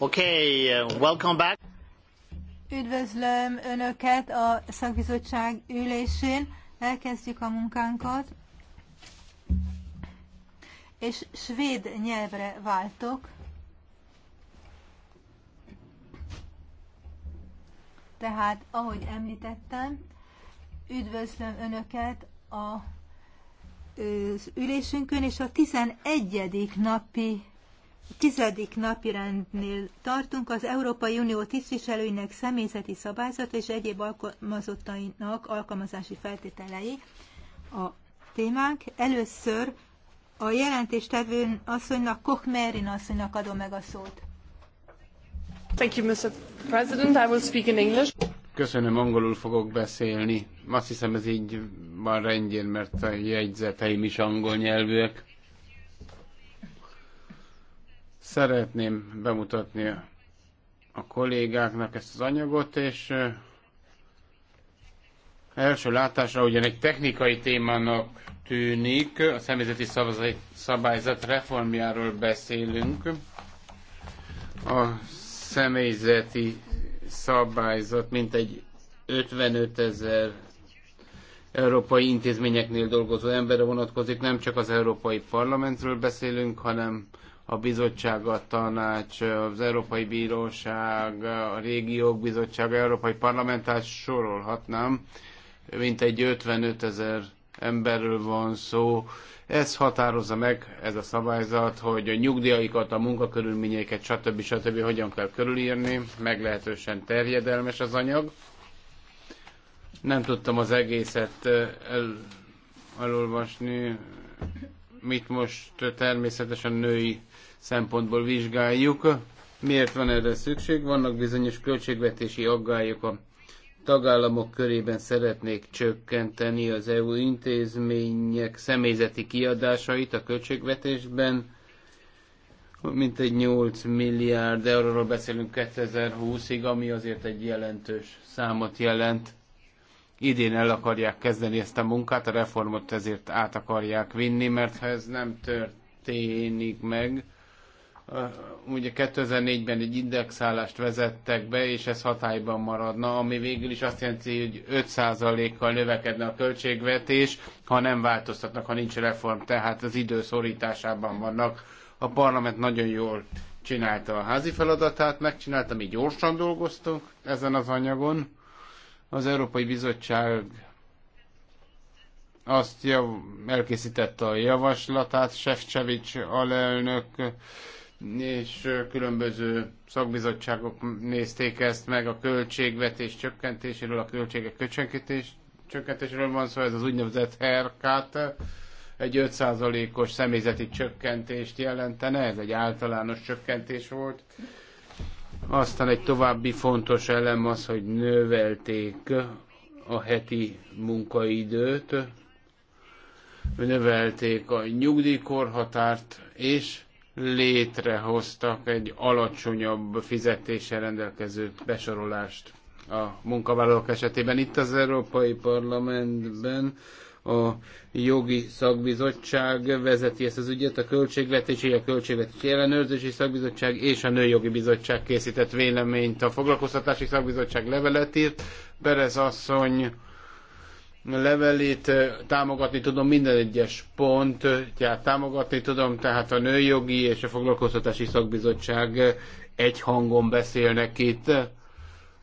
Okay, uh, welcome back. Üdvözlöm Önöket a szakbizottság ülésén. Elkezdjük a munkánkat. És svéd nyelvre váltok. Tehát, ahogy említettem, üdvözlöm Önöket a az ülésünkön, és a 11. napi tizedik napirendnél tartunk az Európai Unió tisztviselőinek személyzeti szabályzata és egyéb alkalmazottainak alkalmazási feltételei a témánk. Először a jelentéstevőn asszonynak, Koch Merin asszonynak adom meg a szót. Thank you, Mr. President. I will speak in English. Köszönöm, angolul fogok beszélni. Azt hiszem, ez így van rendjén, mert a jegyzeteim is angol nyelvűek. Szeretném bemutatni a kollégáknak ezt az anyagot, és első látásra ugyan egy technikai témának tűnik, a személyzeti szabályzat reformjáról beszélünk. A személyzeti szabályzat mint egy 55 ezer európai intézményeknél dolgozó emberre vonatkozik, nem csak az Európai Parlamentről beszélünk, hanem a bizottság, a tanács, az Európai Bíróság, a Régiók a Európai Parlamentát sorolhatnám, mint egy 55 ezer emberről van szó. Ez határozza meg, ez a szabályzat, hogy a nyugdíjaikat, a munkakörülményeiket, stb. stb. hogyan kell körülírni. Meglehetősen terjedelmes az anyag. Nem tudtam az egészet el, elolvasni, mit most természetesen női szempontból vizsgáljuk. Miért van erre szükség? Vannak bizonyos költségvetési aggályok a tagállamok körében szeretnék csökkenteni az EU intézmények személyzeti kiadásait a költségvetésben. Mint egy 8 milliárd euróról beszélünk 2020-ig, ami azért egy jelentős számot jelent. Idén el akarják kezdeni ezt a munkát, a reformot ezért át akarják vinni, mert ha ez nem történik meg, ugye 2004-ben egy indexálást vezettek be, és ez hatályban maradna, ami végül is azt jelenti, hogy 5%-kal növekedne a költségvetés, ha nem változtatnak, ha nincs reform, tehát az idő szorításában vannak. A parlament nagyon jól csinálta a házi feladatát, megcsinálta, mi gyorsan dolgoztunk ezen az anyagon. Az Európai Bizottság azt jav, elkészítette a javaslatát, Sefcsevics alelnök és különböző szakbizottságok nézték ezt meg, a költségvetés csökkentéséről, a költségek köcsönkötés, csökkentéséről van szó, ez az úgynevezett herkát, egy 5%-os személyzeti csökkentést jelentene, ez egy általános csökkentés volt. Aztán egy további fontos elem az, hogy növelték a heti munkaidőt, növelték a nyugdíjkorhatárt, és létrehoztak egy alacsonyabb fizetéssel rendelkező besorolást a munkavállalók esetében. Itt az Európai Parlamentben a jogi szakbizottság vezeti ezt az ügyet, a költségvetési, a költségvetési ellenőrzési szakbizottság és a nőjogi bizottság készített véleményt. A foglalkoztatási szakbizottság levelet írt, Berez asszony levelét támogatni tudom minden egyes pontját támogatni tudom, tehát a Nőjogi és a Foglalkoztatási Szakbizottság egy hangon beszélnek itt.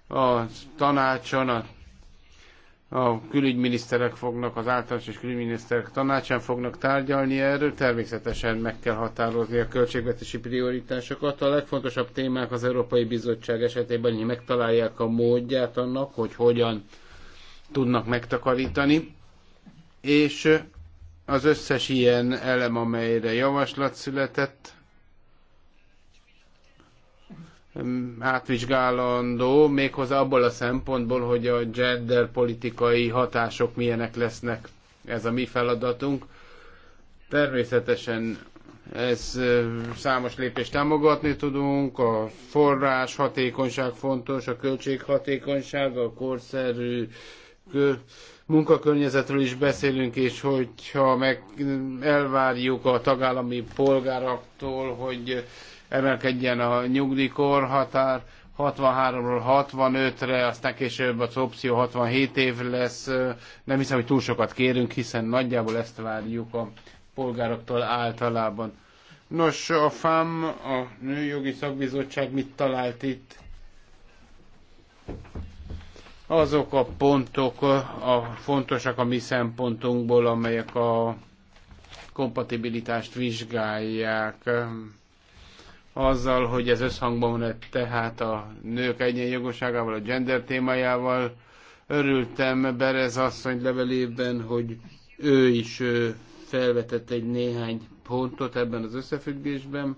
A tanácson, a, a külügyminiszterek fognak, az általános és külügyminiszterek tanácsán fognak tárgyalni erről. Természetesen meg kell határozni a költségvetési prioritásokat. A legfontosabb témák az Európai Bizottság esetében, hogy megtalálják a módját annak, hogy hogyan tudnak megtakarítani, és az összes ilyen elem, amelyre javaslat született, átvizsgálandó, méghozzá abból a szempontból, hogy a gender politikai hatások milyenek lesznek. Ez a mi feladatunk. Természetesen ez számos lépést támogatni tudunk, a forrás hatékonyság fontos, a költség hatékonyság, a korszerű munkakörnyezetről is beszélünk, és hogyha meg elvárjuk a tagállami polgáraktól, hogy emelkedjen a nyugdíjkorhatár 63-ról 65-re, aztán később az opció 67 év lesz. Nem hiszem, hogy túl sokat kérünk, hiszen nagyjából ezt várjuk a polgároktól általában. Nos, a FAM, a Nőjogi Szakbizottság mit talált itt? azok a pontok a fontosak a mi szempontunkból, amelyek a kompatibilitást vizsgálják azzal, hogy ez összhangban van tehát a nők egyenjogosságával, a gender témájával. Örültem Berez asszony levelében, hogy ő is felvetett egy néhány pontot ebben az összefüggésben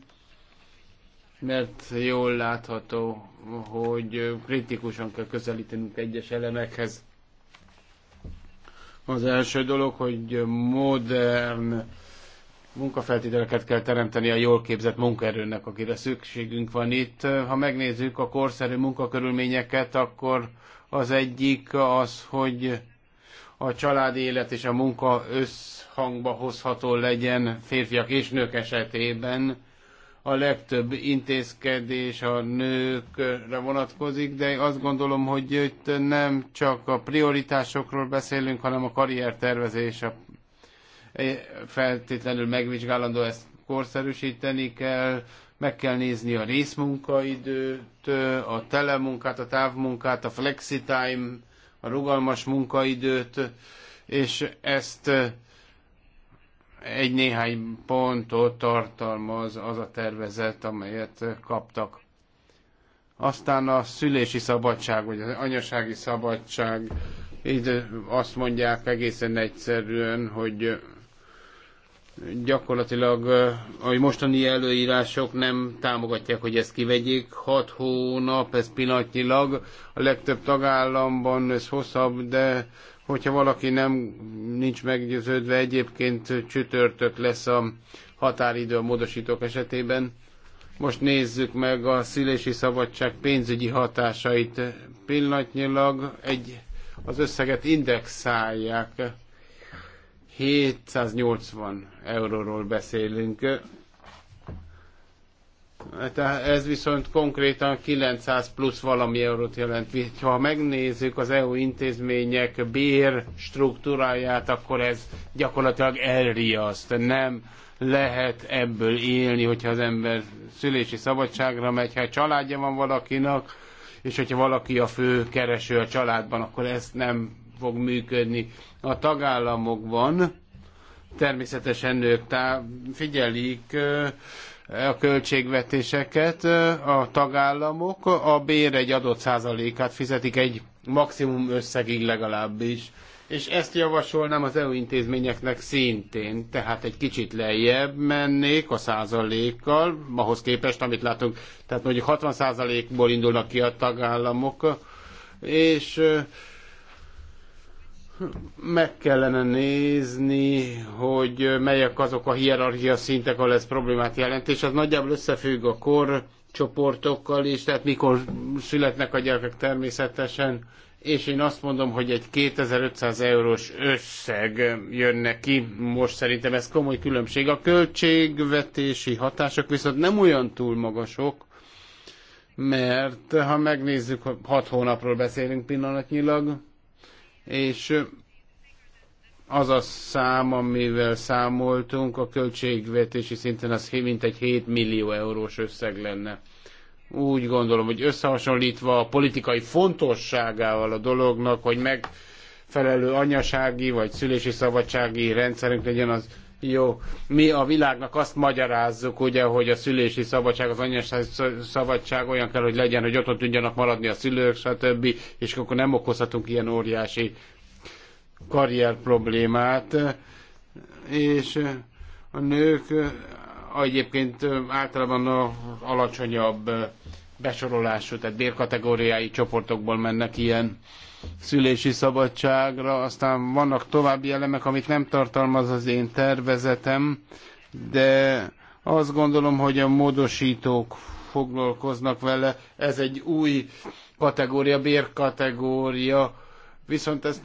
mert jól látható, hogy kritikusan kell közelítenünk egyes elemekhez. Az első dolog, hogy modern munkafeltételeket kell teremteni a jól képzett munkaerőnek, akire szükségünk van itt. Ha megnézzük a korszerű munkakörülményeket, akkor az egyik az, hogy a családi élet és a munka összhangba hozható legyen férfiak és nők esetében a legtöbb intézkedés a nőkre vonatkozik, de azt gondolom, hogy itt nem csak a prioritásokról beszélünk, hanem a karriertervezés a e- feltétlenül megvizsgálandó, ezt korszerűsíteni kell, meg kell nézni a részmunkaidőt, a telemunkát, a távmunkát, a flexitime, a rugalmas munkaidőt, és ezt egy néhány pontot tartalmaz az a tervezet, amelyet kaptak. Aztán a szülési szabadság, vagy az anyasági szabadság, így azt mondják egészen egyszerűen, hogy gyakorlatilag a mostani előírások nem támogatják, hogy ezt kivegyék. Hat hónap, ez pillanatnyilag a legtöbb tagállamban ez hosszabb, de Hogyha valaki nem nincs meggyőződve, egyébként csütörtök lesz a határidő a módosítók esetében. Most nézzük meg a szülési szabadság pénzügyi hatásait. Pillanatnyilag egy, az összeget indexálják. 780 euróról beszélünk ez viszont konkrétan 900 plusz valami eurót jelent. Ha megnézzük az EU intézmények bér struktúráját, akkor ez gyakorlatilag elriaszt. Nem lehet ebből élni, hogyha az ember szülési szabadságra megy, ha családja van valakinak, és hogyha valaki a fő kereső a családban, akkor ez nem fog működni. A tagállamokban természetesen ők tá- figyelik a költségvetéseket, a tagállamok a bér egy adott százalékát fizetik egy maximum összegig legalábbis. És ezt javasolnám az EU intézményeknek szintén, tehát egy kicsit lejjebb mennék a százalékkal, ahhoz képest, amit látunk, tehát mondjuk 60 százalékból indulnak ki a tagállamok, és meg kellene nézni, hogy melyek azok a hierarchia szintek, ahol ez problémát jelent, és az nagyjából összefügg a kor csoportokkal is, tehát mikor születnek a gyerekek természetesen, és én azt mondom, hogy egy 2500 eurós összeg jön neki, most szerintem ez komoly különbség. A költségvetési hatások viszont nem olyan túl magasok, mert ha megnézzük, 6 hónapról beszélünk pillanatnyilag, és az a szám, amivel számoltunk, a költségvetési szinten az mintegy 7 millió eurós összeg lenne. Úgy gondolom, hogy összehasonlítva a politikai fontosságával a dolognak, hogy megfelelő anyasági vagy szülési szabadsági rendszerünk legyen, az jó, mi a világnak azt magyarázzuk, ugye, hogy a szülési szabadság, az anyasági szabadság olyan kell, hogy legyen, hogy otthon tudjanak maradni a szülők, stb. És akkor nem okozhatunk ilyen óriási karrier problémát. És a nők eh, egyébként eh, általában a alacsonyabb eh, besorolású, tehát bérkategóriái csoportokból mennek ilyen szülési szabadságra, aztán vannak további elemek, amit nem tartalmaz az én tervezetem, de azt gondolom, hogy a módosítók foglalkoznak vele. Ez egy új kategória, bérkategória, viszont ezt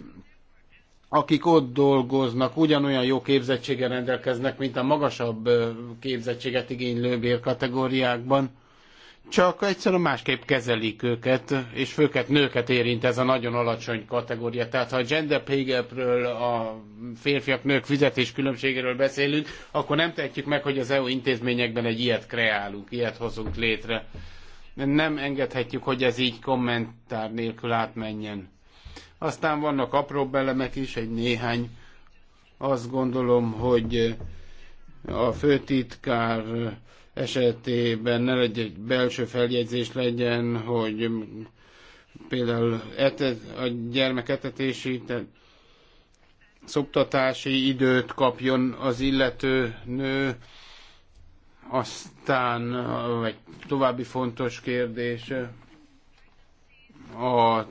akik ott dolgoznak, ugyanolyan jó képzettséggel rendelkeznek, mint a magasabb képzettséget igénylő bérkategóriákban csak egyszerűen másképp kezelik őket, és főket nőket érint ez a nagyon alacsony kategória. Tehát ha a gender pay gapről, a férfiak-nők fizetés különbségéről beszélünk, akkor nem tehetjük meg, hogy az EU intézményekben egy ilyet kreálunk, ilyet hozunk létre. Nem engedhetjük, hogy ez így kommentár nélkül átmenjen. Aztán vannak apró elemek is, egy néhány. Azt gondolom, hogy a főtitkár esetében ne egy belső feljegyzés legyen, hogy például etet, a gyermek etetési, tehát szoptatási időt kapjon az illető nő, aztán egy további fontos kérdés, a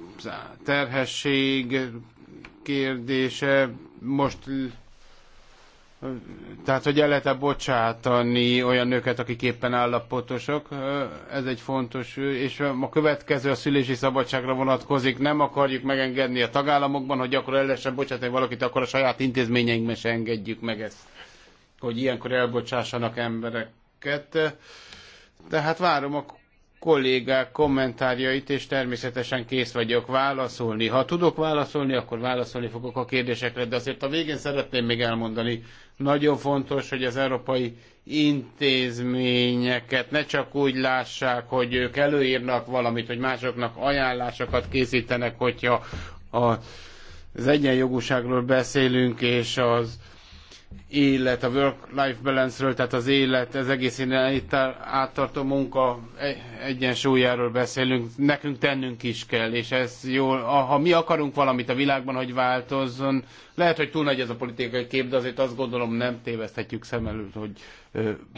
terhesség kérdése, most tehát, hogy el lehet -e bocsátani olyan nőket, akik éppen állapotosok, ez egy fontos, és a következő a szülési szabadságra vonatkozik. Nem akarjuk megengedni a tagállamokban, hogy akkor el lehessen bocsátani valakit, akkor a saját intézményeinkben se engedjük meg ezt, hogy ilyenkor elbocsássanak embereket. Tehát várom a kollégák kommentárjait, és természetesen kész vagyok válaszolni. Ha tudok válaszolni, akkor válaszolni fogok a kérdésekre, de azért a végén szeretném még elmondani, nagyon fontos, hogy az európai intézményeket ne csak úgy lássák, hogy ők előírnak valamit, hogy másoknak ajánlásokat készítenek, hogyha a, az egyenjogúságról beszélünk, és az élet, a work-life balance-ről, tehát az élet, ez egészén itt áttartó munka e- egyensúlyáról beszélünk, nekünk tennünk is kell, és ez jó. ha mi akarunk valamit a világban, hogy változzon, lehet, hogy túl nagy ez a politikai kép, de azért azt gondolom nem téveszthetjük szem előtt, hogy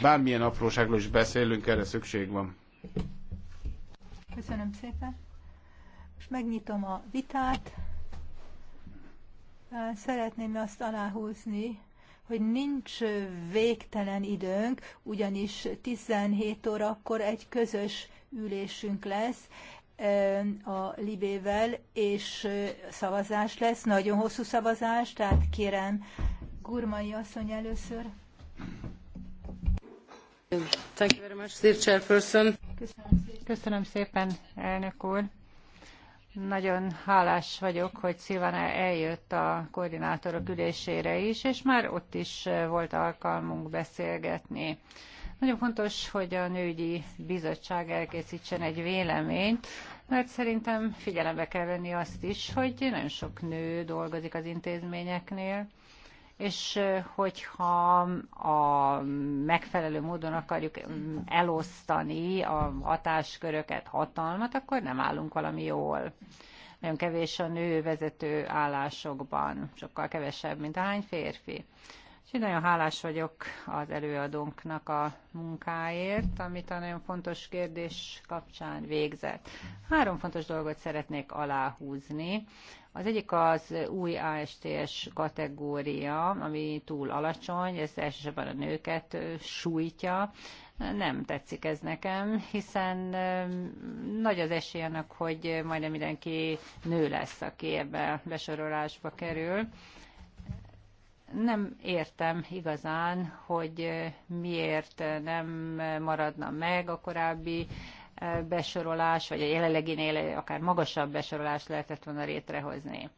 bármilyen apróságról is beszélünk, erre szükség van. Köszönöm szépen. Most megnyitom a vitát. Szeretném azt aláhúzni, hogy nincs végtelen időnk, ugyanis 17 órakor egy közös ülésünk lesz a Libével, és szavazás lesz, nagyon hosszú szavazás, tehát kérem Gurmai asszony először. Thank you very much, Köszönöm szépen, elnök úr. Nagyon hálás vagyok, hogy Szilvana eljött a koordinátorok ülésére is, és már ott is volt alkalmunk beszélgetni. Nagyon fontos, hogy a nőgyi bizottság elkészítsen egy véleményt, mert szerintem figyelembe kell venni azt is, hogy nagyon sok nő dolgozik az intézményeknél, és hogyha a megfelelő módon akarjuk mm, elosztani a hatásköröket, hatalmat, akkor nem állunk valami jól. Nagyon kevés a nő vezető állásokban, sokkal kevesebb, mint a hány férfi. Úgyhogy nagyon hálás vagyok az előadónknak a munkáért, amit a nagyon fontos kérdés kapcsán végzett. Három fontos dolgot szeretnék aláhúzni. Az egyik az új ASTS kategória, ami túl alacsony, ez elsősorban a nőket sújtja. Nem tetszik ez nekem, hiszen nagy az esély annak, hogy majdnem mindenki nő lesz, aki ebbe besorolásba kerül nem értem igazán, hogy miért nem maradna meg a korábbi besorolás, vagy a jelenleginél akár magasabb besorolást lehetett volna létrehozni.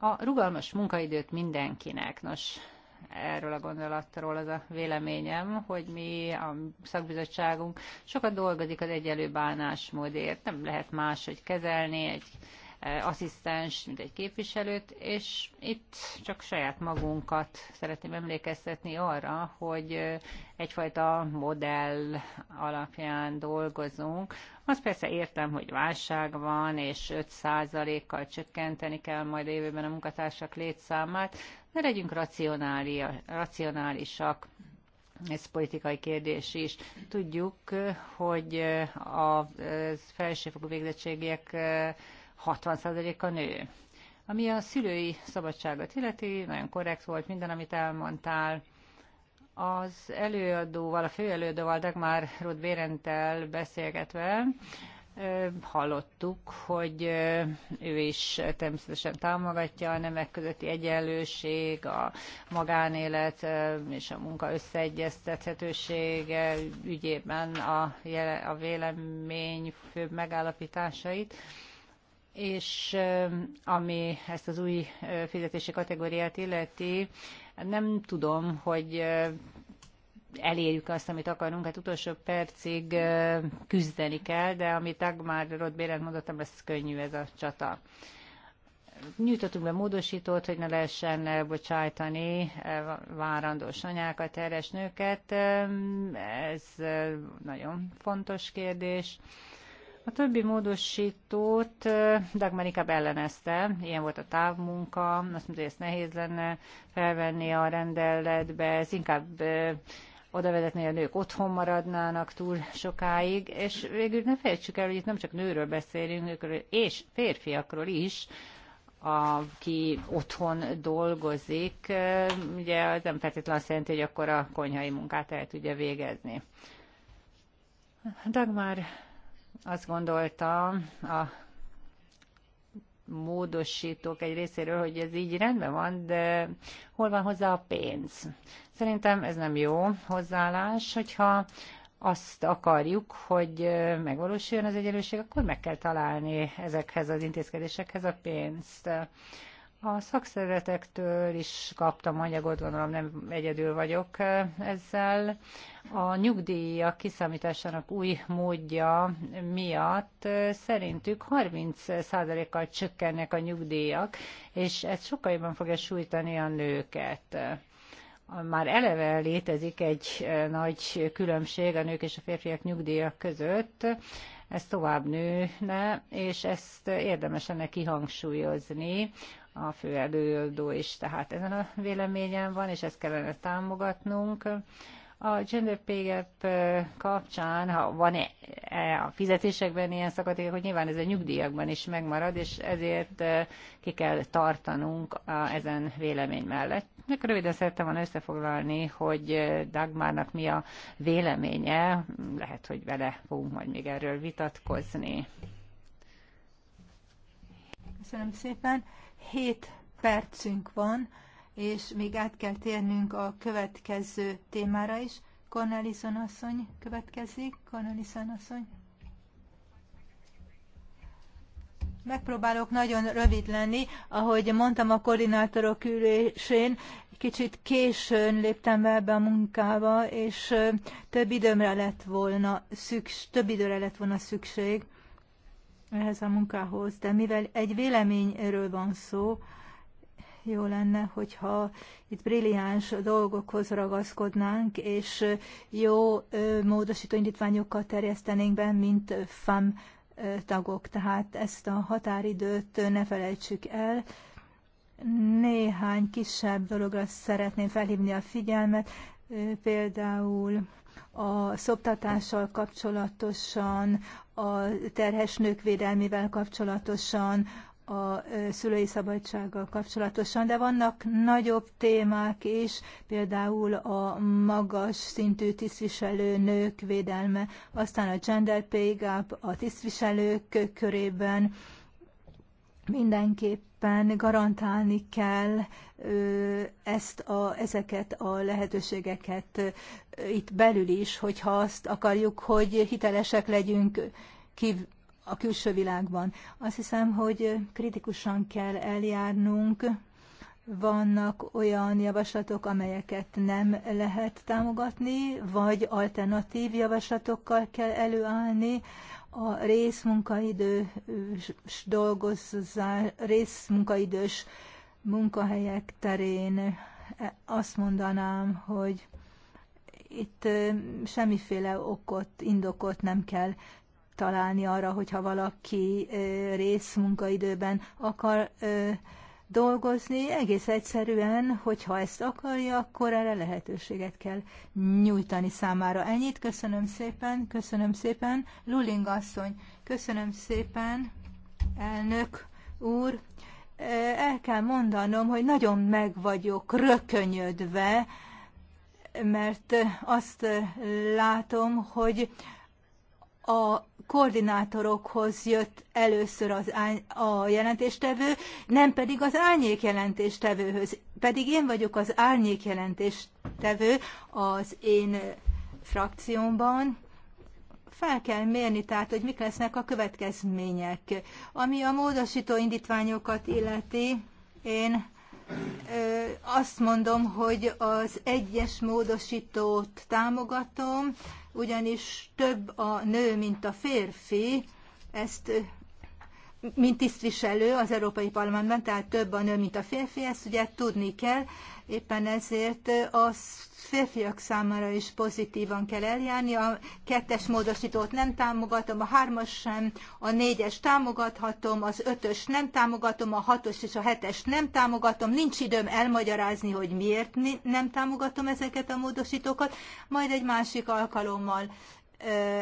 A rugalmas munkaidőt mindenkinek. Nos, erről a gondolatról az a véleményem, hogy mi, a szakbizottságunk sokat dolgozik az egyenlő bánásmódért. Nem lehet máshogy kezelni egy Eh, asszisztens, mint egy képviselőt, és itt csak saját magunkat szeretném emlékeztetni arra, hogy eh, egyfajta modell alapján dolgozunk. Azt persze értem, hogy válság van, és 5%-kal csökkenteni kell majd a jövőben a munkatársak létszámát, de legyünk racionálisak ez politikai kérdés is. Tudjuk, eh, hogy a felsőfokú végzettségiek 60%-a nő. Ami a szülői szabadságot illeti, nagyon korrekt volt minden, amit elmondtál. Az előadóval, a főelőadóval, Dagmar Ruth Bérentel beszélgetve, hallottuk, hogy ő is természetesen támogatja a nemek közötti egyenlőség, a magánélet és a munka összeegyeztethetősége ügyében a, a vélemény főbb megállapításait és ami ezt az új fizetési kategóriát illeti, nem tudom, hogy elérjük azt, amit akarunk, hát utolsó percig küzdeni kell, de amit Dagmar Rodbérend mondott, nem lesz könnyű ez a csata. Nyújtottunk be módosítót, hogy ne lehessen bocsájtani várandós anyákat, teres nőket. Ez nagyon fontos kérdés. A többi módosítót Dagmarika ellenezte, ilyen volt a távmunka, azt mondta, hogy ezt nehéz lenne felvenni a rendeletbe, ez inkább oda vezetné, a nők otthon maradnának túl sokáig, és végül ne felejtsük el, hogy itt nem csak nőről beszélünk, nőkről, és férfiakról is, aki otthon dolgozik, ugye az nem feltétlenül azt jelenti, hogy akkor a konyhai munkát el tudja végezni. Dagmar azt gondolta a módosítók egy részéről, hogy ez így rendben van, de hol van hozzá a pénz? Szerintem ez nem jó hozzáállás, hogyha azt akarjuk, hogy megvalósuljon az egyenlőség, akkor meg kell találni ezekhez az intézkedésekhez a pénzt. A szakszervezetektől is kaptam anyagot, gondolom nem egyedül vagyok eh, ezzel. A nyugdíjak kiszámításának új módja miatt eh, szerintük 30%-kal csökkennek a nyugdíjak, és ez sokkal jobban fogja sújtani a nőket már eleve létezik egy eh, nagy különbség a nők és a férfiak nyugdíjak között, ez tovább nőne, és ezt érdemes lenne kihangsúlyozni a fő előadó is tehát ezen a véleményen van, és ezt kellene támogatnunk. A gender pay gap kapcsán, ha van -e a fizetésekben ilyen szakadék, hogy nyilván ez a nyugdíjakban is megmarad, és ezért ki kell tartanunk a, ezen vélemény mellett. Még röviden szerettem volna összefoglalni, hogy Dagmárnak mi a véleménye, lehet, hogy vele fogunk majd még erről vitatkozni. Köszönöm szépen. 7 percünk van, és még át kell térnünk a következő témára is. Cornelison asszony következik. Cornelison asszony. Megpróbálok nagyon rövid lenni. Ahogy mondtam a koordinátorok ülésén, kicsit későn léptem be ebbe a munkába, és több időmre lett volna szükség, több időre lett volna szükség ehhez a munkához, de mivel egy véleményről van szó, jó lenne, hogyha itt brilliáns dolgokhoz ragaszkodnánk, és jó módosító indítványokkal terjesztenénk be, mint FAM tagok. Tehát ezt a határidőt ne felejtsük el. Néhány kisebb dologra szeretném felhívni a figyelmet, például a szoptatással kapcsolatosan, a terhes nők védelmével kapcsolatosan, a szülői szabadsággal kapcsolatosan, de vannak nagyobb témák is, például a magas szintű tisztviselő nők védelme, aztán a gender pay gap a tisztviselők körében mindenképp mindenképpen garantálni kell ezt a, ezeket a lehetőségeket itt belül is, hogyha azt akarjuk, hogy hitelesek legyünk kív, a külső világban. Azt hiszem, hogy kritikusan kell eljárnunk. Vannak olyan javaslatok, amelyeket nem lehet támogatni, vagy alternatív javaslatokkal kell előállni, a részmunkaidős dolgozás, részmunkaidős munkahelyek terén e, azt mondanám, hogy itt semmiféle okot, indokot nem kell találni arra, hogyha valaki részmunkaidőben akar dolgozni, egész egyszerűen, hogyha ezt akarja, akkor erre lehetőséget kell nyújtani számára. Ennyit, köszönöm szépen, köszönöm szépen. Luling asszony, köszönöm szépen, elnök úr. Eh, el kell mondanom, hogy nagyon meg vagyok rökönyödve, mert eh, azt eh, látom, hogy a koordinátorokhoz jött először az ány, a jelentéstevő, nem pedig az árnyék jelentéstevőhöz. Pedig én vagyok az árnyék jelentéstevő az én frakciómban. Fel kell mérni, tehát, hogy mik lesznek a következmények. Ami a módosító indítványokat illeti, én ö, azt mondom, hogy az egyes módosítót támogatom, ugyanis több a nő, mint a férfi, ezt mint tisztviselő az Európai Parlamentben, tehát több a nő, mint a férfi, ezt ugye tudni kell, éppen ezért a férfiak számára is pozitívan kell eljárni. A kettes módosítót nem támogatom, a hármas sem, a négyes támogathatom, az ötös nem támogatom, a hatos és a hetes nem támogatom. Nincs időm elmagyarázni, hogy miért nem támogatom ezeket a módosítókat, majd egy másik alkalommal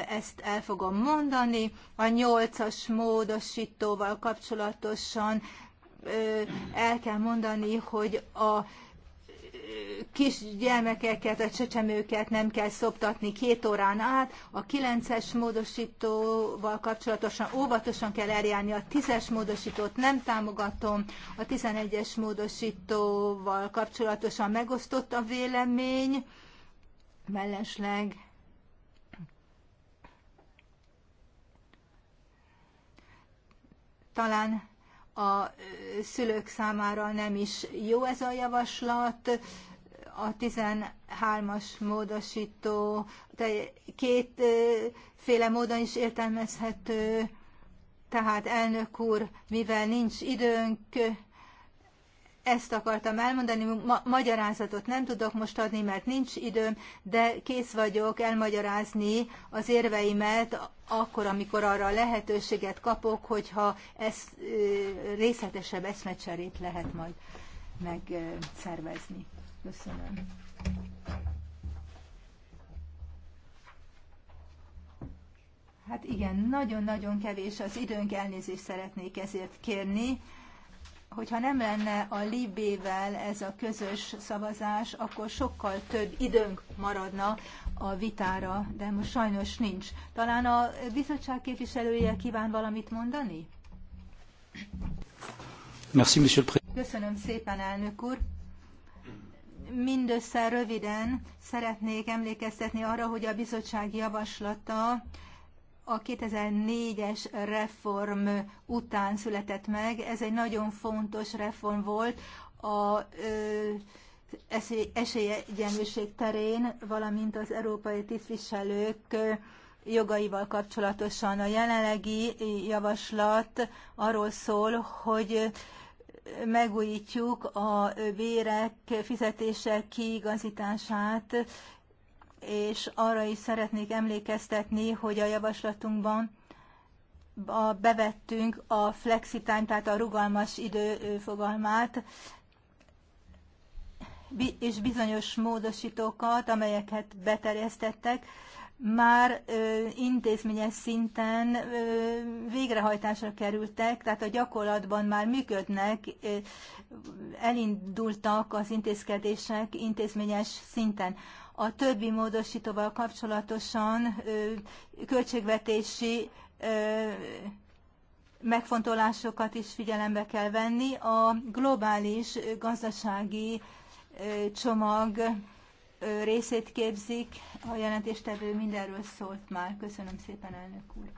ezt el fogom mondani. A nyolcas módosítóval kapcsolatosan el kell mondani, hogy a kis gyermekeket, a csecsemőket nem kell szoptatni két órán át, a kilences módosítóval kapcsolatosan óvatosan kell eljárni, a tízes módosítót nem támogatom, a tizenegyes módosítóval kapcsolatosan megosztott a vélemény, mellesleg talán a szülők számára nem is jó ez a javaslat. A 13-as módosító kétféle módon is értelmezhető, tehát elnök úr, mivel nincs időnk, ezt akartam elmondani, ma- magyarázatot nem tudok most adni, mert nincs időm, de kész vagyok elmagyarázni az érveimet akkor, amikor arra lehetőséget kapok, hogyha ez részletesebb eszmecserét lehet majd megszervezni. Köszönöm. Hát igen, nagyon-nagyon kevés az időnk, elnézést szeretnék ezért kérni hogyha nem lenne a Libével ez a közös szavazás, akkor sokkal több időnk maradna a vitára, de most sajnos nincs. Talán a bizottság képviselője kíván valamit mondani? Merci, monsieur Köszönöm szépen, elnök úr. Mindössze röviden szeretnék emlékeztetni arra, hogy a bizottság javaslata a 2004-es reform után született meg. Ez egy nagyon fontos reform volt a esélyegyenlőség terén, valamint az európai tisztviselők jogaival kapcsolatosan. A jelenlegi javaslat arról szól, hogy megújítjuk a bérek, fizetések kiigazítását, és arra is szeretnék emlékeztetni, hogy a javaslatunkban a, bevettünk a flexitime, tehát a rugalmas idő fogalmát, és bizonyos módosítókat, amelyeket beterjesztettek, már ö, intézményes szinten ö, végrehajtásra kerültek, tehát a gyakorlatban már működnek, ö, elindultak az intézkedések intézményes szinten a többi módosítóval kapcsolatosan költségvetési megfontolásokat is figyelembe kell venni. A globális gazdasági csomag részét képzik. A jelentéstevő mindenről szólt már. Köszönöm szépen, elnök úr.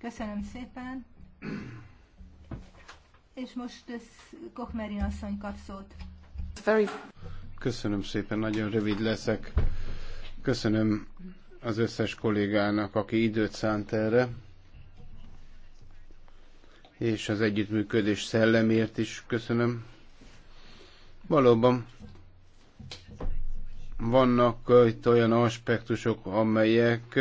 Köszönöm szépen. És most Kochmerin asszony kap szót. Köszönöm szépen, nagyon rövid leszek. Köszönöm az összes kollégának, aki időt szánt erre, és az együttműködés szellemért is köszönöm. Valóban vannak itt olyan aspektusok, amelyek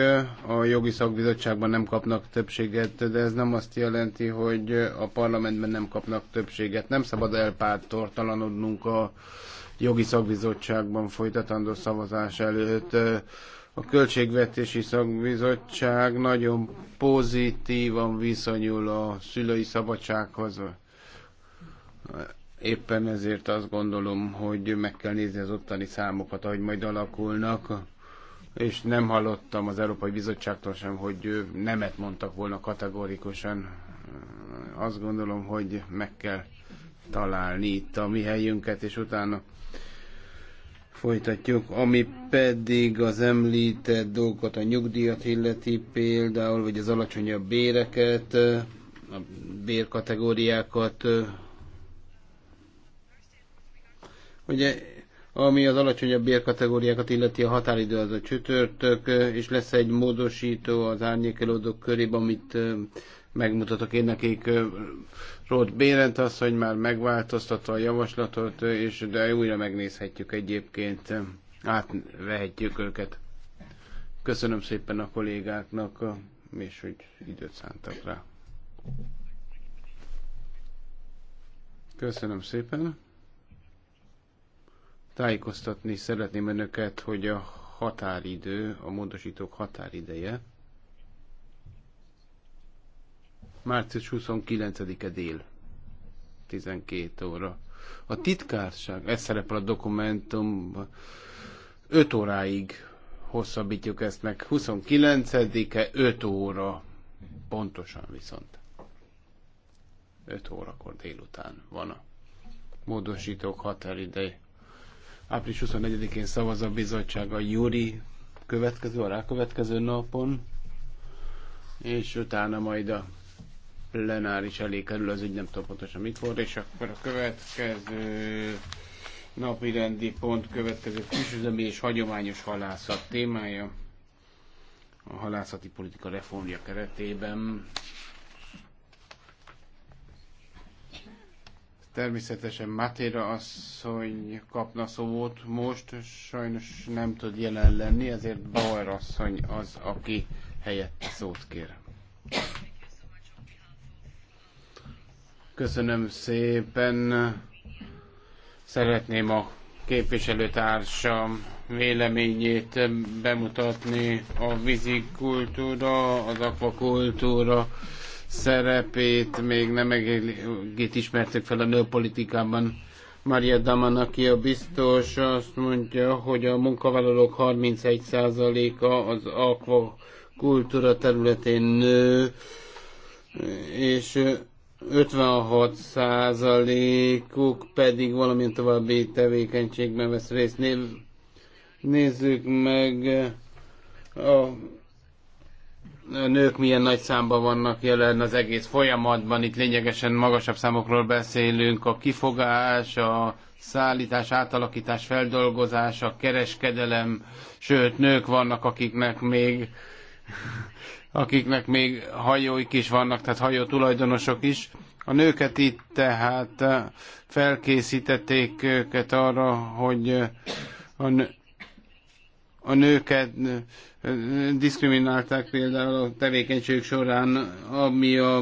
a jogi szakbizottságban nem kapnak többséget, de ez nem azt jelenti, hogy a parlamentben nem kapnak többséget. Nem szabad elpártortalanodnunk a jogi szakbizottságban folytatandó szavazás előtt. A Költségvetési Szakbizottság nagyon pozitívan viszonyul a szülői szabadsághoz. Éppen ezért azt gondolom, hogy meg kell nézni az ottani számokat, ahogy majd alakulnak és nem hallottam az Európai Bizottságtól sem, hogy nemet mondtak volna kategórikusan. Azt gondolom, hogy meg kell találni itt a mi helyünket, és utána folytatjuk, ami pedig az említett dolgokat, a nyugdíjat illeti például, vagy az alacsonyabb béreket, a bérkategóriákat. Ugye, ami az alacsonyabb bérkategóriákat illeti a határidő az a csütörtök, és lesz egy módosító az árnyékelődők körében, amit megmutatok én nekik. Rót Bérent azt hogy már megváltoztatta a javaslatot, és de újra megnézhetjük egyébként, átvehetjük őket. Köszönöm szépen a kollégáknak, és hogy időt szántak rá. Köszönöm szépen. Tájékoztatni szeretném önöket, hogy a határidő, a módosítók határideje március 29-e dél, 12 óra. A titkárság, ez szerepel a dokumentum, 5 óráig hosszabbítjuk ezt meg, 29-e 5 óra, pontosan viszont. 5 órakor délután van a módosítók határideje. Április 24-én szavaz a bizottság a júri következő, a rákövetkező napon, és utána majd a plenáris elé kerül, az úgy nem tudom pontosan mikor, és akkor a következő napi rendi pont következő kisüzemi és hagyományos halászat témája a halászati politika reformja keretében. Természetesen Matéra asszony kapna szót most, sajnos nem tud jelen lenni, ezért Bauer asszony az, aki helyette szót kér. Köszönöm szépen. Szeretném a képviselőtársam véleményét bemutatni a vízikultúra, az akvakultúra szerepét még nem egész ismertek fel a nőpolitikában. Maria Daman, aki a biztos, azt mondja, hogy a munkavállalók 31%-a az akvakultúra területén nő, és 56 uk pedig valamilyen további tevékenységben vesz részt. Nézzük meg a a nők milyen nagy számban vannak jelen az egész folyamatban, itt lényegesen magasabb számokról beszélünk, a kifogás, a szállítás, átalakítás, feldolgozás, a kereskedelem, sőt, nők vannak, akiknek még akiknek még hajóik is vannak, tehát hajó tulajdonosok is. A nőket itt tehát eh, felkészítették őket arra, hogy eh, a, nő, a nőket eh, diszkriminálták például a tevékenység során, ami a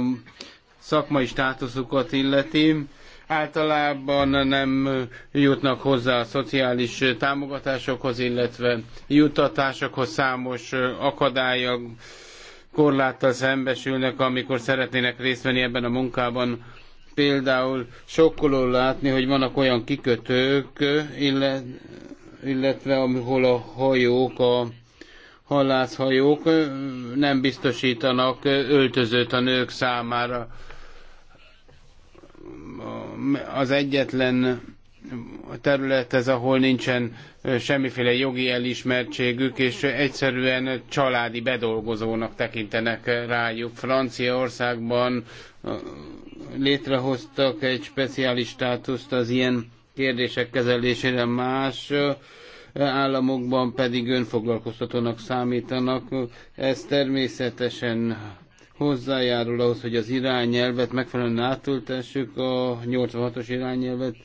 szakmai státuszukat illeti. Általában nem jutnak hozzá a szociális támogatásokhoz, illetve jutatásokhoz számos akadályok korláttal szembesülnek, amikor szeretnének részt venni ebben a munkában. Például sokkoló látni, hogy vannak olyan kikötők, illetve ahol a hajók, a halászhajók nem biztosítanak öltözőt a nők számára. Az egyetlen terület ez, ahol nincsen semmiféle jogi elismertségük, és egyszerűen családi bedolgozónak tekintenek rájuk. Franciaországban létrehoztak egy speciális státuszt az ilyen kérdések kezelésére, más államokban pedig önfoglalkoztatónak számítanak. Ez természetesen hozzájárul ahhoz, hogy az irányelvet megfelelően átültessük, a 86-os irányelvet,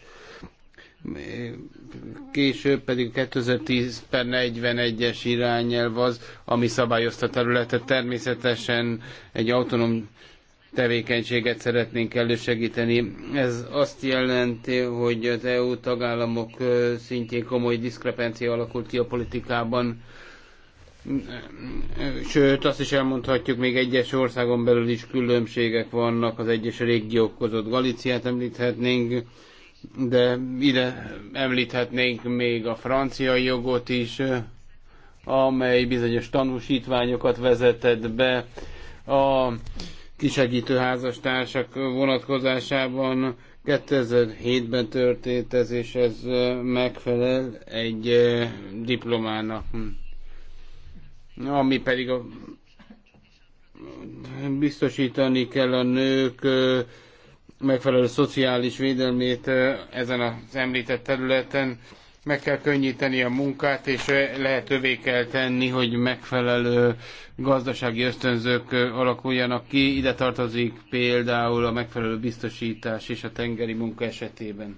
később pedig 2010-ben 41-es irányelv az, ami szabályozta a területet. Természetesen egy autonóm tevékenységet szeretnénk elősegíteni. Ez azt jelenti, hogy az EU tagállamok szintjén komoly diszkrepencia alakult ki a politikában. Sőt, azt is elmondhatjuk, még egyes országon belül is különbségek vannak, az egyes régiók között Galiciát említhetnénk, de ide említhetnénk még a francia jogot is, amely bizonyos tanúsítványokat vezetett be a kisegítő házastársak vonatkozásában. 2007-ben történt ez, és ez megfelel egy eh, diplomának. Ami pedig a biztosítani kell a nők eh, megfelelő szociális védelmét ezen az említett területen. Meg kell könnyíteni a munkát, és lehetővé kell tenni, hogy megfelelő gazdasági ösztönzők alakuljanak ki. Ide tartozik például a megfelelő biztosítás és a tengeri munka esetében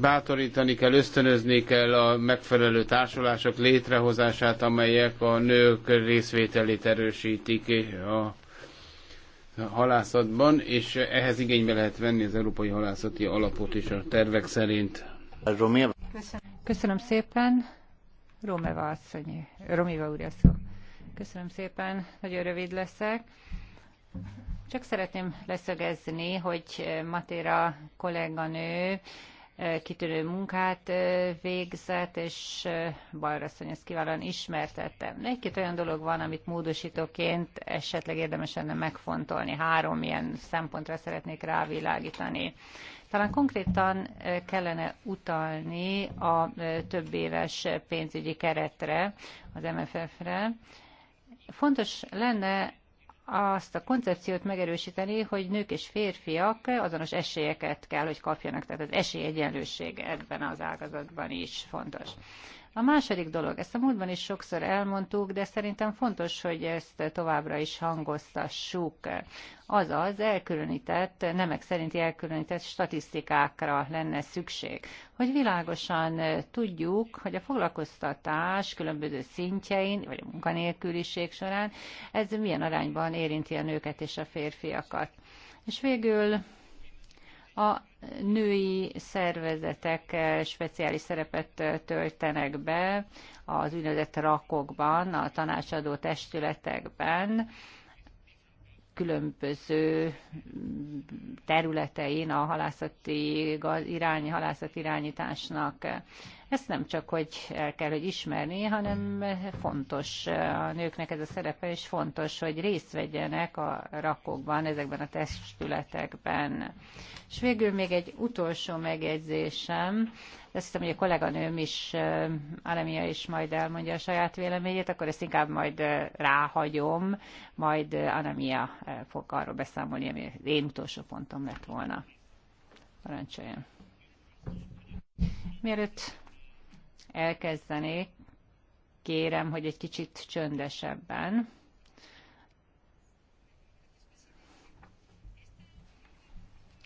bátorítani kell, ösztönözni kell a megfelelő társulások létrehozását, amelyek a nők részvételét erősítik a halászatban, és ehhez igénybe lehet venni az Európai Halászati Alapot is a tervek szerint. Köszönöm, Köszönöm szépen. Romeva asszony, Romiva úr szó. Köszönöm szépen, nagyon rövid leszek. Csak szeretném leszögezni, hogy Matéra kolléganő kitűnő munkát végzett, és Bajraszony ezt kiválóan ismertette. Egy-két olyan dolog van, amit módosítóként esetleg érdemes lenne megfontolni. Három ilyen szempontra szeretnék rávilágítani. Talán konkrétan kellene utalni a több éves pénzügyi keretre, az MFF-re. Fontos lenne azt a koncepciót megerősíteni, hogy nők és férfiak azonos esélyeket kell, hogy kapjanak, tehát az esélyegyenlőség ebben az ágazatban is fontos. A második dolog, ezt a múltban is sokszor elmondtuk, de szerintem fontos, hogy ezt továbbra is hangoztassuk. Azaz elkülönített, nemek szerinti elkülönített statisztikákra lenne szükség, hogy világosan tudjuk, hogy a foglalkoztatás különböző szintjein, vagy a munkanélküliség során ez milyen arányban érinti a nőket és a férfiakat. És végül a női szervezetek eh, speciális szerepet eh, töltenek be az úgynevezett rakokban, a tanácsadó testületekben, különböző mm, területein a halászati, irányi halászat irányításnak eh, ezt nem csak, hogy el kell, hogy ismerni, hanem fontos a nőknek ez a szerepe, és fontos, hogy részt vegyenek a rakokban, ezekben a testületekben. És végül még egy utolsó megjegyzésem, azt hiszem, hogy a kolléganőm is, Alemia is majd elmondja a saját véleményét, akkor ezt inkább majd ráhagyom, majd anamia fog arról beszámolni, ami az én utolsó pontom lett volna. Parancsoljon. Mielőtt elkezdenék, kérem, hogy egy kicsit csöndesebben.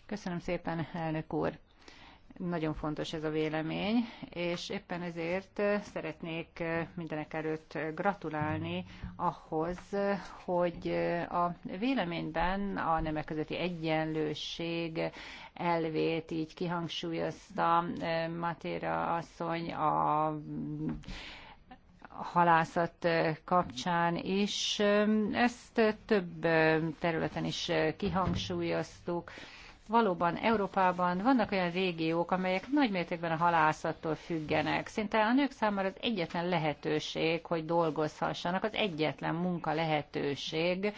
Köszönöm szépen, elnök úr. Nagyon fontos ez a vélemény, és éppen ezért szeretnék mindenek előtt gratulálni ahhoz, hogy a véleményben a nemek közötti egyenlőség elvét így kihangsúlyozta eh, Matéra asszony a halászat kapcsán is. Ezt több területen is kihangsúlyoztuk valóban Európában vannak olyan régiók, amelyek nagymértékben a halászattól függenek. Szinte a nők számára az egyetlen lehetőség, hogy dolgozhassanak, az egyetlen munka lehetőség,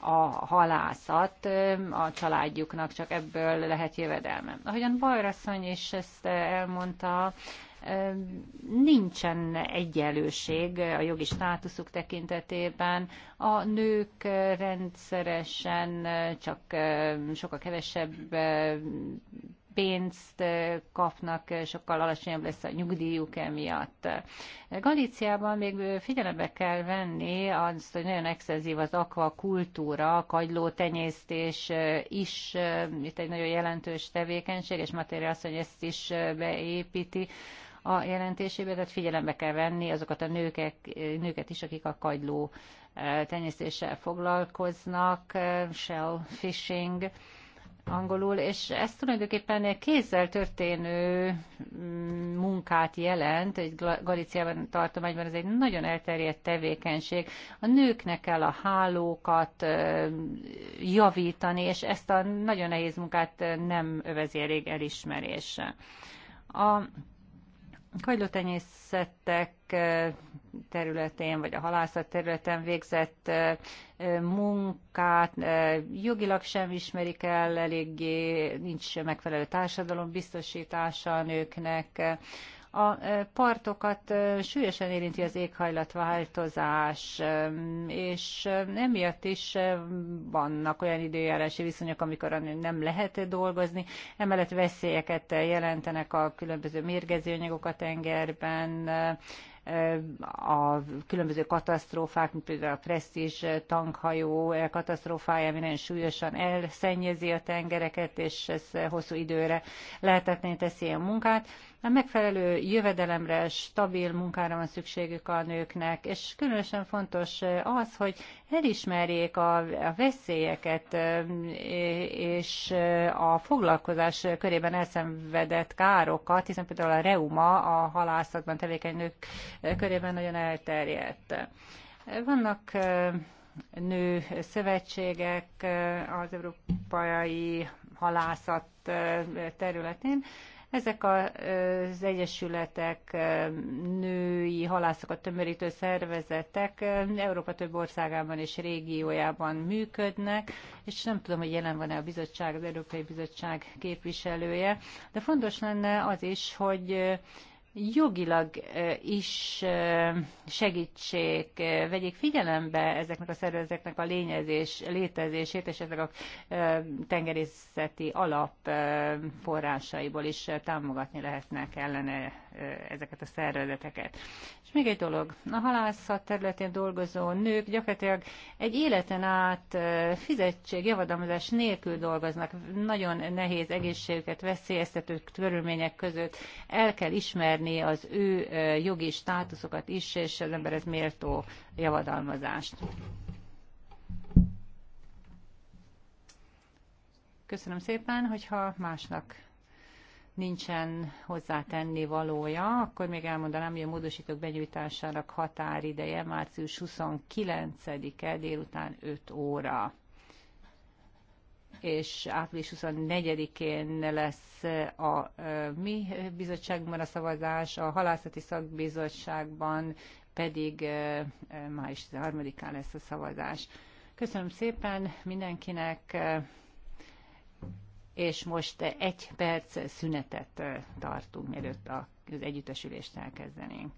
a halászat a családjuknak, csak ebből lehet jövedelme. Ahogyan Bajrasszony is ezt elmondta, nincsen egyenlőség a jogi státuszuk tekintetében. A nők rendszeresen csak sokkal kevesebb pénzt kapnak, sokkal alacsonyabb lesz a nyugdíjuk emiatt. Galíciában még figyelembe kell venni azt, hogy nagyon exzenzív az akvakultúra, kagyló tenyésztés is, itt egy nagyon jelentős tevékenység, és Matéria azt, hogy ezt is beépíti a jelentésébe, tehát figyelembe kell venni azokat a nőkek, nőket is, akik a kagyló eh, tenyésztéssel foglalkoznak, eh, shell fishing, angolul, és ez tulajdonképpen egy kézzel történő mm, munkát jelent, egy Galiciában tartományban ez egy nagyon elterjedt tevékenység. A nőknek kell a hálókat eh, javítani, és ezt a nagyon nehéz munkát nem övezi elég elismerése. A kagylótenyészetek területén, vagy a halászat területen végzett munkát jogilag sem ismerik el, eléggé nincs megfelelő társadalom biztosítása a nőknek, a partokat súlyosan érinti az éghajlatváltozás, és emiatt is vannak olyan időjárási viszonyok, amikor nem lehet dolgozni, emellett veszélyeket jelentenek a különböző mérgező anyagok a tengerben, a különböző katasztrófák, mint például a presztízs tankhajó katasztrófája, ami nagyon súlyosan elszennyezi a tengereket, és ez hosszú időre lehetetlen teszi a munkát. A megfelelő jövedelemre, stabil munkára van szükségük a nőknek, és különösen fontos az, hogy elismerjék a, a veszélyeket és a foglalkozás körében elszenvedett károkat, hiszen például a reuma a halászatban tevékeny nők körében nagyon elterjedt. Vannak nő szövetségek az európai halászat területén, ezek az egyesületek, női halászokat tömörítő szervezetek Európa több országában és régiójában működnek, és nem tudom, hogy jelen van-e a bizottság, az Európai Bizottság képviselője, de fontos lenne az is, hogy jogilag is segítsék, vegyék figyelembe ezeknek a szervezeteknek a lényezés, létezését, ezek a tengerészeti alap forrásaiból is támogatni lehetnek ellene ezeket a szervezeteket. És még egy dolog, a halászat területén dolgozó nők gyakorlatilag egy életen át fizetség, javadalmazás nélkül dolgoznak, nagyon nehéz egészségüket veszélyeztető körülmények között. El kell ismerni az ő jogi státuszokat is, és az ember ez méltó javadalmazást. Köszönöm szépen, hogyha másnak nincsen hozzátenni valója, akkor még elmondanám, hogy a módosítók benyújtásának határideje március 29-e délután 5 óra és április 24-én lesz a mi bizottságban a szavazás, a halászati szakbizottságban pedig május 3-án lesz a szavazás. Köszönöm szépen mindenkinek! és most egy perc szünetet tartunk, mielőtt az együttesülést elkezdenénk.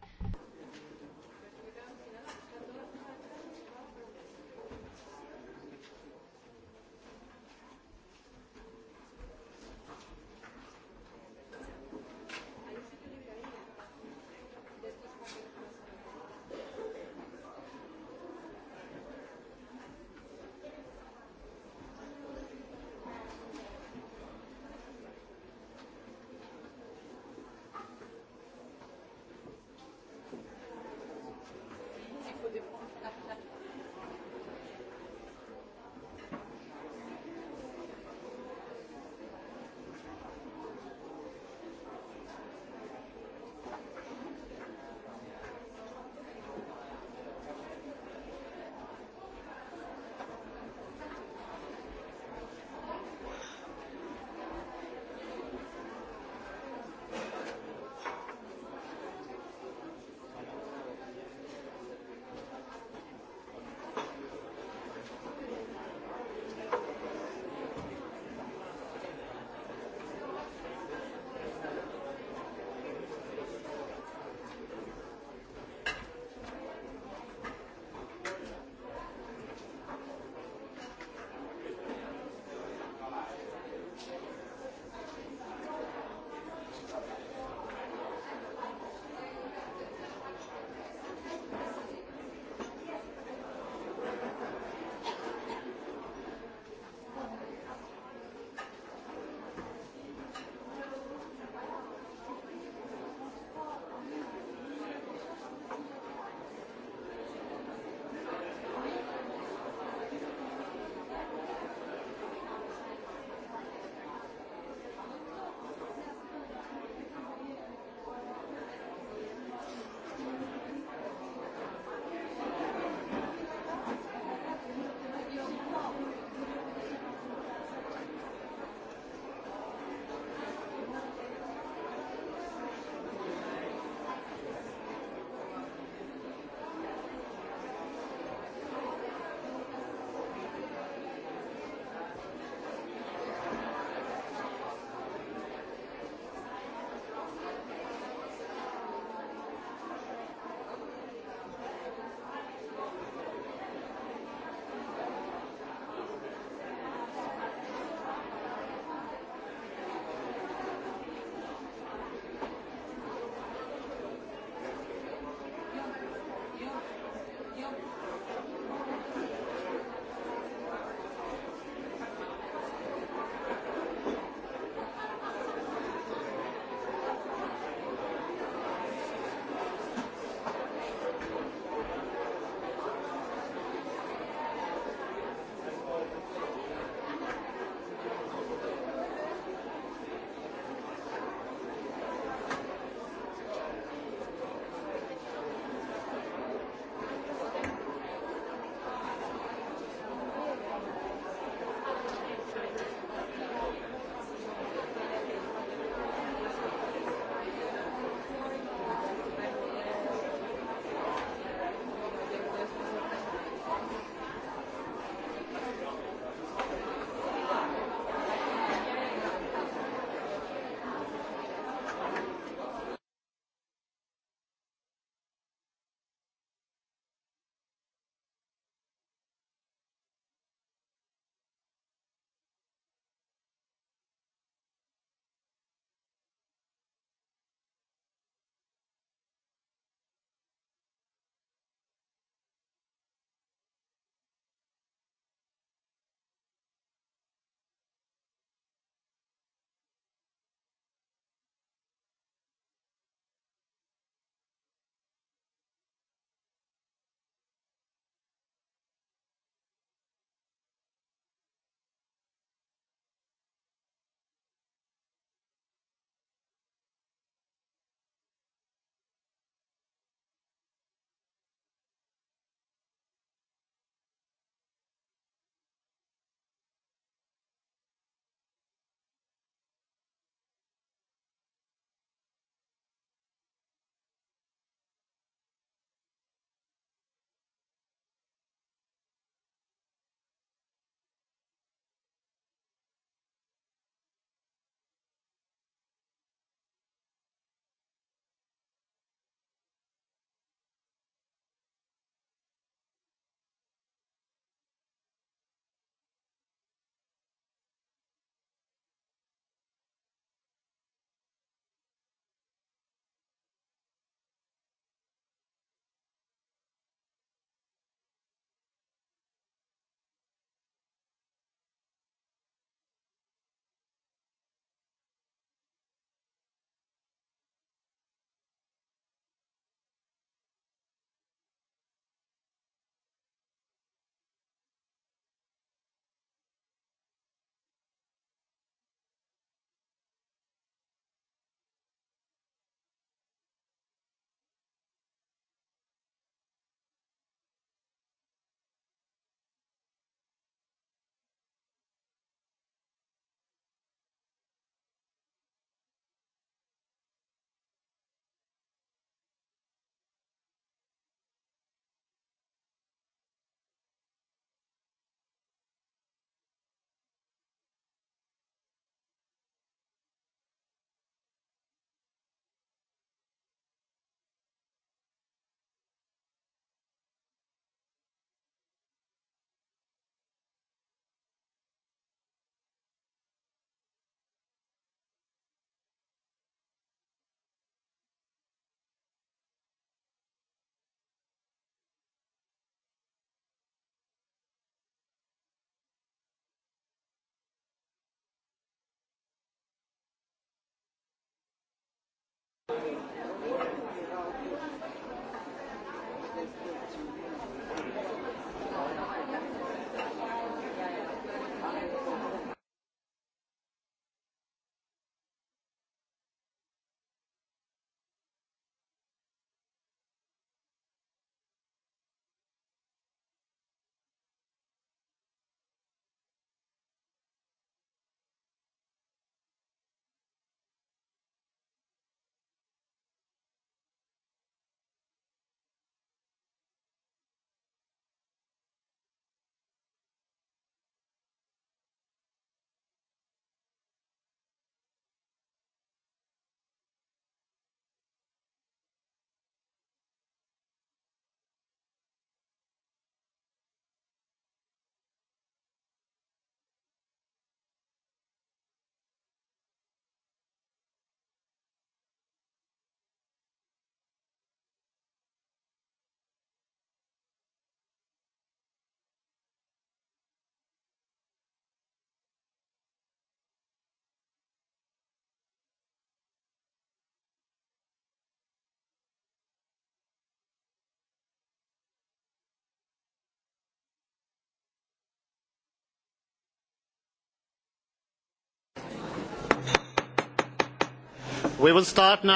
We will start now.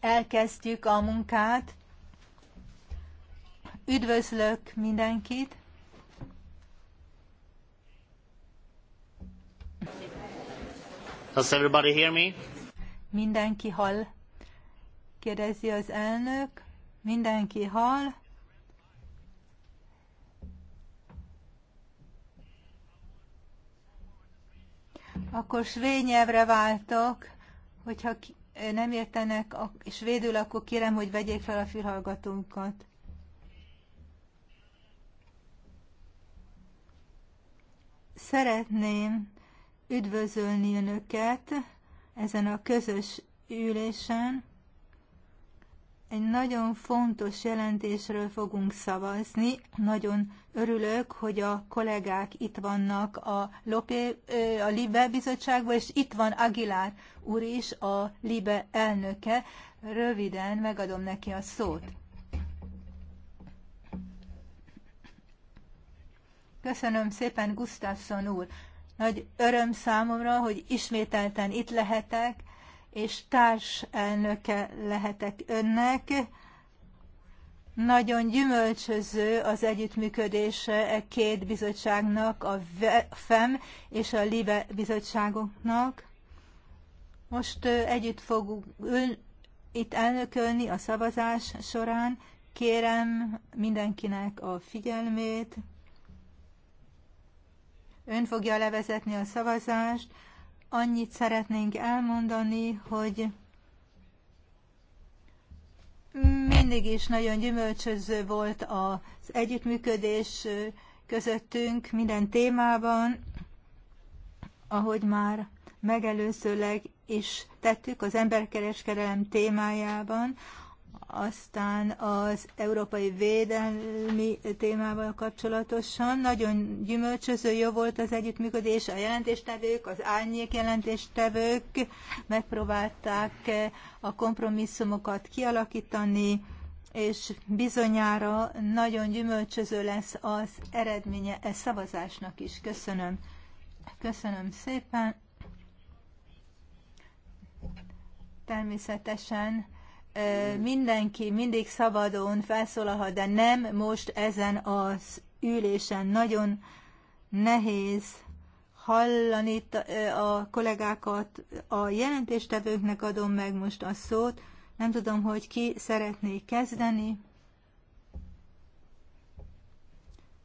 Elkezdjük a munkát. Üdvözlök mindenkit. Does everybody hear me? Mindenki hall. Kérdezi az elnök. Mindenki hall. Akkor svéd nyelvre váltok, hogyha ki nem értenek, és védül, akkor kérem, hogy vegyék fel a fülhallgatónkat. Szeretném üdvözölni Önöket ezen a közös ülésen. Egy nagyon fontos jelentésről fogunk szavazni. Nagyon örülök, hogy a kollégák itt vannak a, Lopé, a Libe bizottságban, és itt van Aguilar úr is, a Libe elnöke. Röviden megadom neki a szót. Köszönöm szépen, Gustafsson úr. Nagy öröm számomra, hogy ismételten itt lehetek és társelnöke lehetek önnek. Nagyon gyümölcsöző az együttműködése e két bizottságnak, a FEM és a LIBE bizottságoknak. Most együtt fogunk ül, itt elnökölni a szavazás során. Kérem mindenkinek a figyelmét. Ön fogja levezetni a szavazást annyit szeretnénk elmondani, hogy mindig is nagyon gyümölcsöző volt az együttműködés közöttünk minden témában, ahogy már megelőzőleg is tettük az emberkereskedelem témájában aztán az európai védelmi témával kapcsolatosan nagyon gyümölcsöző jó volt az együttműködés, a jelentéstevők, az árnyék jelentéstevők megpróbálták a kompromisszumokat kialakítani, és bizonyára nagyon gyümölcsöző lesz az eredménye e szavazásnak is. Köszönöm. Köszönöm szépen. Természetesen mindenki mindig szabadon felszólalhat, de nem most ezen az ülésen. Nagyon nehéz hallani a kollégákat. A jelentéstevőknek adom meg most a szót. Nem tudom, hogy ki szeretné kezdeni.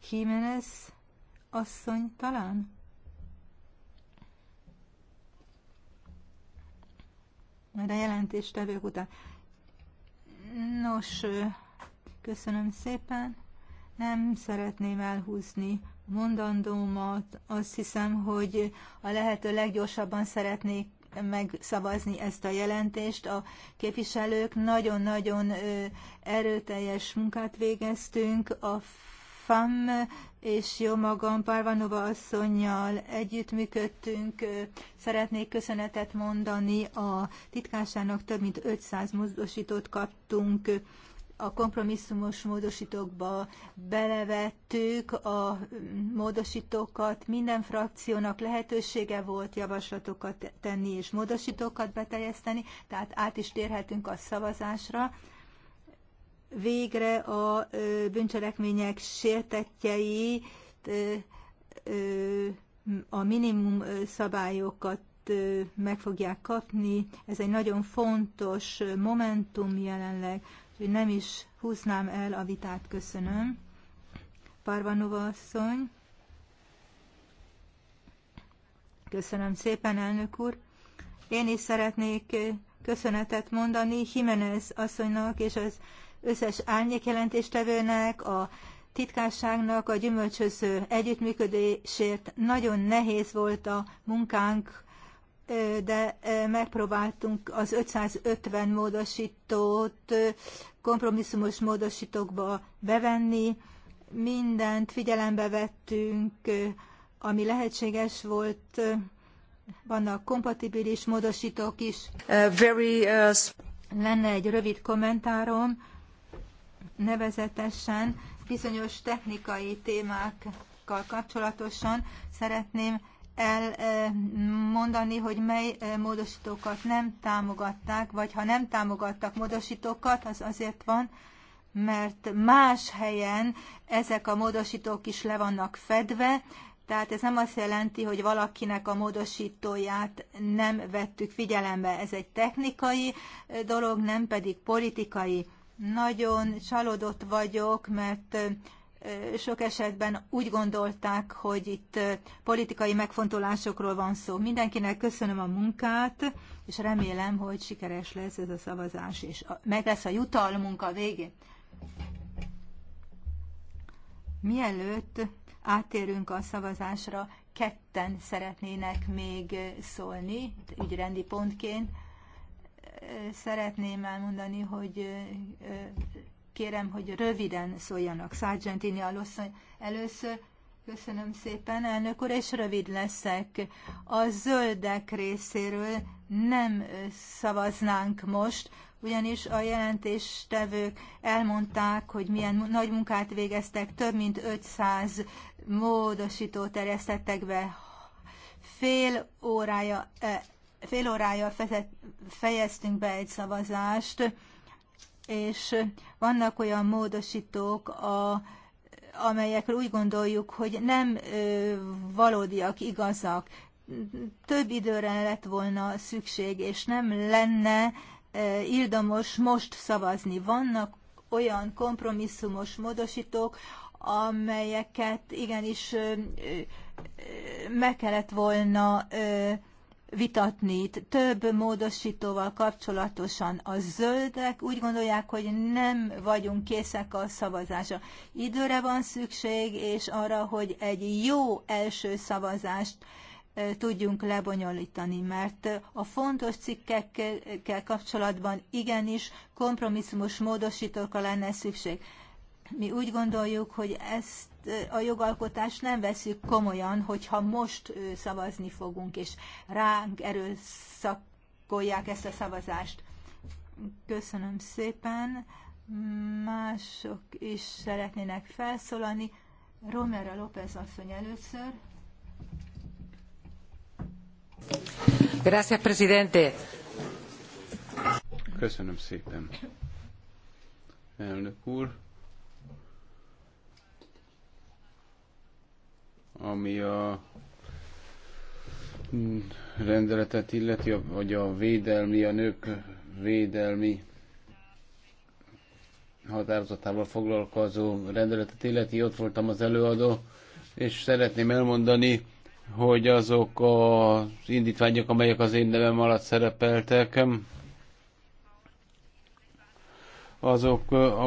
Jiménez asszony talán? Majd a jelentéstevők után. Nos, köszönöm szépen. Nem szeretném elhúzni mondandómat. Azt hiszem, hogy a lehető leggyorsabban szeretnék megszavazni ezt a jelentést. A képviselők nagyon-nagyon erőteljes munkát végeztünk. A FAM és jó magam Parvanova asszonynal együttműködtünk. Szeretnék köszönetet mondani a titkásának több mint 500 mozdosítót kaptunk a kompromisszumos módosítókba belevettük a módosítókat, minden frakciónak lehetősége volt javaslatokat tenni és módosítókat beteljeszteni, tehát át is térhetünk a szavazásra végre a bűncselekmények sértetjei a minimum szabályokat meg fogják kapni. Ez egy nagyon fontos momentum jelenleg, hogy nem is húznám el a vitát. Köszönöm. Parvanova asszony. Köszönöm szépen, elnök úr. Én is szeretnék köszönetet mondani Jimenez asszonynak és az összes árnyékjelentéstevőnek, a titkárságnak a gyümölcsöző együttműködésért. Nagyon nehéz volt a munkánk, de megpróbáltunk az 550 módosítót kompromisszumos módosítókba bevenni. Mindent figyelembe vettünk, ami lehetséges volt. Vannak kompatibilis módosítók is. Uh, very, uh... Lenne egy rövid kommentárom nevezetesen bizonyos technikai témákkal kapcsolatosan szeretném elmondani, hogy mely eh, módosítókat nem támogatták, vagy ha nem támogattak módosítókat, az azért van, mert más helyen ezek a módosítók is le vannak fedve, tehát ez nem azt jelenti, hogy valakinek a módosítóját nem vettük figyelembe. Ez egy technikai eh, dolog, nem pedig politikai nagyon csalódott vagyok, mert sok esetben úgy gondolták, hogy itt politikai megfontolásokról van szó. Mindenkinek köszönöm a munkát, és remélem, hogy sikeres lesz ez a szavazás, és meg lesz a jutalmunk a végén. Mielőtt átérünk a szavazásra, ketten szeretnének még szólni, ügyrendi pontként szeretném elmondani, hogy kérem, hogy röviden szóljanak. Sargentini Alosszony, először. Köszönöm szépen, elnök úr, és rövid leszek. A zöldek részéről nem szavaznánk most, ugyanis a jelentéstevők elmondták, hogy milyen nagy munkát végeztek, több mint 500 módosítót terjesztettek be fél órája fél órája fejeztünk be egy szavazást, és vannak olyan módosítók, a, amelyekről úgy gondoljuk, hogy nem ö, valódiak, igazak. Több időre lett volna szükség, és nem lenne ö, ildomos most szavazni. Vannak olyan kompromisszumos módosítók, amelyeket igenis ö, ö, meg kellett volna ö, vitatni több módosítóval kapcsolatosan. A zöldek úgy gondolják, hogy nem vagyunk készek a szavazásra. Időre van szükség, és arra, hogy egy jó első szavazást tudjunk lebonyolítani, mert a fontos cikkekkel kapcsolatban igenis kompromisszumos módosítókra lenne szükség. Mi úgy gondoljuk, hogy ezt a jogalkotást nem veszük komolyan, hogyha most szavazni fogunk, és ránk erőszakolják ezt a szavazást. Köszönöm szépen. Mások is szeretnének felszólalni. Romera López asszony először. Gracias, presidente. Köszönöm szépen. Elnök úr, ami a rendeletet illeti, vagy a védelmi, a nők védelmi határozatával foglalkozó rendeletet illeti, ott voltam az előadó, és szeretném elmondani, hogy azok az indítványok, amelyek az én nevem alatt szerepeltek, azok a,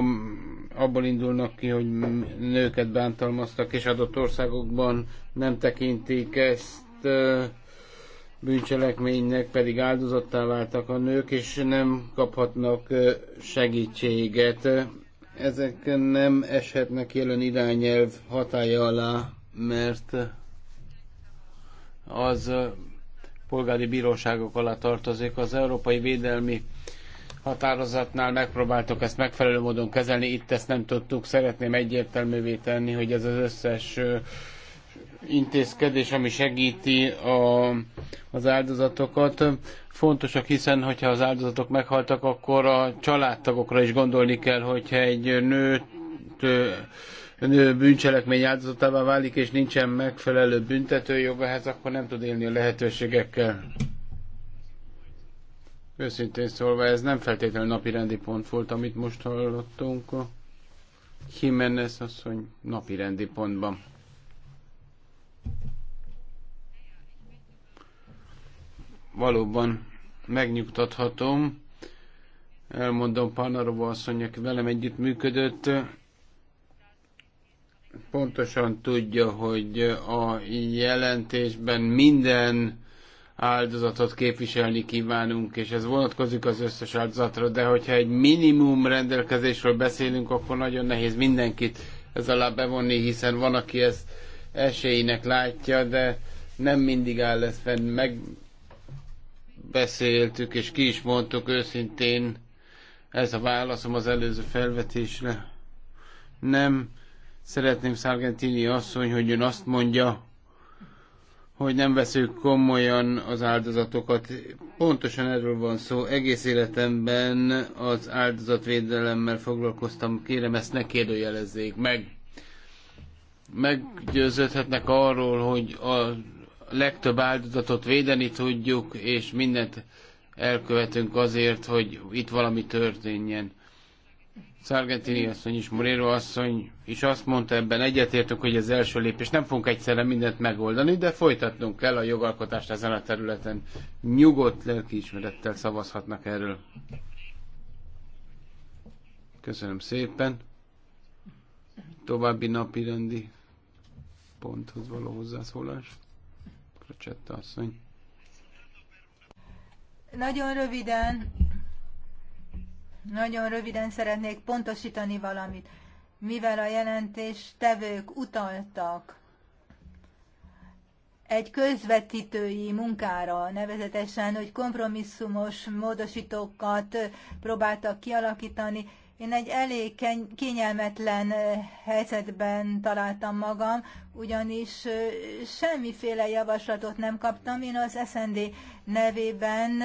abból indulnak ki, hogy nőket bántalmaztak, és adott országokban nem tekintik ezt bűncselekménynek, pedig áldozattá váltak a nők, és nem kaphatnak segítséget. Ezek nem eshetnek jelen irányelv hatája alá, mert az polgári bíróságok alá tartozik. Az Európai Védelmi határozatnál megpróbáltuk ezt megfelelő módon kezelni, itt ezt nem tudtuk. Szeretném egyértelművé tenni, hogy ez az összes intézkedés, ami segíti a, az áldozatokat, fontosak, hiszen hogyha az áldozatok meghaltak, akkor a családtagokra is gondolni kell, hogyha egy nőt nő bűncselekmény áldozatává válik, és nincsen megfelelő büntetőjog ehhez, hát akkor nem tud élni a lehetőségekkel. Őszintén szólva, ez nem feltétlenül napi rendi pont volt, amit most hallottunk. Jiménez asszony napi rendi pontban. Valóban megnyugtathatom. Elmondom Panarova asszony, aki velem együtt működött, pontosan tudja, hogy a jelentésben minden áldozatot képviselni kívánunk, és ez vonatkozik az összes áldozatra, de hogyha egy minimum rendelkezésről beszélünk, akkor nagyon nehéz mindenkit ez alá bevonni, hiszen van, aki ezt esélynek látja, de nem mindig áll ez fenn. Megbeszéltük, és ki is mondtuk őszintén, ez a válaszom az előző felvetésre. Nem szeretném Szargentini asszony, hogy ön azt mondja, hogy nem veszük komolyan az áldozatokat. Pontosan erről van szó. Egész életemben az áldozatvédelemmel foglalkoztam. Kérem, ezt ne kérdőjelezzék meg. Meggyőződhetnek arról, hogy a legtöbb áldozatot védeni tudjuk, és mindent elkövetünk azért, hogy itt valami történjen. Szargentini asszony is, Moréro asszony is azt mondta, ebben egyetértünk, hogy az első lépés nem fogunk egyszerre mindent megoldani, de folytatnunk kell a jogalkotást ezen a területen. Nyugodt lelkiismerettel szavazhatnak erről. Köszönöm szépen. További napi rendi ponthoz való hozzászólás. Kracsetta asszony. Nagyon röviden nagyon röviden szeretnék pontosítani valamit, mivel a jelentés tevők utaltak egy közvetítői munkára, nevezetesen, hogy kompromisszumos módosítókat próbáltak kialakítani. Én egy elég kényelmetlen helyzetben találtam magam, ugyanis semmiféle javaslatot nem kaptam. Én az SND nevében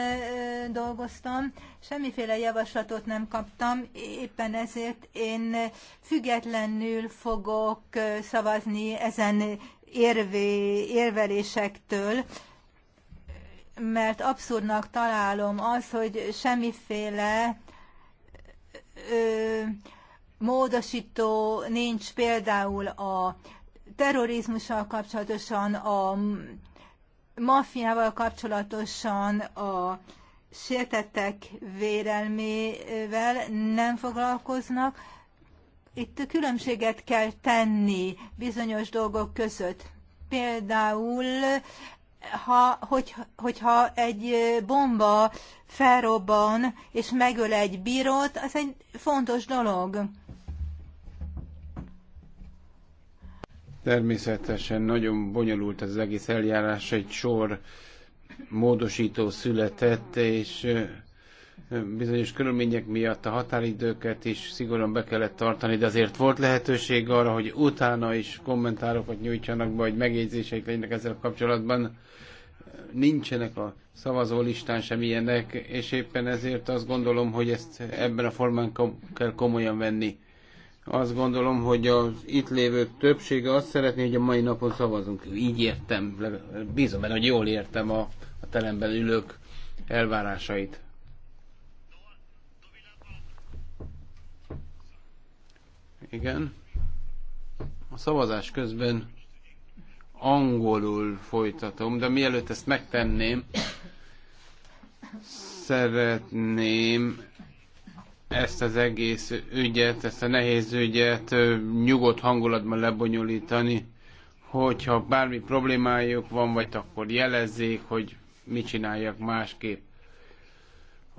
dolgoztam, semmiféle javaslatot nem kaptam, éppen ezért én függetlenül fogok szavazni ezen érvé, érvelésektől, mert abszurdnak találom az, hogy semmiféle módosító nincs például a terrorizmussal kapcsolatosan, a maffiával kapcsolatosan, a sértettek vérelmével nem foglalkoznak. Itt különbséget kell tenni bizonyos dolgok között. Például ha, hogy, hogyha egy bomba felrobban és megöl egy bírót, az egy fontos dolog. Természetesen nagyon bonyolult az egész eljárás, egy sor módosító született, és bizonyos körülmények miatt a határidőket is szigorúan be kellett tartani, de azért volt lehetőség arra, hogy utána is kommentárokat nyújtsanak be, hogy megjegyzéseik legyenek ezzel kapcsolatban. Nincsenek a szavazó listán sem ilyenek, és éppen ezért azt gondolom, hogy ezt ebben a formán kell komolyan venni. Azt gondolom, hogy az itt lévő többsége azt szeretné, hogy a mai napon szavazunk. Így értem, bízom benne, hogy jól értem a, a teremben ülők elvárásait. Igen. A szavazás közben angolul folytatom, de mielőtt ezt megtenném, szeretném ezt az egész ügyet, ezt a nehéz ügyet nyugodt hangulatban lebonyolítani, hogyha bármi problémájuk van, vagy akkor jelezzék, hogy mit csináljak másképp.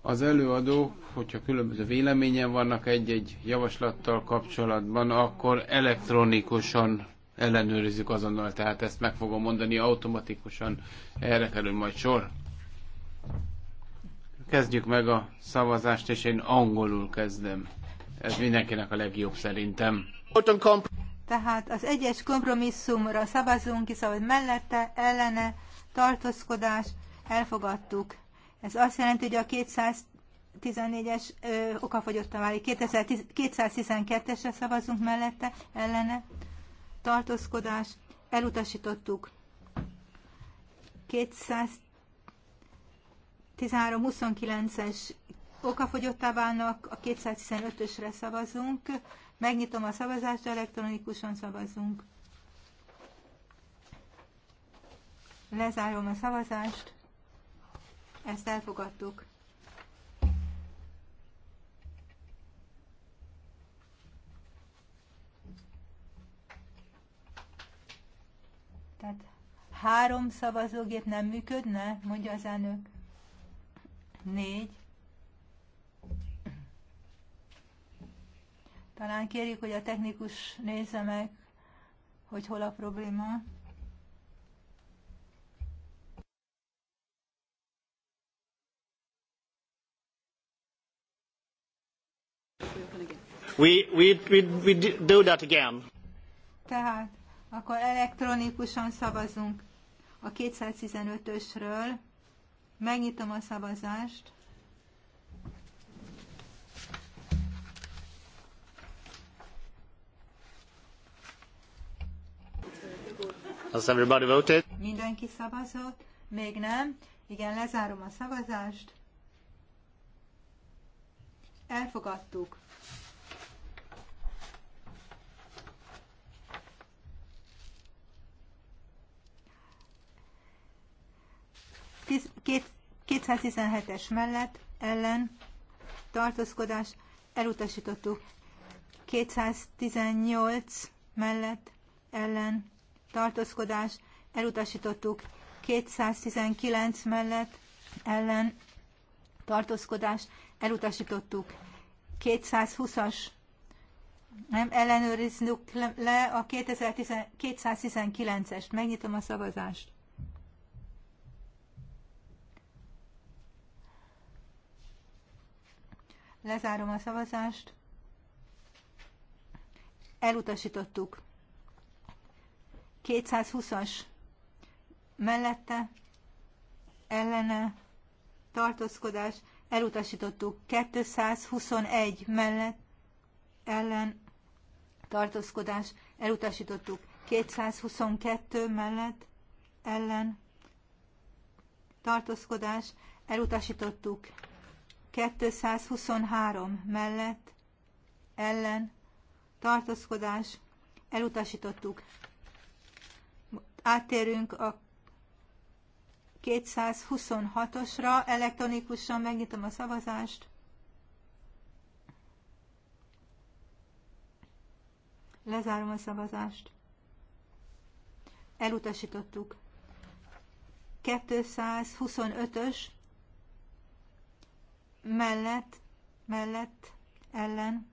Az előadó, hogyha különböző véleményen vannak egy-egy javaslattal kapcsolatban, akkor elektronikusan ellenőrizzük azonnal, tehát ezt meg fogom mondani automatikusan, erre kerül majd sor. Kezdjük meg a szavazást, és én angolul kezdem. Ez mindenkinek a legjobb szerintem. Tehát az egyes kompromisszumra szavazunk, hiszen mellette, ellene, tartózkodás, elfogadtuk. Ez azt jelenti, hogy a 214-es okafogyottan válik. 212-esre szavazunk mellette, ellene. Tartózkodás. Elutasítottuk. 213-29-es okafogyottá válnak, a 215-ösre szavazunk. Megnyitom a szavazást, elektronikusan szavazunk. Lezárom a szavazást. Ezt elfogadtuk. Tehát három szavazógép nem működne, mondja az elnök. Négy. Talán kérjük, hogy a technikus nézze meg, hogy hol a probléma. We, we, we, we do that again. Tehát akkor elektronikusan szavazunk a 215-ösről. Megnyitom a szavazást. Has everybody voted? Mindenki szavazott? Még nem. Igen, lezárom a szavazást elfogadtuk. Tiz, két, 217-es mellett ellen tartózkodás elutasítottuk. 218 mellett ellen tartózkodás elutasítottuk. 219 mellett ellen tartózkodás elutasítottuk. 220-as, nem ellenőriznük le a 219-est. Megnyitom a szavazást. Lezárom a szavazást. Elutasítottuk. 220-as mellette ellene tartózkodás elutasítottuk 221 mellett ellen tartózkodás, elutasítottuk 222 mellett ellen tartózkodás, elutasítottuk 223 mellett ellen tartózkodás, elutasítottuk. Áttérünk a 226-osra elektronikusan megnyitom a szavazást. Lezárom a szavazást. Elutasítottuk. 225-ös mellett, mellett, ellen,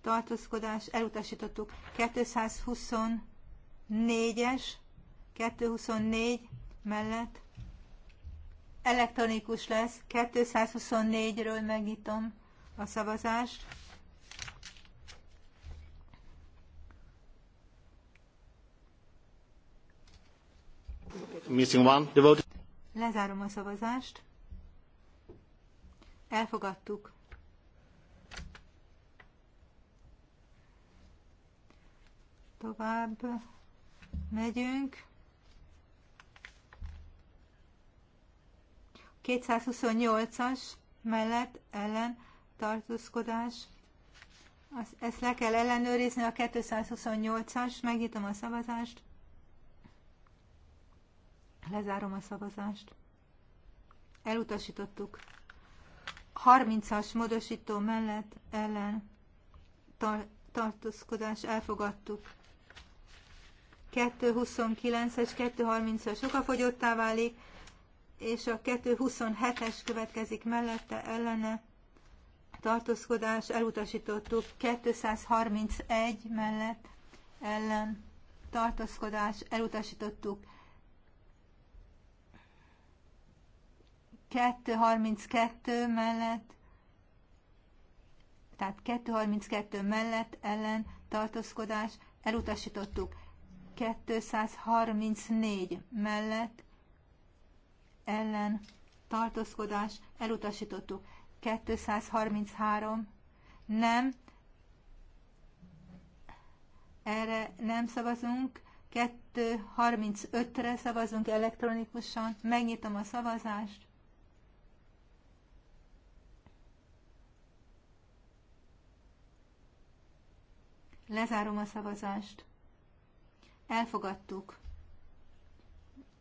tartózkodás, elutasítottuk. 224-es, 224 mellett, Elektronikus lesz. 224-ről megnyitom a szavazást. Missing one. The vote. Lezárom a szavazást. Elfogadtuk. Tovább megyünk. 228-as mellett ellen tartózkodás. Ezt le kell ellenőrizni, a 228-as, megnyitom a szavazást. Lezárom a szavazást. Elutasítottuk. 30-as módosító mellett ellen tar- tartózkodás elfogadtuk. 229-es, 230-as okafogyottá válik, és a 227-es következik mellette ellene tartózkodás, elutasítottuk 231 mellett ellen tartózkodás, elutasítottuk 232 mellett tehát 232 mellett ellen tartózkodás, elutasítottuk 234 mellett ellen tartózkodás elutasítottuk. 233 nem, erre nem szavazunk, 235-re szavazunk elektronikusan, megnyitom a szavazást. Lezárom a szavazást. Elfogadtuk.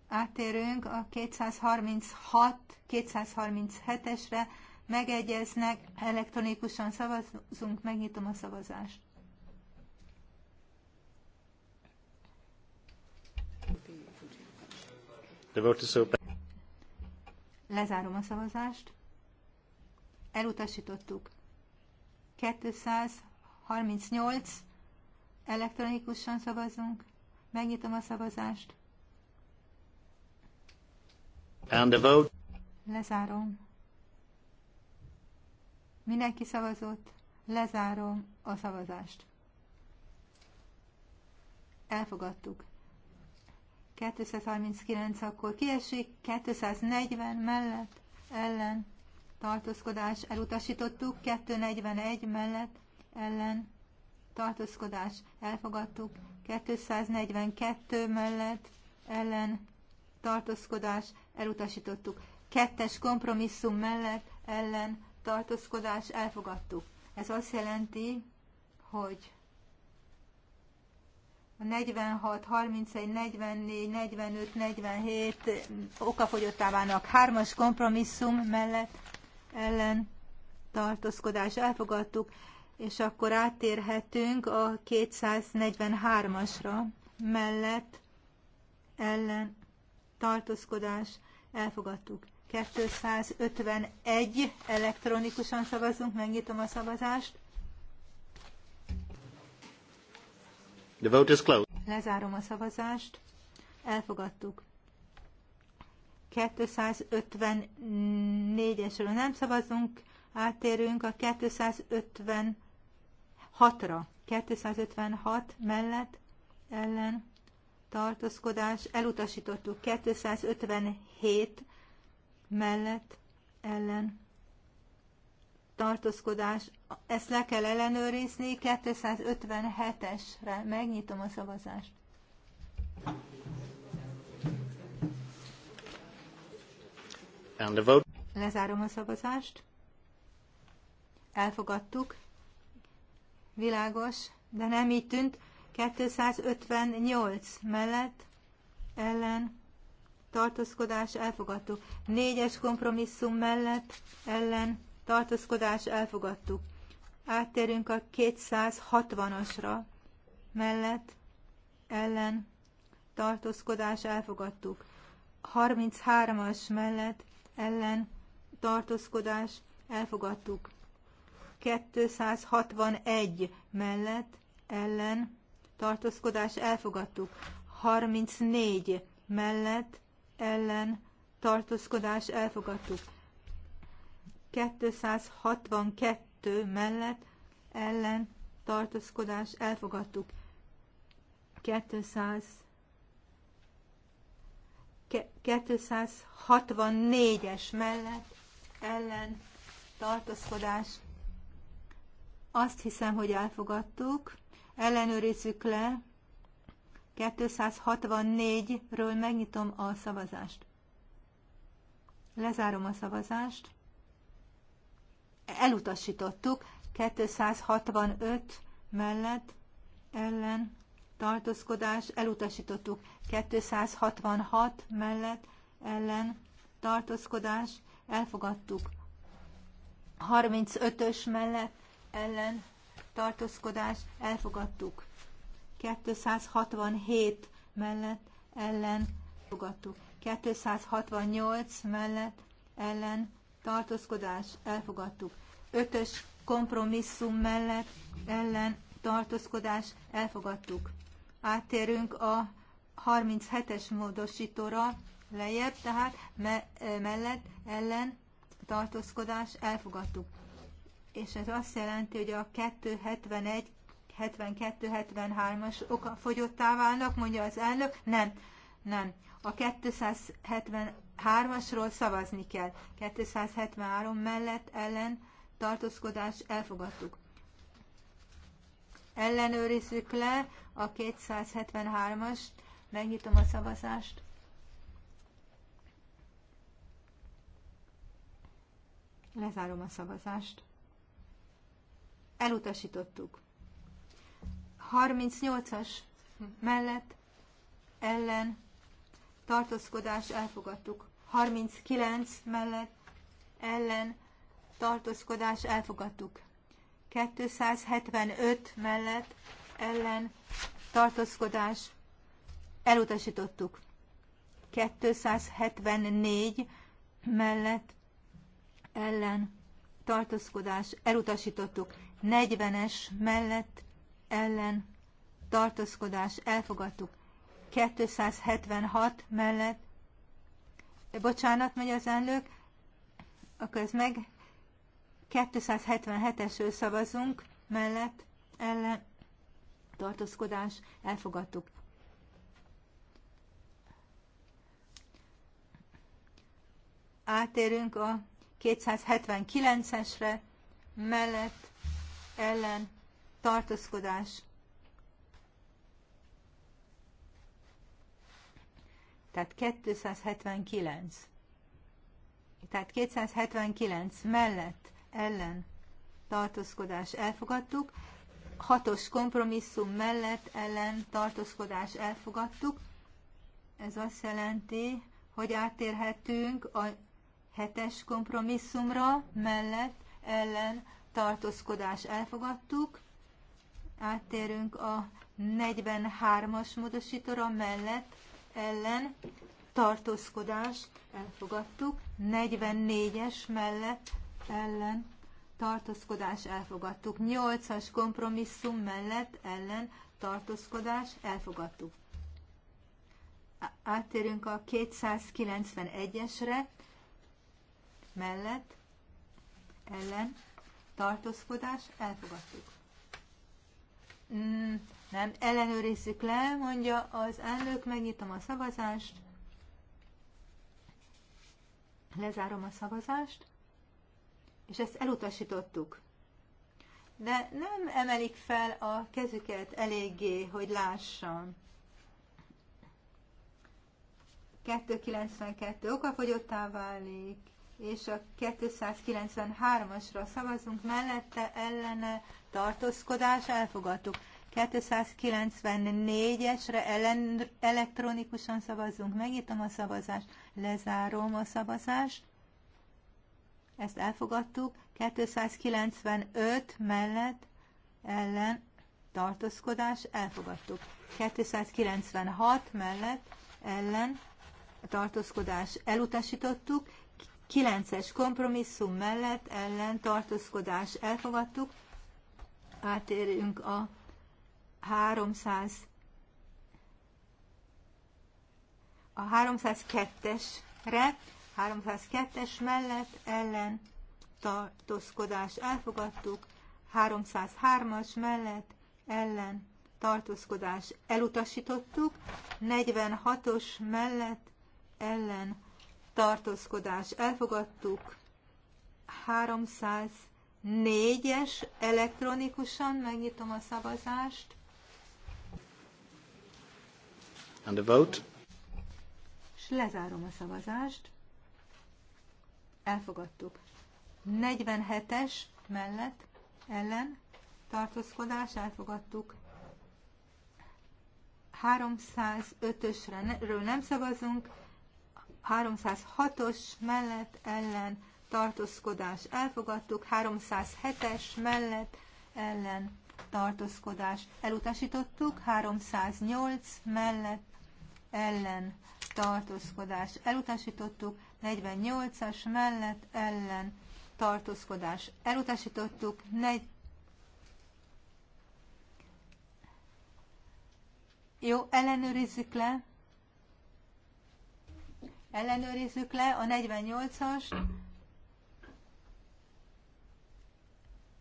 Átérünk a 236-237-esre, megegyeznek, elektronikusan szavazunk, megnyitom a szavazást. The vote is open. Lezárom a szavazást. Elutasítottuk. 238. Elektronikusan szavazunk. Megnyitom a szavazást. And the vote. Lezárom. Mindenki szavazott. Lezárom a szavazást. Elfogadtuk. 239 akkor kiesik, 240 mellett, ellen, tartózkodás, elutasítottuk, 241 mellett, ellen, tartózkodás, elfogadtuk, 242 mellett, ellen, tartózkodás, elutasítottuk. Kettes kompromisszum mellett ellen tartózkodás elfogadtuk. Ez azt jelenti, hogy a 46, 31, 44, 45, 47 okafogyottávának Hármas kompromisszum mellett ellen tartózkodás elfogadtuk, és akkor áttérhetünk a 243-asra mellett ellen tartózkodás elfogadtuk. 251 elektronikusan szavazunk, megnyitom a szavazást. The vote is closed. Lezárom a szavazást. Elfogadtuk. 254-esről nem szavazunk, átérünk a 256-ra. 256 mellett ellen tartózkodás, elutasítottuk 257 mellett ellen tartózkodás, ezt le kell ellenőrizni, 257-esre megnyitom a szavazást. And the vote. Lezárom a szavazást. Elfogadtuk. Világos, de nem így tűnt. 258 mellett ellen tartózkodás elfogadtuk. Négyes kompromisszum mellett ellen tartózkodás elfogadtuk. Áttérünk a 260-asra mellett ellen tartózkodás elfogadtuk. 33-as mellett ellen tartózkodás elfogadtuk. 261 mellett ellen tartózkodás elfogadtuk. 34 mellett ellen tartózkodás elfogadtuk. 262 mellett ellen tartózkodás elfogadtuk. 200 264-es mellett ellen tartózkodás. Azt hiszem, hogy elfogadtuk ellenőrizzük le. 264-ről megnyitom a szavazást. Lezárom a szavazást. Elutasítottuk. 265 mellett ellen tartózkodás. Elutasítottuk. 266 mellett ellen tartózkodás. Elfogadtuk. 35-ös mellett ellen tartózkodás elfogadtuk. 267 mellett ellen elfogadtuk. 268 mellett ellen tartózkodás elfogadtuk. 5-ös kompromisszum mellett ellen tartózkodás elfogadtuk. Áttérünk a 37-es módosítóra lejjebb, tehát me- mellett ellen tartózkodás elfogadtuk és ez azt jelenti, hogy a 271, 72, 73-as oka fogyottá válnak, mondja az elnök. Nem, nem. A 273-asról szavazni kell. 273 mellett ellen tartózkodás elfogadtuk. Ellenőrizzük le a 273-ast, megnyitom a szavazást. Lezárom a szavazást elutasítottuk. 38-as mellett ellen tartózkodás elfogadtuk. 39 mellett ellen tartózkodás elfogadtuk. 275 mellett ellen tartózkodás elutasítottuk. 274 mellett ellen tartózkodás elutasítottuk. 40-es mellett ellen tartózkodás elfogadtuk. 276 mellett, bocsánat, megy az elnök, akkor ez meg 277-esről szavazunk, mellett ellen tartózkodás elfogadtuk. Átérünk a 279-esre, mellett ellen tartózkodás. Tehát 279. Tehát 279 mellett ellen tartózkodás elfogadtuk, hatos kompromisszum mellett ellen tartózkodás elfogadtuk. Ez azt jelenti, hogy átérhetünk a hetes kompromisszumra mellett ellen tartózkodás elfogadtuk. Áttérünk a 43-as módosítóra mellett ellen tartózkodás elfogadtuk. 44-es mellett ellen tartózkodás elfogadtuk. 8-as kompromisszum mellett ellen tartózkodás elfogadtuk. Áttérünk a 291-esre mellett ellen tartózkodás, elfogadtuk. Mm, nem, ellenőrizzük le, mondja az elnök, megnyitom a szavazást, lezárom a szavazást, és ezt elutasítottuk. De nem emelik fel a kezüket eléggé, hogy lássam. 292 okafogyottá válik, és a 293-asra szavazunk mellette, ellene tartózkodás, elfogadtuk. 294-esre ellen, elektronikusan szavazunk. Megnyitom a szavazást, lezárom a szavazást. Ezt elfogadtuk. 295 mellett ellen tartózkodás, elfogadtuk. 296 mellett ellen tartózkodás elutasítottuk, 9-es kompromisszum mellett ellen tartózkodás elfogadtuk. Átérünk a 300 a 302-esre, 302-es mellett ellen tartózkodás elfogadtuk, 303-as mellett ellen tartózkodás elutasítottuk, 46-os mellett ellen tartózkodás elfogadtuk. 304-es elektronikusan megnyitom a szavazást. And a vote. És lezárom a szavazást. Elfogadtuk. 47-es mellett ellen tartózkodás elfogadtuk. 305-ösről nem szavazunk, 306-os mellett ellen tartózkodás elfogadtuk, 307-es mellett ellen tartózkodás elutasítottuk, 308 mellett ellen tartózkodás elutasítottuk, 48-as mellett ellen tartózkodás elutasítottuk, 4 Jó, ellenőrizzük le ellenőrizzük le a 48-as,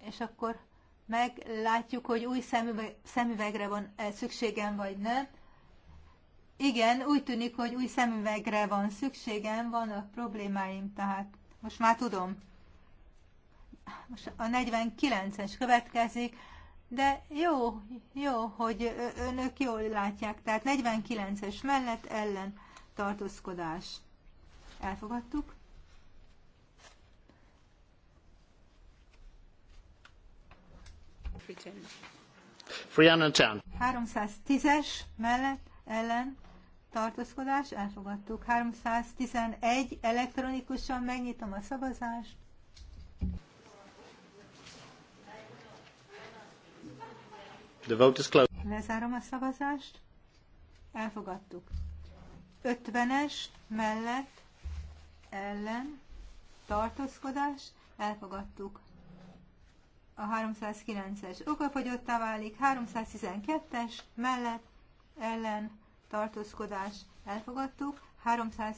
és akkor meglátjuk, hogy új szemüveg, szemüvegre van -e szükségem, vagy nem. Igen, úgy tűnik, hogy új szemüvegre van szükségem, vannak problémáim, tehát most már tudom. Most a 49-es következik, de jó, jó, hogy önök jól látják, tehát 49-es mellett ellen tartózkodás elfogadtuk. Pretend. 310. es mellett ellen tartózkodás, elfogadtuk. 311 elektronikusan megnyitom a szavazást. The vote is closed. Lezárom a szavazást. Elfogadtuk. 50-es mellett ellen tartózkodás elfogadtuk. A 309-es okafogyottá válik, 312-es mellett ellen tartózkodás elfogadtuk, 300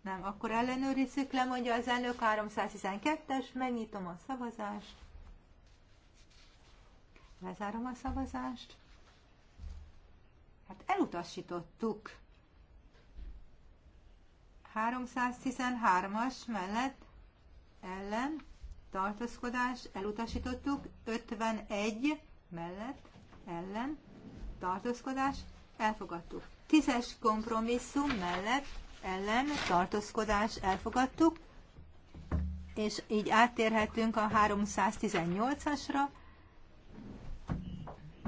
nem, akkor ellenőrizzük le, mondja az elnök 312-es, megnyitom a szavazást. Lezárom a szavazást. Hát elutasítottuk 313-as mellett ellen tartózkodás elutasítottuk, 51 mellett ellen tartózkodás elfogadtuk. 10-es kompromisszum mellett ellen tartózkodás elfogadtuk, és így áttérhetünk a 318-asra,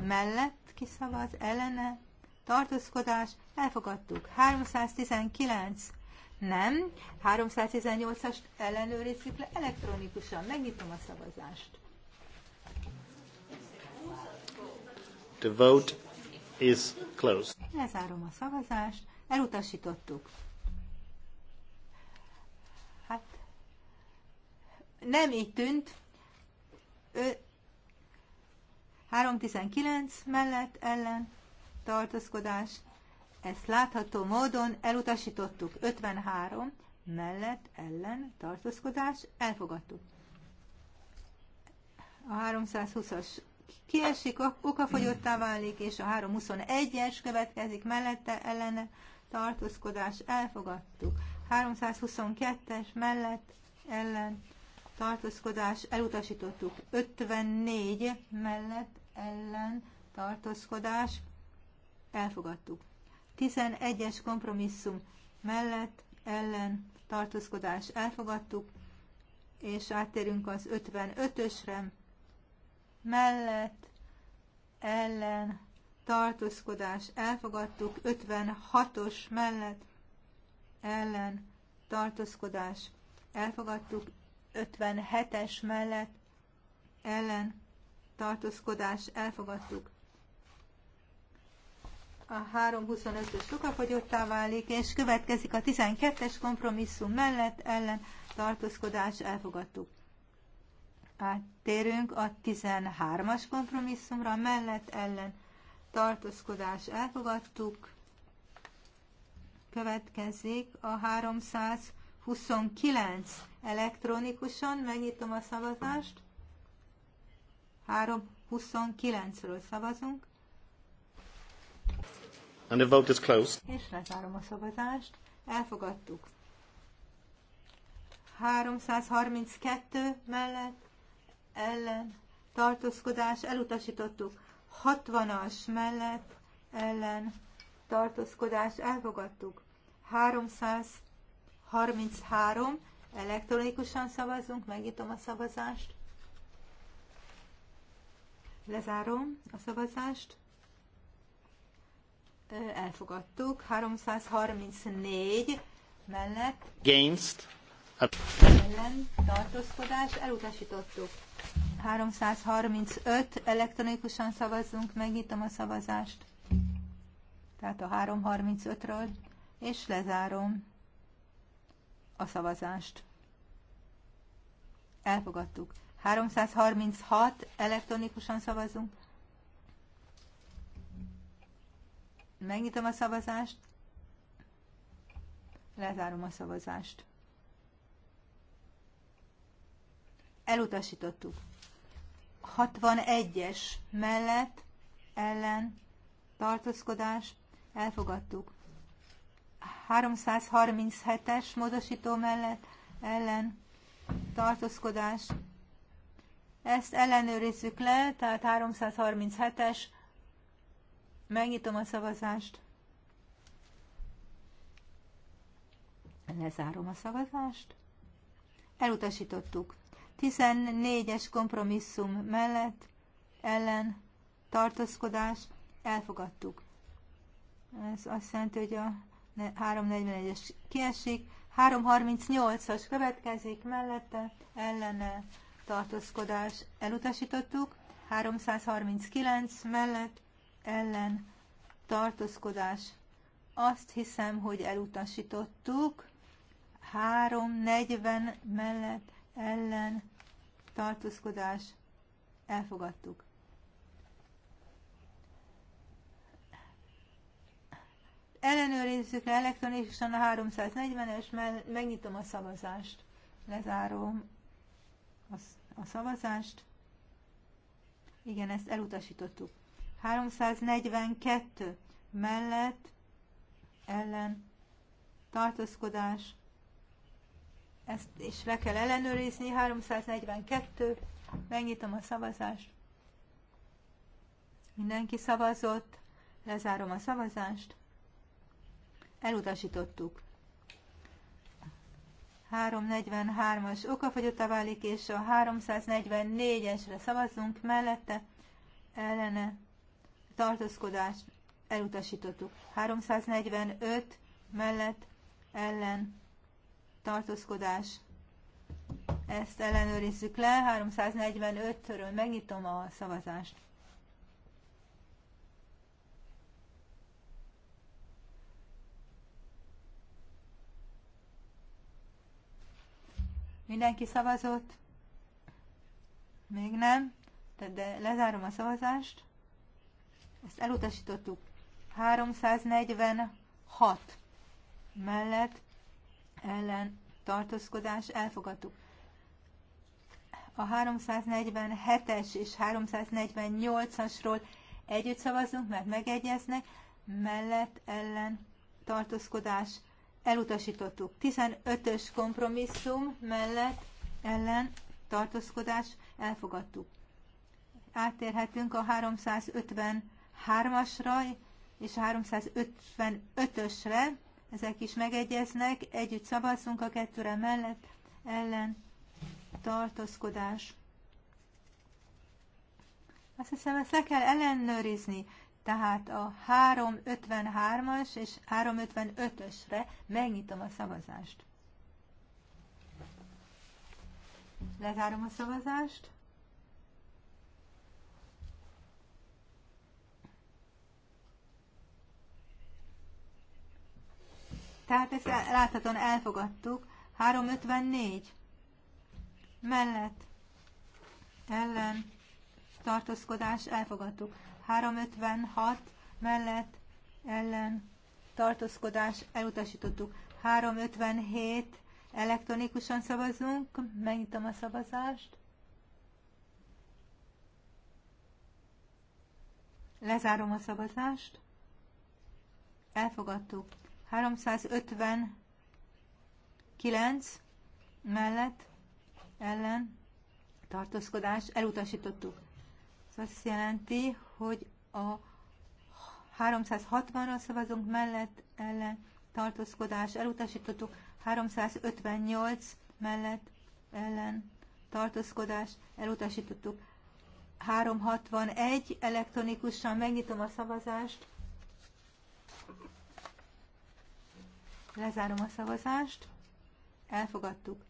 mellett kiszavaz, ellene, tartózkodás, elfogadtuk. 319 nem. 318-as ellenőrizzük le elektronikusan. Megnyitom a szavazást. The vote is closed. Lezárom a szavazást. Elutasítottuk. Hát nem így tűnt. Ö, 319 mellett ellen tartózkodás ezt látható módon elutasítottuk 53 mellett ellen tartózkodás elfogadtuk. A 320-as kiesik, okafogyottá válik, és a 321-es következik mellette ellene tartózkodás elfogadtuk. 322-es mellett ellen tartózkodás elutasítottuk. 54 mellett ellen tartózkodás elfogadtuk. 11-es kompromisszum mellett ellen tartózkodás elfogadtuk, és áttérünk az 55-ösre mellett ellen tartózkodás elfogadtuk, 56-os mellett ellen tartózkodás elfogadtuk, 57-es mellett ellen tartózkodás elfogadtuk a 325-ös sokafogyottá válik, és következik a 12-es kompromisszum mellett ellen tartózkodás elfogadtuk. Áttérünk a 13-as kompromisszumra mellett ellen tartózkodás elfogadtuk. Következik a 329 elektronikusan, megnyitom a szavazást. 329-ről szavazunk. And the vote is closed. És lezárom a szavazást. Elfogadtuk. 332 mellett ellen tartózkodás elutasítottuk. 60-as mellett ellen tartózkodás elfogadtuk. 333 elektronikusan szavazunk, megnyitom a szavazást. Lezárom a szavazást elfogadtuk. 334 mellett. Against. Ellen tartózkodás elutasítottuk. 335 elektronikusan szavazzunk, megnyitom a szavazást. Tehát a 335-ről, és lezárom a szavazást. Elfogadtuk. 336 elektronikusan szavazunk. Megnyitom a szavazást. Lezárom a szavazást. Elutasítottuk. 61-es mellett, ellen, tartózkodás, elfogadtuk. 337-es módosító mellett, ellen, tartózkodás. Ezt ellenőrizzük le, tehát 337-es, Megnyitom a szavazást. Lezárom a szavazást. Elutasítottuk. 14-es kompromisszum mellett, ellen, tartózkodás, elfogadtuk. Ez azt jelenti, hogy a 341-es kiesik, 338-as következik mellette, ellene, tartózkodás, elutasítottuk, 339 mellett, ellen tartózkodás. Azt hiszem, hogy elutasítottuk. 340 mellett ellen tartózkodás. Elfogadtuk. Ellenőrizzük le elektronikusan a 340-es, megnyitom a szavazást. Lezárom a szavazást. Igen, ezt elutasítottuk. 342 mellett ellen tartózkodás, ezt is le kell ellenőrizni, 342, megnyitom a szavazást, mindenki szavazott, lezárom a szavazást, elutasítottuk. 343-as okafogyotta válik, és a 344-esre szavazunk mellette, ellene tartózkodást elutasítottuk. 345 mellett ellen tartózkodás. Ezt ellenőrizzük le. 345-ről megnyitom a szavazást. Mindenki szavazott? Még nem, de, de lezárom a szavazást ezt elutasítottuk. 346 mellett ellen tartózkodás elfogadtuk. A 347-es és 348-asról együtt szavazunk, mert megegyeznek, mellett ellen tartózkodás elutasítottuk. 15-ös kompromisszum mellett ellen tartózkodás elfogadtuk. Átérhetünk a 350 3-asra és a 355-ösre, ezek is megegyeznek, együtt szavazzunk a kettőre mellett, ellen tartózkodás. Azt hiszem, ezt le kell ellenőrizni. Tehát a 353-as és 355-ösre megnyitom a szavazást. Lezárom a szavazást. Tehát ezt láthatóan elfogadtuk. 354 mellett ellen tartózkodás elfogadtuk. 356 mellett ellen tartózkodás elutasítottuk. 357 elektronikusan szavazunk. Megnyitom a szavazást. Lezárom a szavazást. Elfogadtuk. 359 mellett ellen tartózkodás elutasítottuk. Ez azt jelenti, hogy a 360-ra szavazunk mellett ellen tartózkodás elutasítottuk, 358 mellett ellen tartózkodás elutasítottuk. 361 elektronikusan megnyitom a szavazást. Lezárom a szavazást. Elfogadtuk.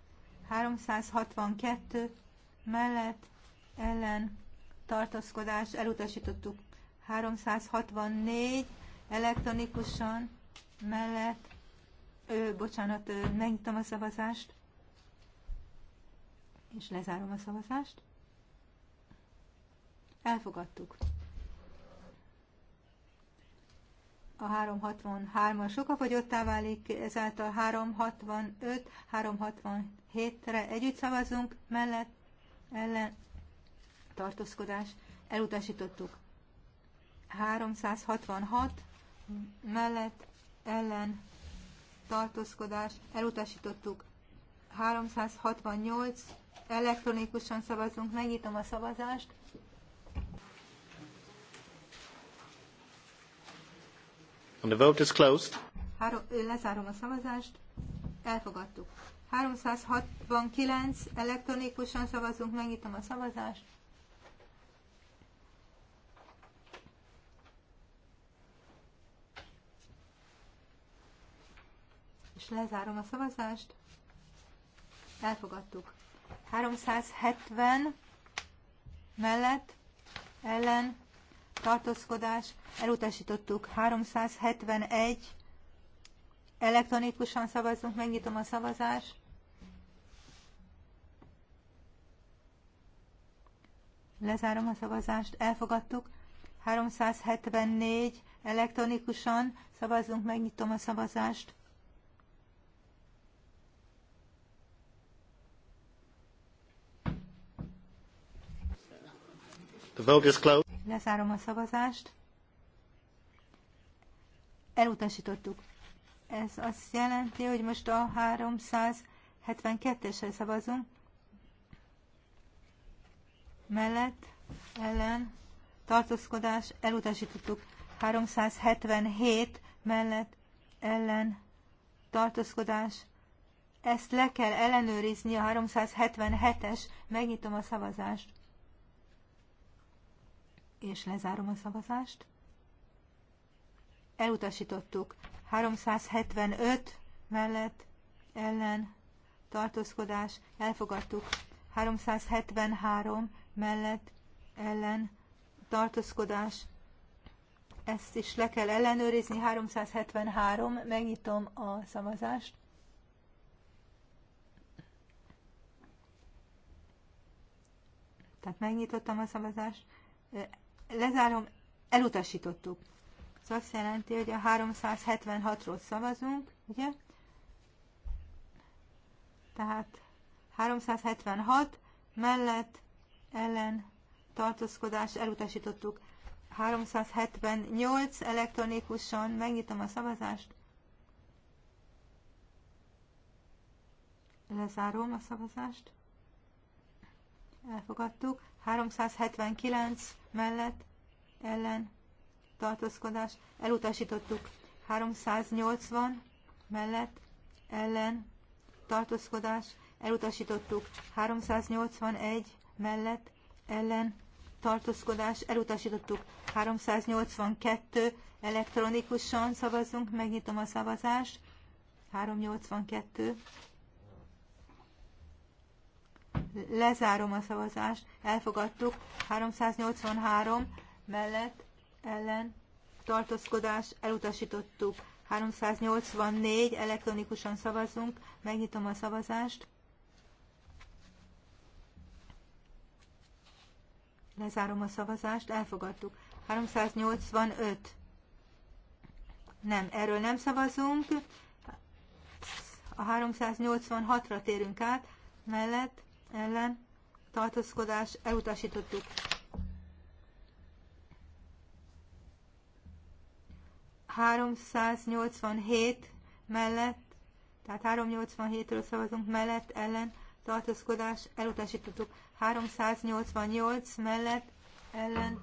362 mellett ellen tartózkodás elutasítottuk. 364 elektronikusan mellett, ö, bocsánat, megnyitom a szavazást, és lezárom a szavazást. Elfogadtuk. a 363-as sokafogyottá válik, ezáltal 365, 367-re együtt szavazunk, mellett ellen tartózkodás elutasítottuk. 366 mellett ellen tartózkodás elutasítottuk. 368 elektronikusan szavazunk, megnyitom a szavazást. And the vote is closed. Három, lezárom a szavazást. Elfogadtuk. 369 elektronikusan szavazunk, megnyitom a szavazást. És lezárom a szavazást. Elfogadtuk. 370 mellett ellen tartózkodás, elutasítottuk 371, elektronikusan szavazunk, megnyitom a szavazást. Lezárom a szavazást, elfogadtuk. 374, elektronikusan szavazunk, megnyitom a szavazást. The vote is closed. Lezárom a szavazást. Elutasítottuk. Ez azt jelenti, hogy most a 372-esre szavazunk. Mellett, ellen, tartózkodás, elutasítottuk. 377 mellett, ellen, tartózkodás. Ezt le kell ellenőrizni a 377-es. Megnyitom a szavazást és lezárom a szavazást. Elutasítottuk. 375 mellett ellen tartózkodás, elfogadtuk. 373 mellett ellen tartózkodás, ezt is le kell ellenőrizni, 373, megnyitom a szavazást. Tehát megnyitottam a szavazást, lezárom, elutasítottuk. Ez azt jelenti, hogy a 376-ról szavazunk, ugye? Tehát 376 mellett ellen tartózkodás elutasítottuk. 378 elektronikusan megnyitom a szavazást. Lezárom a szavazást elfogadtuk. 379 mellett ellen tartózkodás elutasítottuk. 380 mellett ellen tartózkodás elutasítottuk. 381 mellett ellen tartózkodás elutasítottuk. 382 elektronikusan szavazunk, megnyitom a szavazást. 382 Lezárom a szavazást, elfogadtuk. 383 mellett ellen tartózkodás, elutasítottuk. 384 elektronikusan szavazunk, megnyitom a szavazást. Lezárom a szavazást, elfogadtuk. 385. Nem, erről nem szavazunk. A 386-ra térünk át, mellett ellen tartózkodás elutasítottuk. ...387 mellett, tehát 387-ről szavazunk mellett, ellen tartózkodás elutasítottuk. 388 mellett, ellen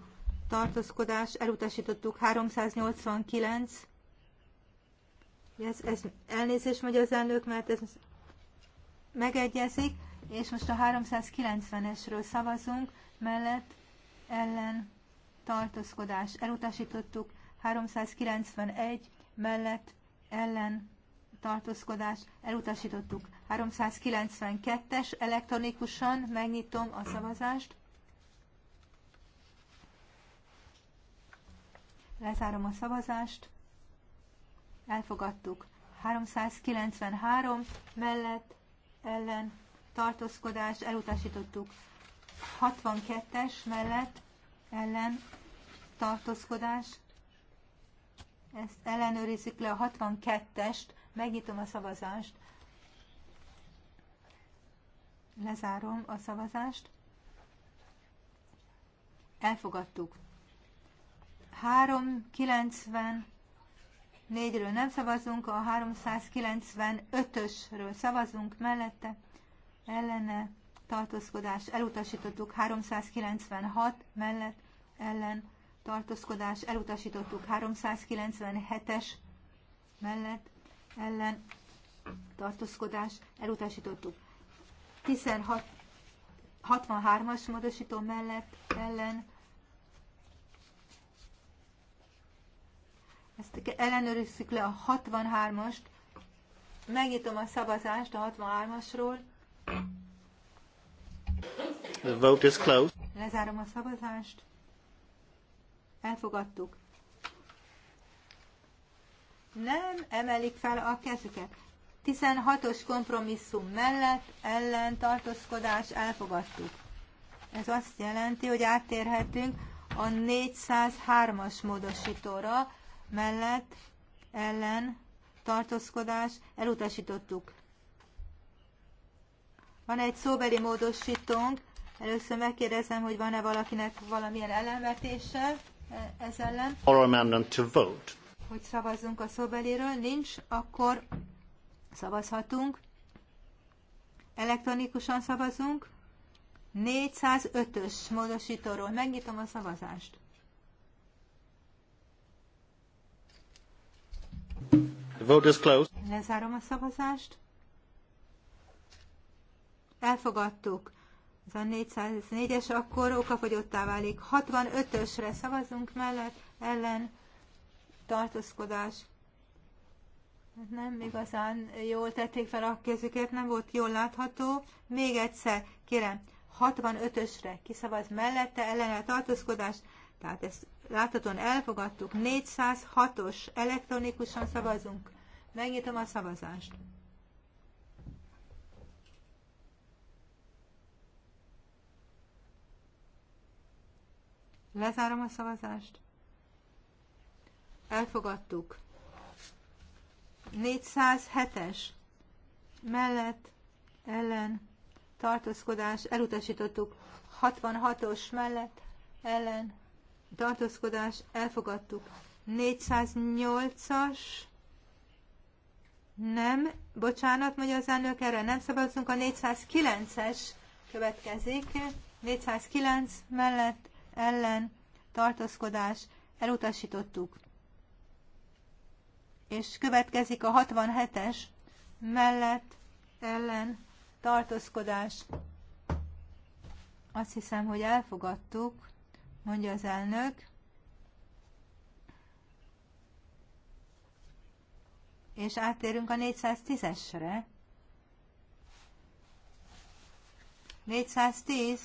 tartózkodás elutasítottuk. 389 ez, ez elnézést megy az elnök, mert ez megegyezik. És most a 390-esről szavazunk, mellett ellen tartózkodás elutasítottuk, 391 mellett ellen tartózkodás elutasítottuk. 392-es elektronikusan megnyitom a szavazást. Lezárom a szavazást. Elfogadtuk. 393 mellett ellen tartózkodás elutasítottuk. 62-es mellett ellen tartózkodás. Ezt ellenőrizzük le a 62-est, megnyitom a szavazást. Lezárom a szavazást. Elfogadtuk. 394-ről nem szavazunk, a 395-ösről szavazunk mellette ellene tartózkodás elutasítottuk 396 mellett ellen tartózkodás elutasítottuk 397-es mellett ellen tartózkodás elutasítottuk 16 63-as módosító mellett ellen ezt ellenőrizzük le a 63-ast, megnyitom a szavazást a 63-asról, The vote is closed. Lezárom a szavazást. Elfogadtuk. Nem emelik fel a kezüket. 16-os kompromisszum mellett ellen tartózkodás elfogadtuk. Ez azt jelenti, hogy áttérhetünk a 403-as módosítóra mellett ellen tartózkodás elutasítottuk. Van egy szóbeli módosítónk. Először megkérdezem, hogy van-e valakinek valamilyen ellenvetése e, ez ellen. amendment to vote. Hogy szavazzunk a szóbeliről. Nincs, akkor szavazhatunk. Elektronikusan szavazunk. 405-ös módosítóról. Megnyitom a szavazást. The vote is closed. Lezárom a szavazást elfogadtuk. Ez a 404-es akkor okafogyottá válik. 65-ösre szavazunk mellett, ellen tartózkodás. Hát nem igazán jól tették fel a kezüket, nem volt jól látható. Még egyszer, kérem, 65-ösre kiszavaz mellette, ellene tartózkodás. Tehát ezt láthatóan elfogadtuk. 406-os elektronikusan szavazunk. Megnyitom a szavazást. Lezárom a szavazást. Elfogadtuk. 407-es mellett ellen tartózkodás elutasítottuk. 66-os mellett ellen tartózkodás elfogadtuk. 408-as nem, bocsánat, mondja az elnök, erre nem szavazunk, a 409-es következik. 409 mellett ellen tartózkodás elutasítottuk. És következik a 67-es mellett ellen tartózkodás. Azt hiszem, hogy elfogadtuk, mondja az elnök. És áttérünk a 410-esre. 410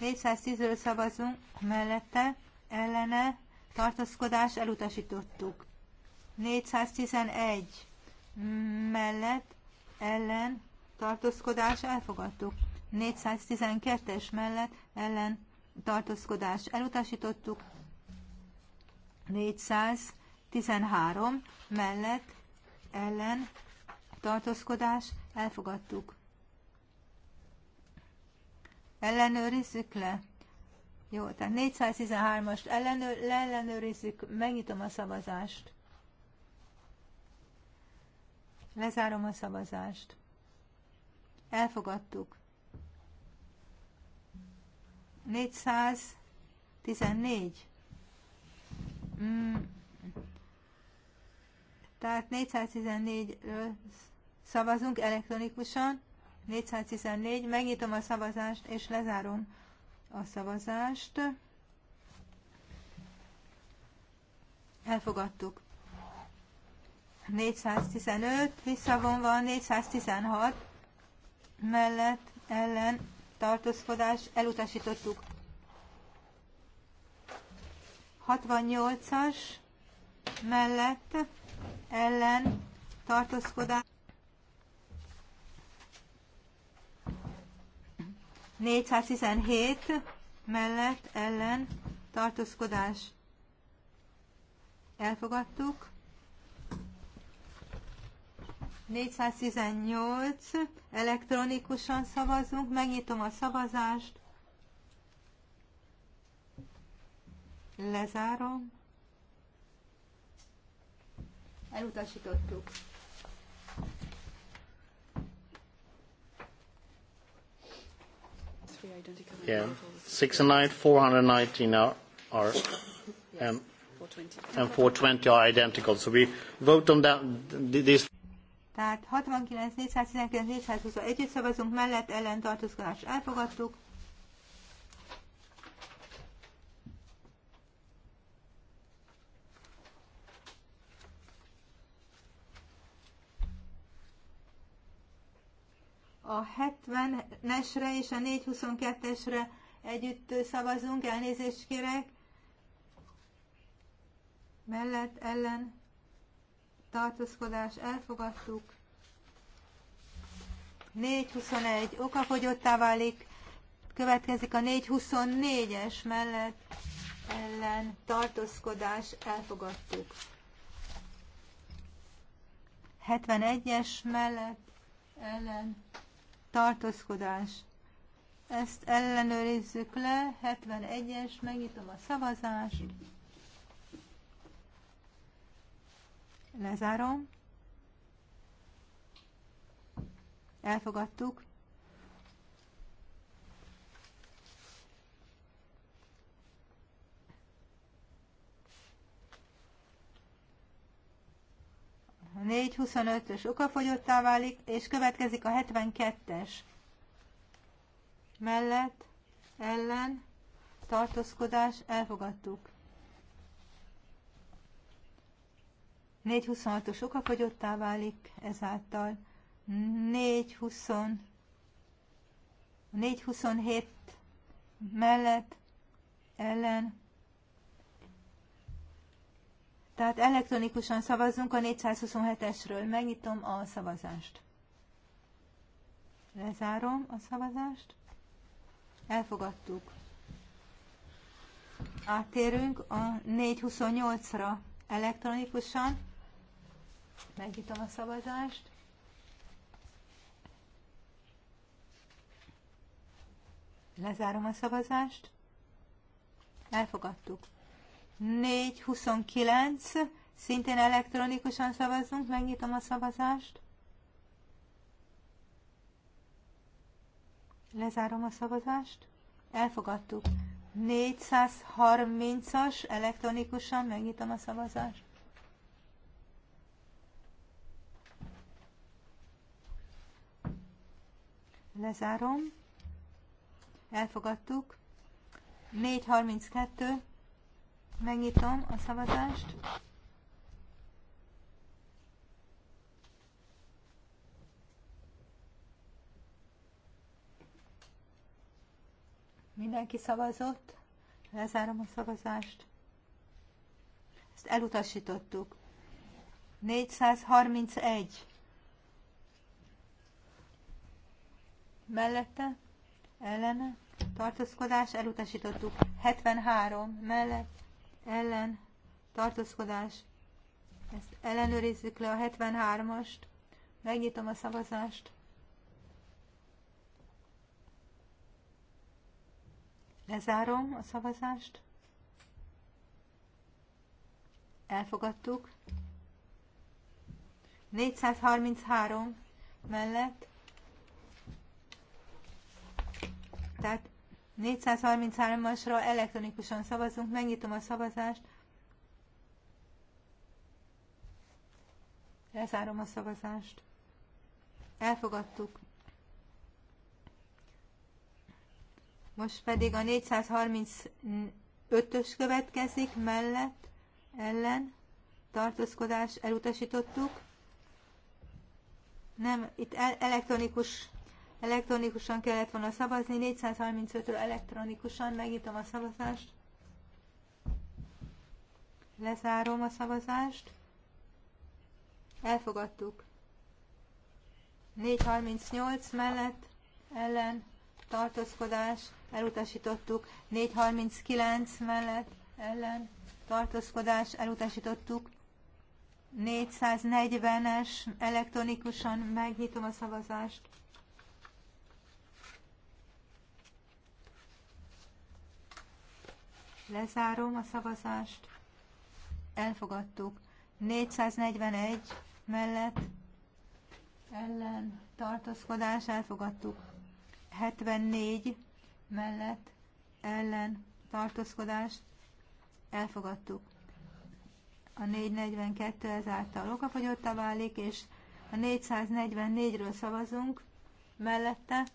410-ről szavazunk mellette, ellene, tartózkodás elutasítottuk. 411 mellett, ellen, tartózkodás elfogadtuk. 412-es mellett, ellen, tartózkodás elutasítottuk. 413 mellett, ellen, tartózkodás elfogadtuk. Ellenőrizzük le. Jó, tehát 413-ast ellenőr, leellenőrizzük, megnyitom a szavazást. Lezárom a szavazást. Elfogadtuk. 414. Mm. Tehát 414-ről szavazunk elektronikusan. 414, megnyitom a szavazást, és lezárom a szavazást. Elfogadtuk. 415, visszavonva 416, mellett, ellen, tartózkodás, elutasítottuk. 68-as, mellett, ellen, tartózkodás. 417 mellett ellen tartózkodás elfogadtuk. 418 elektronikusan szavazunk, megnyitom a szavazást, lezárom, elutasítottuk. three identical. Yeah. 419 are, are and 420 are identical. So we vote on that, this. Tehát 69, 419, 421 szavazunk mellett, ellen tartózkodás elfogadtuk. A 70-esre és a 422-esre együtt szavazunk, elnézést kérek. Mellett, ellen, tartózkodás, elfogadtuk. 421 okafogyottá válik, következik a 424-es mellett ellen tartózkodás, elfogadtuk. 71-es mellett ellen tartózkodás. Ezt ellenőrizzük le, 71-es, megnyitom a szavazást. Lezárom. Elfogadtuk. 425-ös okafogyottá válik, és következik a 72-es mellett, ellen, tartózkodás, elfogadtuk. 426-os okafogyottá válik ezáltal. 420, 427 mellett, ellen, tehát elektronikusan szavazzunk a 427-esről. Megnyitom a szavazást. Lezárom a szavazást. Elfogadtuk. Átérünk a 428-ra elektronikusan. Megnyitom a szavazást. Lezárom a szavazást. Elfogadtuk. 429, szintén elektronikusan szavazzunk, megnyitom a szavazást. Lezárom a szavazást. Elfogadtuk. 430-as elektronikusan megnyitom a szavazást. Lezárom. Elfogadtuk. 432 Megnyitom a szavazást. Mindenki szavazott. Lezárom a szavazást. Ezt elutasítottuk. 431. Mellette, ellene, tartózkodás, elutasítottuk. 73 mellett, ellen tartózkodás. Ezt ellenőrizzük le a 73-ast. Megnyitom a szavazást. Lezárom a szavazást. Elfogadtuk. 433 mellett. Tehát 433-asra elektronikusan szavazunk, megnyitom a szavazást. Lezárom a szavazást. Elfogadtuk. Most pedig a 435-ös következik, mellett, ellen, tartózkodás, elutasítottuk. Nem, itt elektronikus elektronikusan kellett volna szavazni, 435-ről elektronikusan megnyitom a szavazást. Lezárom a szavazást. Elfogadtuk. 438 mellett ellen tartózkodás, elutasítottuk. 439 mellett ellen tartózkodás, elutasítottuk. 440-es elektronikusan megnyitom a szavazást. Lezárom a szavazást. Elfogadtuk. 441 mellett ellen tartózkodás elfogadtuk. 74 mellett ellen tartózkodás elfogadtuk. A 442 ezáltal okafogyottá válik, és a 444-ről szavazunk, mellette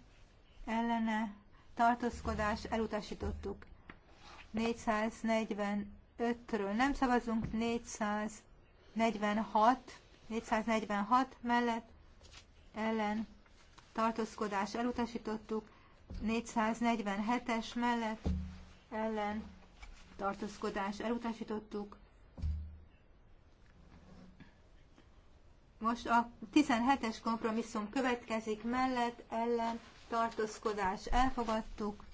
ellene tartózkodás elutasítottuk. 445-ről nem szavazunk, 446, 446 mellett ellen tartózkodás elutasítottuk, 447-es mellett ellen tartózkodás elutasítottuk. Most a 17-es kompromisszum következik, mellett ellen tartózkodás elfogadtuk.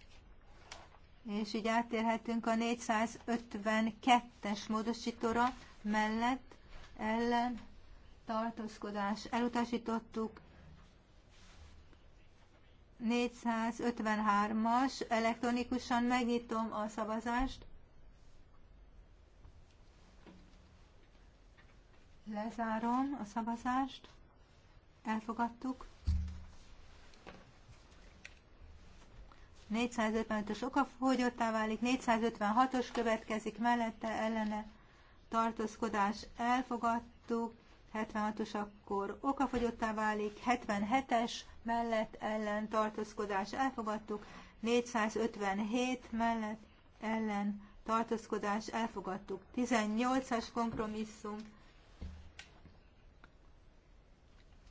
És így átérhetünk a 452-es módosítóra mellett ellen tartózkodás. Elutasítottuk 453-as, elektronikusan megnyitom a szavazást. Lezárom a szavazást. Elfogadtuk. 455-ös okafogyottá válik, 456-os következik mellette ellene tartózkodás elfogadtuk, 76-os akkor okafogyottá válik, 77-es mellett ellen tartózkodás elfogadtuk, 457 mellett ellen tartózkodás elfogadtuk, 18-as kompromisszum,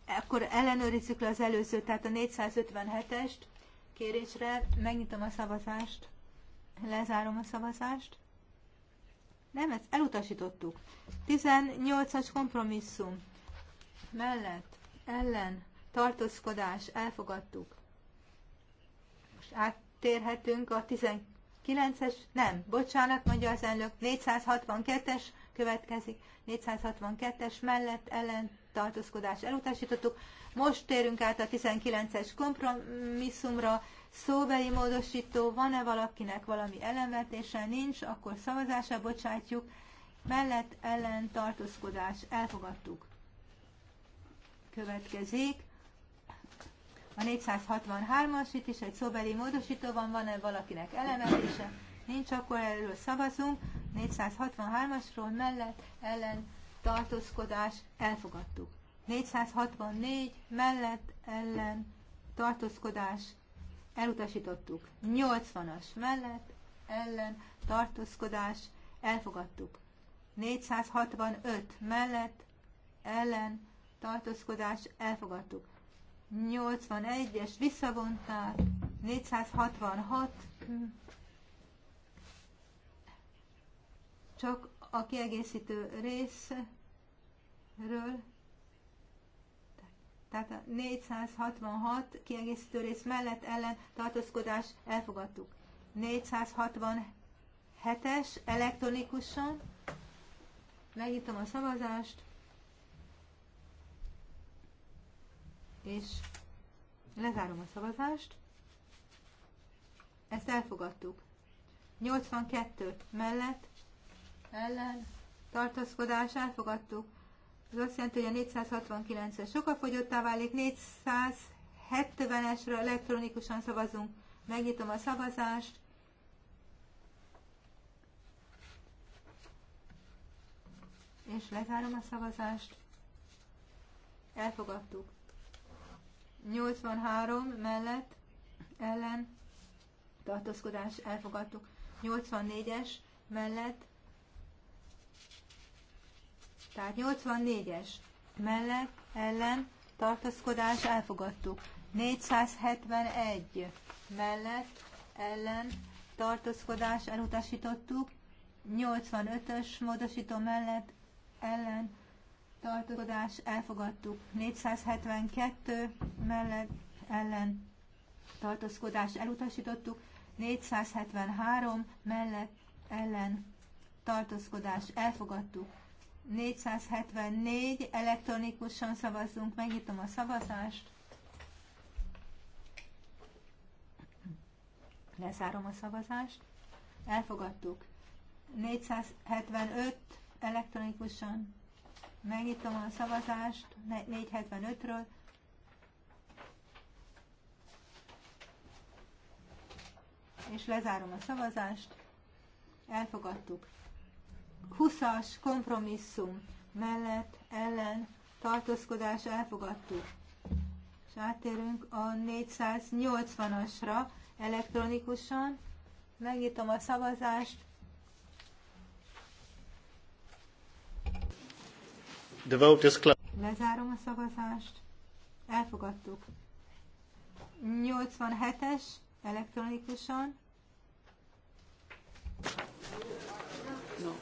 akkor ellenőrizzük le az előzőt, tehát a 457-est, kérésre. Megnyitom a szavazást. Lezárom a szavazást. Nem, ezt elutasítottuk. 18-as kompromisszum. Mellett, ellen, tartózkodás, elfogadtuk. Most áttérhetünk a 19-es, nem, bocsánat, mondja az elnök, 462-es következik, 462-es mellett, ellen, tartózkodás elutasítottuk. Most térünk át a 19-es kompromisszumra. Szóbeli módosító, van-e valakinek valami ellenvetése? Nincs, akkor szavazásra bocsátjuk. Mellett ellen tartózkodás elfogadtuk. Következik a 463-as, itt is egy szóbeli módosító van, van-e valakinek elemelése? Nincs, akkor erről szavazunk. 463-asról mellett ellen tartózkodás elfogadtuk. 464 mellett ellen tartózkodás elutasítottuk. 80-as mellett ellen tartózkodás elfogadtuk. 465 mellett ellen tartózkodás elfogadtuk. 81-es visszavonták, 466 csak a kiegészítő részről, tehát a 466 kiegészítő rész mellett ellen tartózkodás elfogadtuk. 467-es elektronikusan. Megnyitom a szavazást. És lezárom a szavazást. Ezt elfogadtuk. 82 mellett ellen tartózkodás elfogadtuk. Ez azt jelenti, hogy a 469-es fogyottá válik, 470 esre elektronikusan szavazunk. Megnyitom a szavazást. És lezárom a szavazást. Elfogadtuk. 83 mellett ellen tartózkodás elfogadtuk. 84-es mellett tehát 84-es mellett ellen tartózkodás elfogadtuk. 471 mellett ellen tartózkodás elutasítottuk. 85-ös módosító mellett ellen tartózkodás elfogadtuk. 472 mellett ellen tartózkodás elutasítottuk. 473 mellett ellen tartózkodás elfogadtuk. 474, elektronikusan szavazzunk, megnyitom a szavazást. Lezárom a szavazást. Elfogadtuk. 475 elektronikusan. Megnyitom a szavazást 475-ről. És lezárom a szavazást. Elfogadtuk. 20-as kompromisszum mellett ellen tartózkodás elfogadtuk. És átérünk a 480-asra elektronikusan. Megnyitom a szavazást. The vote is closed. Lezárom a szavazást. Elfogadtuk. 87-es elektronikusan. No.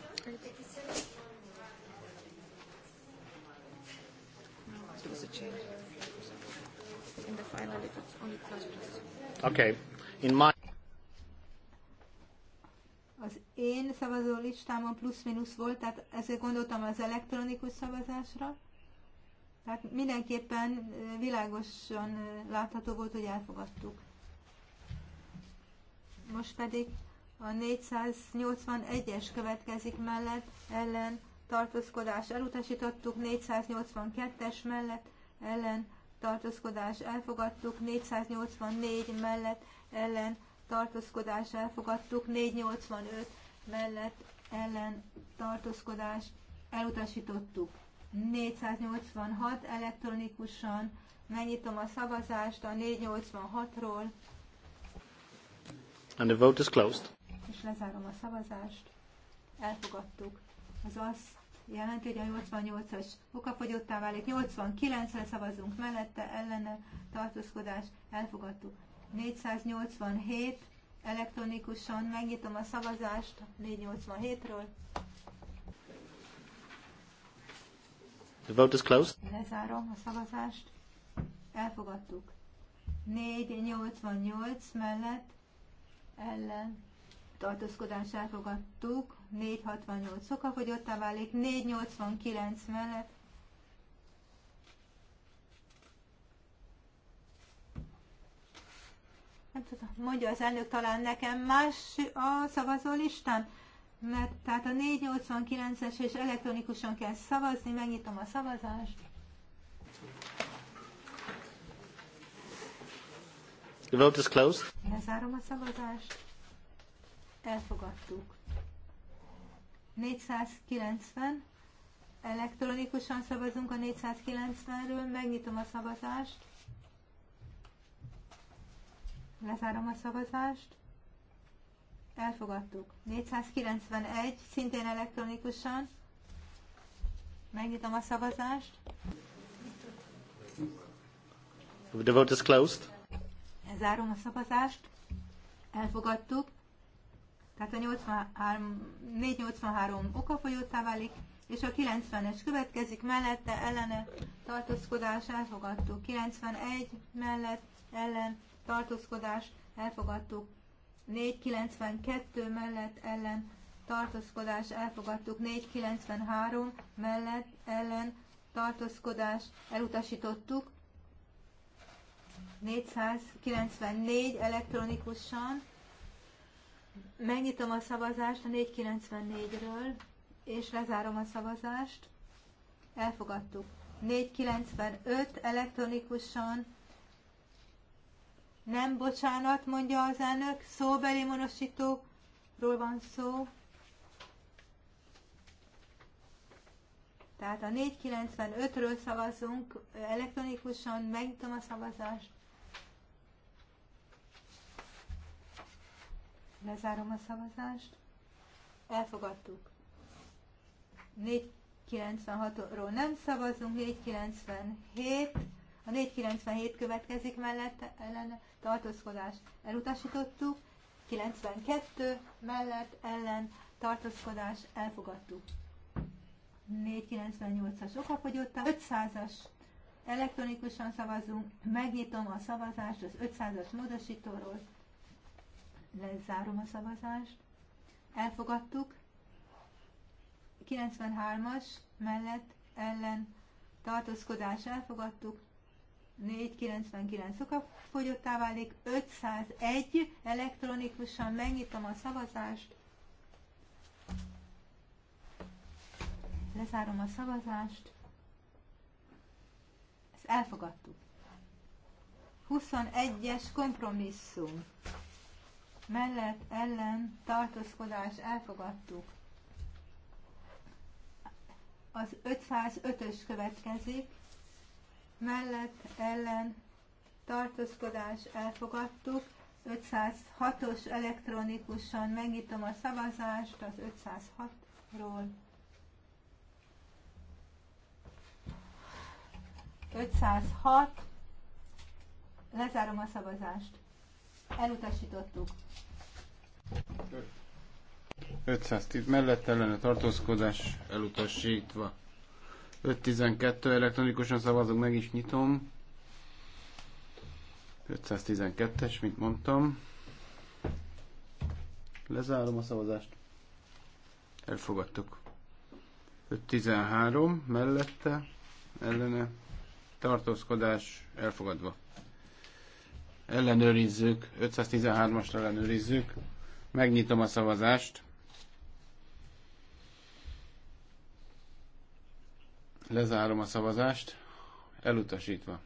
Okay. In my az én szavazó listámon plusz-minusz volt, tehát ezért gondoltam az elektronikus szavazásra. Tehát mindenképpen világosan látható volt, hogy elfogadtuk. Most pedig a 481-es következik mellett, ellen tartózkodás elutasítottuk, 482-es mellett ellen tartózkodás elfogadtuk, 484 mellett ellen tartózkodás elfogadtuk, 485 mellett ellen tartózkodás elutasítottuk. 486 elektronikusan megnyitom a szavazást a 486-ról. And the vote is closed. És lezárom a szavazást. Elfogadtuk. Az azt jelenti, hogy a 88-as okafogyottá válik, 89-re szavazunk mellette, ellene tartózkodás elfogadtuk. 487 elektronikusan megnyitom a szavazást 487-ről. The vote is closed. Lezárom a szavazást. Elfogadtuk. 488 mellett ellen tartózkodását fogadtuk 468 szokafogyottá válik, 489 mellett nem tudom, mondja az elnök talán nekem más a szavazó listán, mert tehát a 489-es és elektronikusan kell szavazni, megnyitom a szavazást. The vote is closed. Lezárom a szavazást elfogadtuk. 490, elektronikusan szavazunk a 490-ről, megnyitom a szavazást, lezárom a szavazást, elfogadtuk. 491, szintén elektronikusan, megnyitom a szavazást. The vote is closed. Zárom a szavazást. Elfogadtuk tehát a 83, 483 okafogyottá válik, és a 90-es következik mellette, ellene tartózkodás, elfogadtuk. 91 mellett, ellen tartózkodás, elfogadtuk. 492 mellett, ellen tartózkodás, elfogadtuk. 493 mellett, ellen tartózkodás, elutasítottuk. 494 elektronikusan Megnyitom a szavazást a 494-ről, és lezárom a szavazást. Elfogadtuk. 495 elektronikusan. Nem bocsánat, mondja az elnök, szóbeli monosítókról van szó. Tehát a 495-ről szavazunk elektronikusan, megnyitom a szavazást. Lezárom a szavazást. Elfogadtuk. 496-ról nem szavazunk, 497. A 497 következik mellette ellen tartózkodás elutasítottuk, 92 mellett ellen tartózkodás elfogadtuk. 498-as okafogyotta, 500-as elektronikusan szavazunk, megnyitom a szavazást az 500-as módosítóról, lezárom a szavazást. Elfogadtuk. 93-as mellett ellen tartózkodás elfogadtuk. 499 szokafogyottá válik. 501 elektronikusan megnyitom a szavazást. Lezárom a szavazást. Ezt elfogadtuk. 21-es kompromisszum mellett ellen tartózkodás elfogadtuk. Az 505-ös következik, mellett ellen tartózkodás elfogadtuk. 506-os elektronikusan megnyitom a szavazást az 506-ról. 506. Lezárom a szavazást. Elutasítottuk. 510 mellett ellene tartózkodás elutasítva. 512 elektronikusan szavazok, meg is nyitom. 512-es, mint mondtam. Lezárom a szavazást. Elfogadtuk. 513 mellette ellene tartózkodás elfogadva ellenőrizzük, 513-ast ellenőrizzük, megnyitom a szavazást, lezárom a szavazást, elutasítva.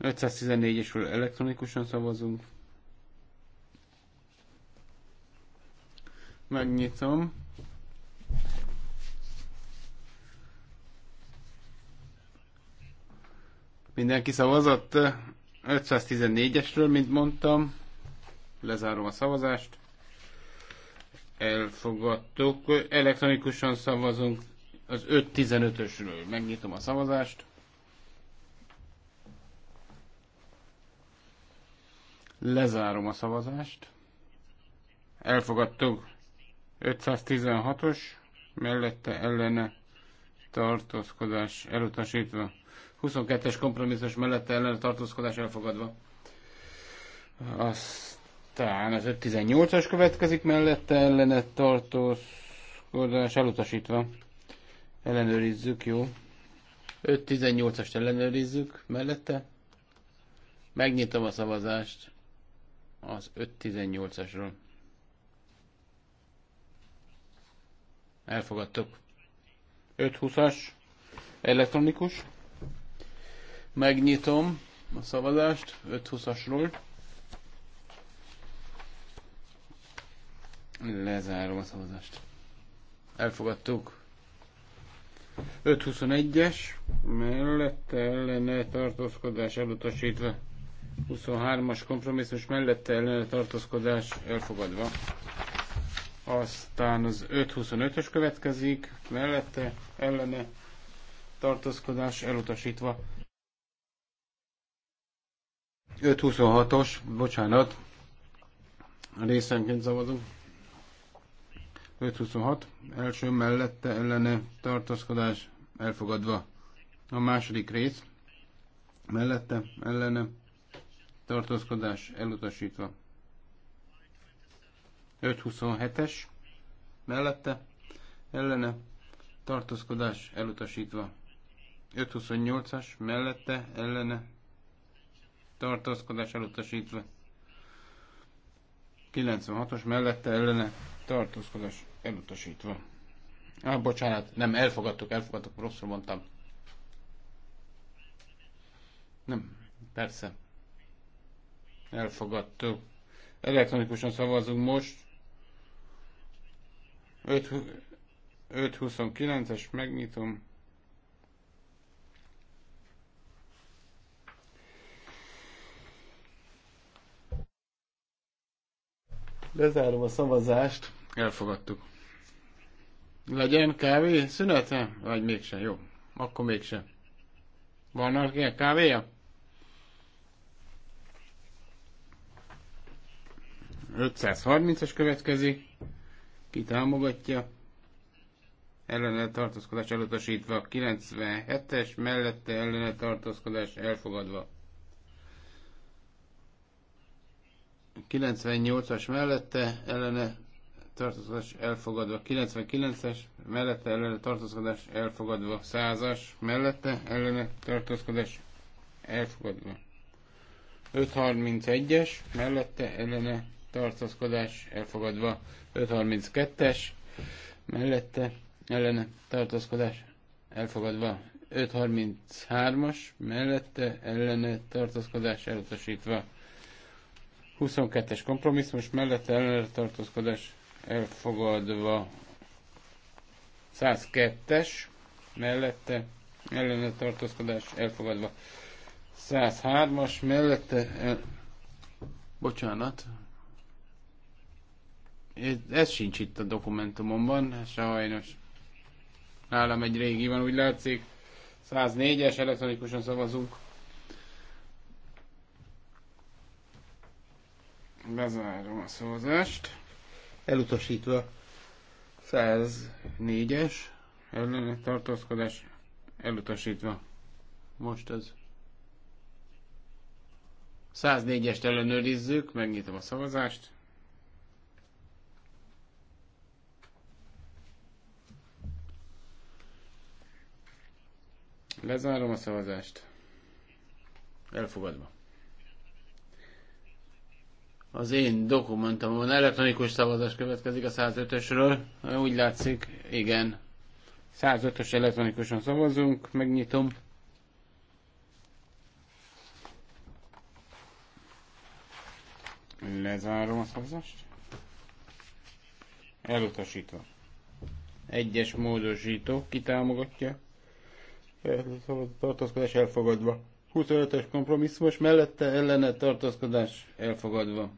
514-esről elektronikusan szavazunk. Megnyitom. Mindenki szavazott 514-esről, mint mondtam. Lezárom a szavazást. Elfogadtuk. Elektronikusan szavazunk az 515-ösről. Megnyitom a szavazást. Lezárom a szavazást. Elfogadtuk 516-os, mellette ellene tartózkodás elutasítva 22-es kompromisszus mellette ellen tartózkodás elfogadva. Aztán az 518-as következik mellette ellene tartózkodás elutasítva. Ellenőrizzük, jó. 518-ast ellenőrizzük mellette. Megnyitom a szavazást az 518-asról. Elfogadtuk. 520-as elektronikus. Megnyitom a szavazást 5-20-asról. Lezárom a szavazást. Elfogadtuk. 5-21-es, mellette ellene tartózkodás elutasítva. 23-as kompromisszus mellette ellene tartózkodás elfogadva. Aztán az 5-25-ös következik, mellette ellene tartózkodás elutasítva. 526-os, bocsánat, részenként szavazunk. 526, első mellette ellene tartózkodás elfogadva. A második rész mellette ellene tartózkodás elutasítva. 527-es mellette ellene tartózkodás elutasítva. 528-as mellette ellene tartózkodás elutasítva. 96-os mellette ellene tartózkodás elutasítva. Ah, bocsánat, nem, elfogadtuk, elfogadtuk, rosszul mondtam. Nem, persze. Elfogadtuk. Elektronikusan szavazunk most. 529-es, megnyitom. Lezárom a szavazást. Elfogadtuk. Legyen kávé szünete? Vagy mégsem, jó. Akkor mégsem. Van ilyen kávéja? 30-es következik. Ki támogatja? Ellene tartózkodás elutasítva. 97-es mellette ellene tartózkodás elfogadva. 98-as mellette ellene tartozás elfogadva, 99-es mellette ellene tartózkodás elfogadva, 100-as mellette ellene tartózkodás elfogadva. 531-es mellette ellene tartózkodás elfogadva, 532-es mellette ellene tartózkodás elfogadva, 533-as mellette ellene tartózkodás elutasítva, 22-es kompromisszumos mellett ellenre tartózkodás elfogadva. 102-es mellette ellene tartózkodás elfogadva. 103-as mellette el... bocsánat ez sincs itt a dokumentumomban sajnos nálam egy régi van úgy látszik 104-es elektronikusan szavazunk Bezárom a szavazást. Elutasítva 104-es ellene tartózkodás elutasítva. Most az 104-est ellenőrizzük, megnyitom a szavazást. Lezárom a szavazást. Elfogadva. Az én dokumentumon elektronikus szavazás következik a 105-ösről. Úgy látszik, igen. 105-ös elektronikusan szavazunk, megnyitom. Lezárom a szavazást. Elutasítva. Egyes módosító, kitámogatja. Elutasított Tartózkodás elfogadva. 25-ös kompromisszumos mellette ellene tartózkodás elfogadva.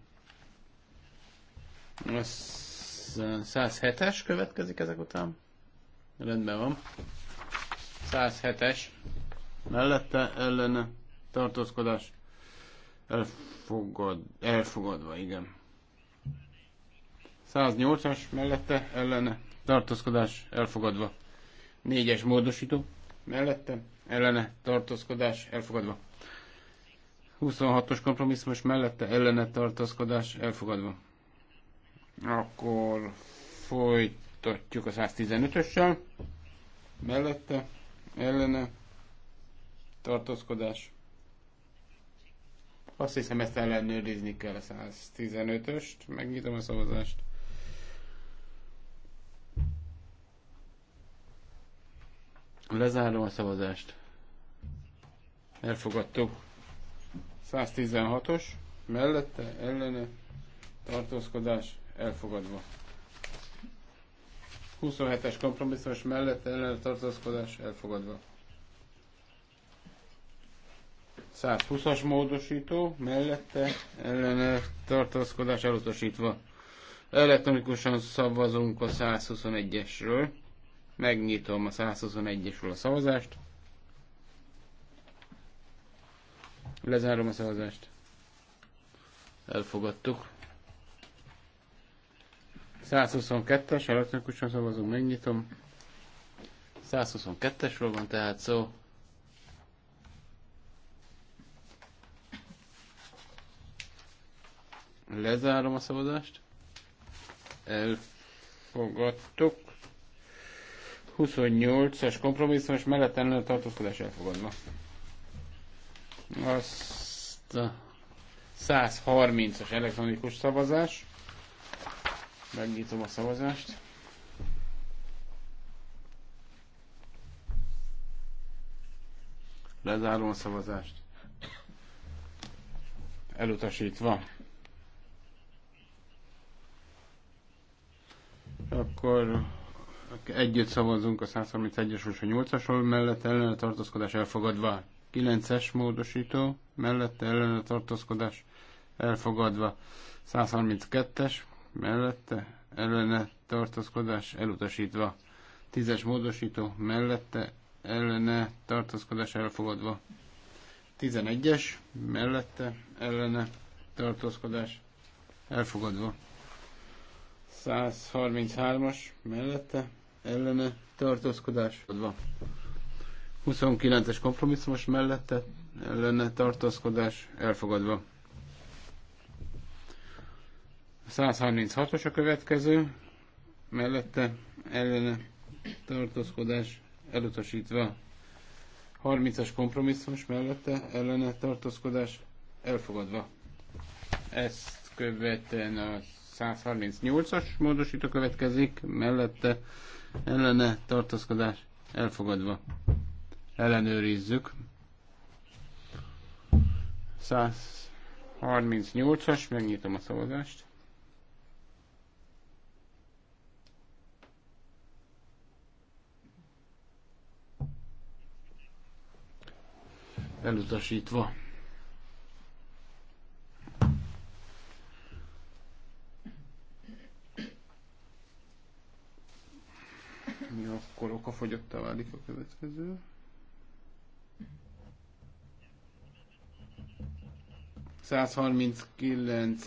107-es következik ezek után. Rendben van. 107-es. Mellette ellene tartózkodás. Elfogad, elfogadva, igen. 108-as mellette ellene tartózkodás elfogadva. 4-es módosító mellette ellene tartózkodás elfogadva. 26-os kompromisszumos mellette ellene tartózkodás elfogadva. Akkor folytatjuk a 115-össel. Mellette, ellene, tartózkodás. Azt hiszem, ezt ellenőrizni kell a 115-öst. Megnyitom a szavazást. Lezárom a szavazást. Elfogadtuk. 116-os, mellette, ellene, tartózkodás, elfogadva. 27-es kompromisszumos mellett ellen tartózkodás elfogadva. 120-as módosító mellette ellene tartózkodás elutasítva. Elektronikusan szavazunk a 121-esről. Megnyitom a 121-esről a szavazást. Lezárom a szavazást. Elfogadtuk. 122-es, elektronikusan szavazunk, megnyitom. 122-esről van tehát szó. Lezárom a szavazást. Elfogadtuk. 28-as és mellett ellen tartózkodás elfogadva. Azt 130-as elektronikus szavazás. Megnyitom a szavazást. Lezárom a szavazást. Elutasítva. Akkor együtt szavazunk a 131-es és a 8-asról, ellen a tartózkodás elfogadva. 9-es módosító, ellen a tartózkodás elfogadva. 132-es mellette ellene tartózkodás elutasítva. Tízes módosító mellette ellene tartózkodás elfogadva. Tizenegyes mellette ellene tartózkodás elfogadva. 133-as mellette ellene tartózkodás elfogadva. 29-es kompromisszumos mellette ellene tartózkodás elfogadva. 136-os a következő, mellette ellene tartózkodás elutasítva. 30-as kompromisszumos mellette ellene tartózkodás elfogadva. Ezt követően a 138-as módosító következik, mellette ellene tartózkodás elfogadva. Ellenőrizzük. 138-as, megnyitom a szavazást. elutasítva. Mi akkor okafogyottá válik a következő.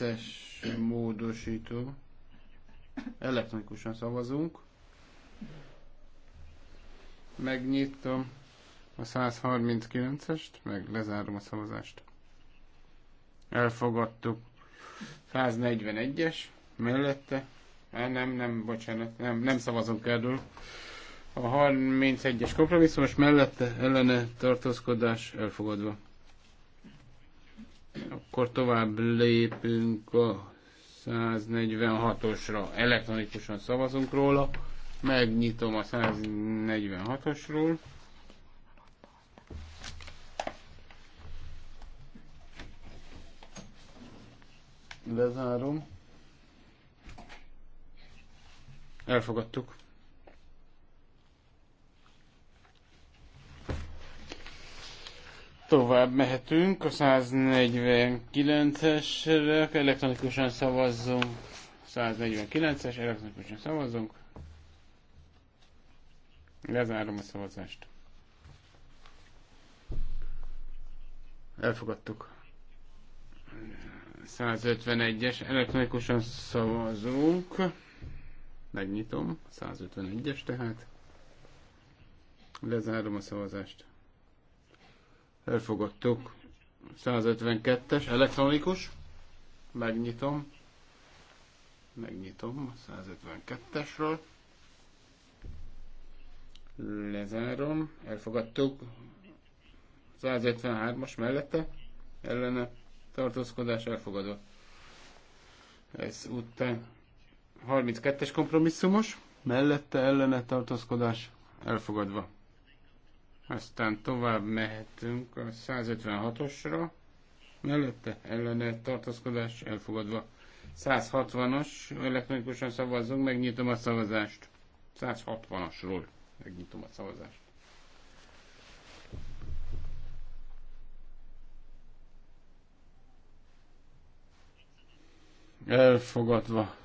es módosító. Elektronikusan szavazunk. Megnyitom a 139-est, meg lezárom a szavazást. Elfogadtuk. 141-es, mellette. Á, nem, nem, bocsánat, nem, nem szavazunk erről. A 31-es kompromisszumos mellette ellene tartózkodás elfogadva. Akkor tovább lépünk a 146-osra. Elektronikusan szavazunk róla. Megnyitom a 146-osról. Lezárom. Elfogadtuk. Tovább mehetünk a 149-esre, elektronikusan szavazzunk. 149-es, elektronikusan szavazzunk. Lezárom a szavazást. Elfogadtuk. 151-es, elektronikusan szavazunk. Megnyitom, 151-es tehát. Lezárom a szavazást. Elfogadtuk. 152-es, elektronikus. Megnyitom. Megnyitom a 152-esről. Lezárom. Elfogadtuk. 153-as mellette. Ellene tartózkodás elfogadó. Ez után 32-es kompromisszumos, mellette ellene tartózkodás elfogadva. Aztán tovább mehetünk a 156-osra, mellette ellene tartózkodás elfogadva. 160-as, elektronikusan szavazzunk, megnyitom a szavazást. 160-asról megnyitom a szavazást. elfogadva.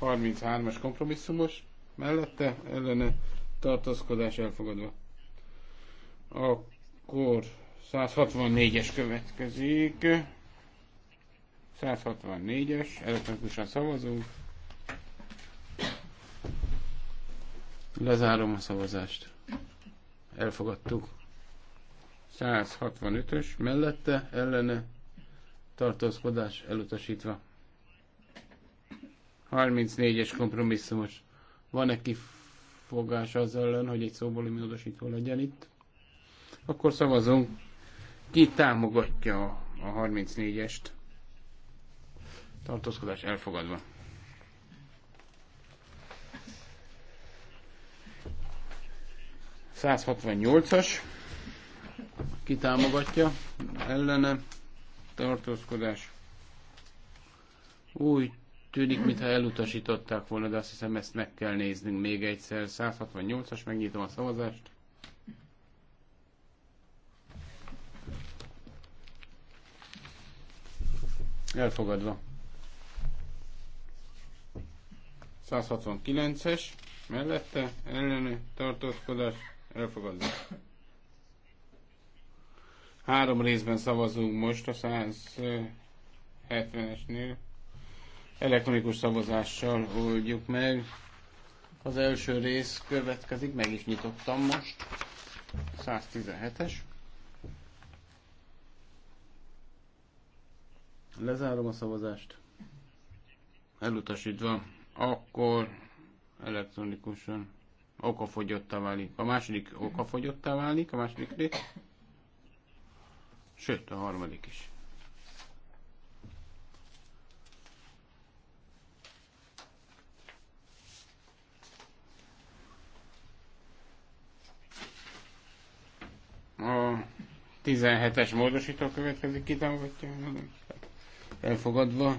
33-as kompromisszumos mellette ellene tartózkodás elfogadva. Akkor 164-es következik. 164-es, elektronikusan szavazunk. Lezárom a szavazást. Elfogadtuk. 165-ös mellette, ellene tartózkodás elutasítva. 34-es kompromisszumos. Van-e kifogás az ellen, hogy egy szóbóli módosító legyen itt? Akkor szavazunk. Ki támogatja a 34-est? Tartózkodás elfogadva. ...168-as, ki támogatja, ellene, tartózkodás. Úgy tűnik, mintha elutasították volna, de azt hiszem ezt meg kell néznünk még egyszer. 168-as, megnyitom a szavazást. Elfogadva. 169-es, mellette, ellene, tartózkodás, elfogadva. Három részben szavazunk most a 170-esnél. Elektronikus szavazással oldjuk meg. Az első rész következik, meg is nyitottam most. 117-es. Lezárom a szavazást. Elutasítva. Akkor elektronikusan okafogyottá válik. A második okafogyottá válik, a második rész. Sőt, a harmadik is. 17-es módosító következik, kitámogatja. Elfogadva.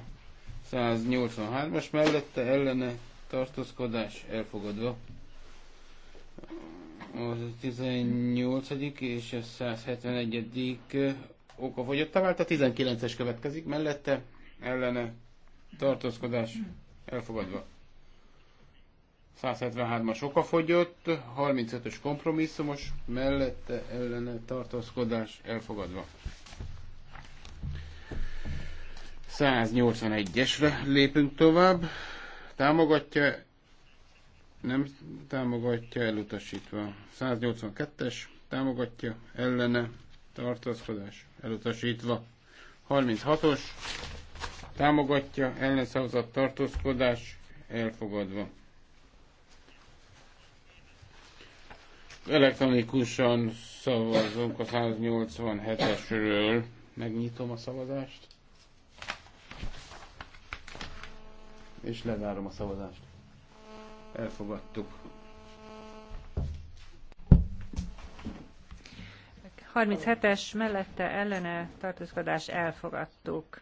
183-as mellette ellene tartózkodás elfogadva. A 18. és a 171. oka fogyottá vált, a 19-es következik mellette ellene tartózkodás elfogadva. 173-as okafogyott, 35-ös kompromisszumos, mellette ellene tartózkodás elfogadva. 181-esre lépünk tovább. Támogatja, nem támogatja, elutasítva. 182-es, támogatja, ellene, tartózkodás, elutasítva. 36-os, támogatja, ellenszavazat, tartózkodás, elfogadva. Elektronikusan szavazunk a 187-esről. Megnyitom a szavazást. És lezárom a szavazást. Elfogadtuk. 37-es mellette ellene tartózkodás elfogadtuk.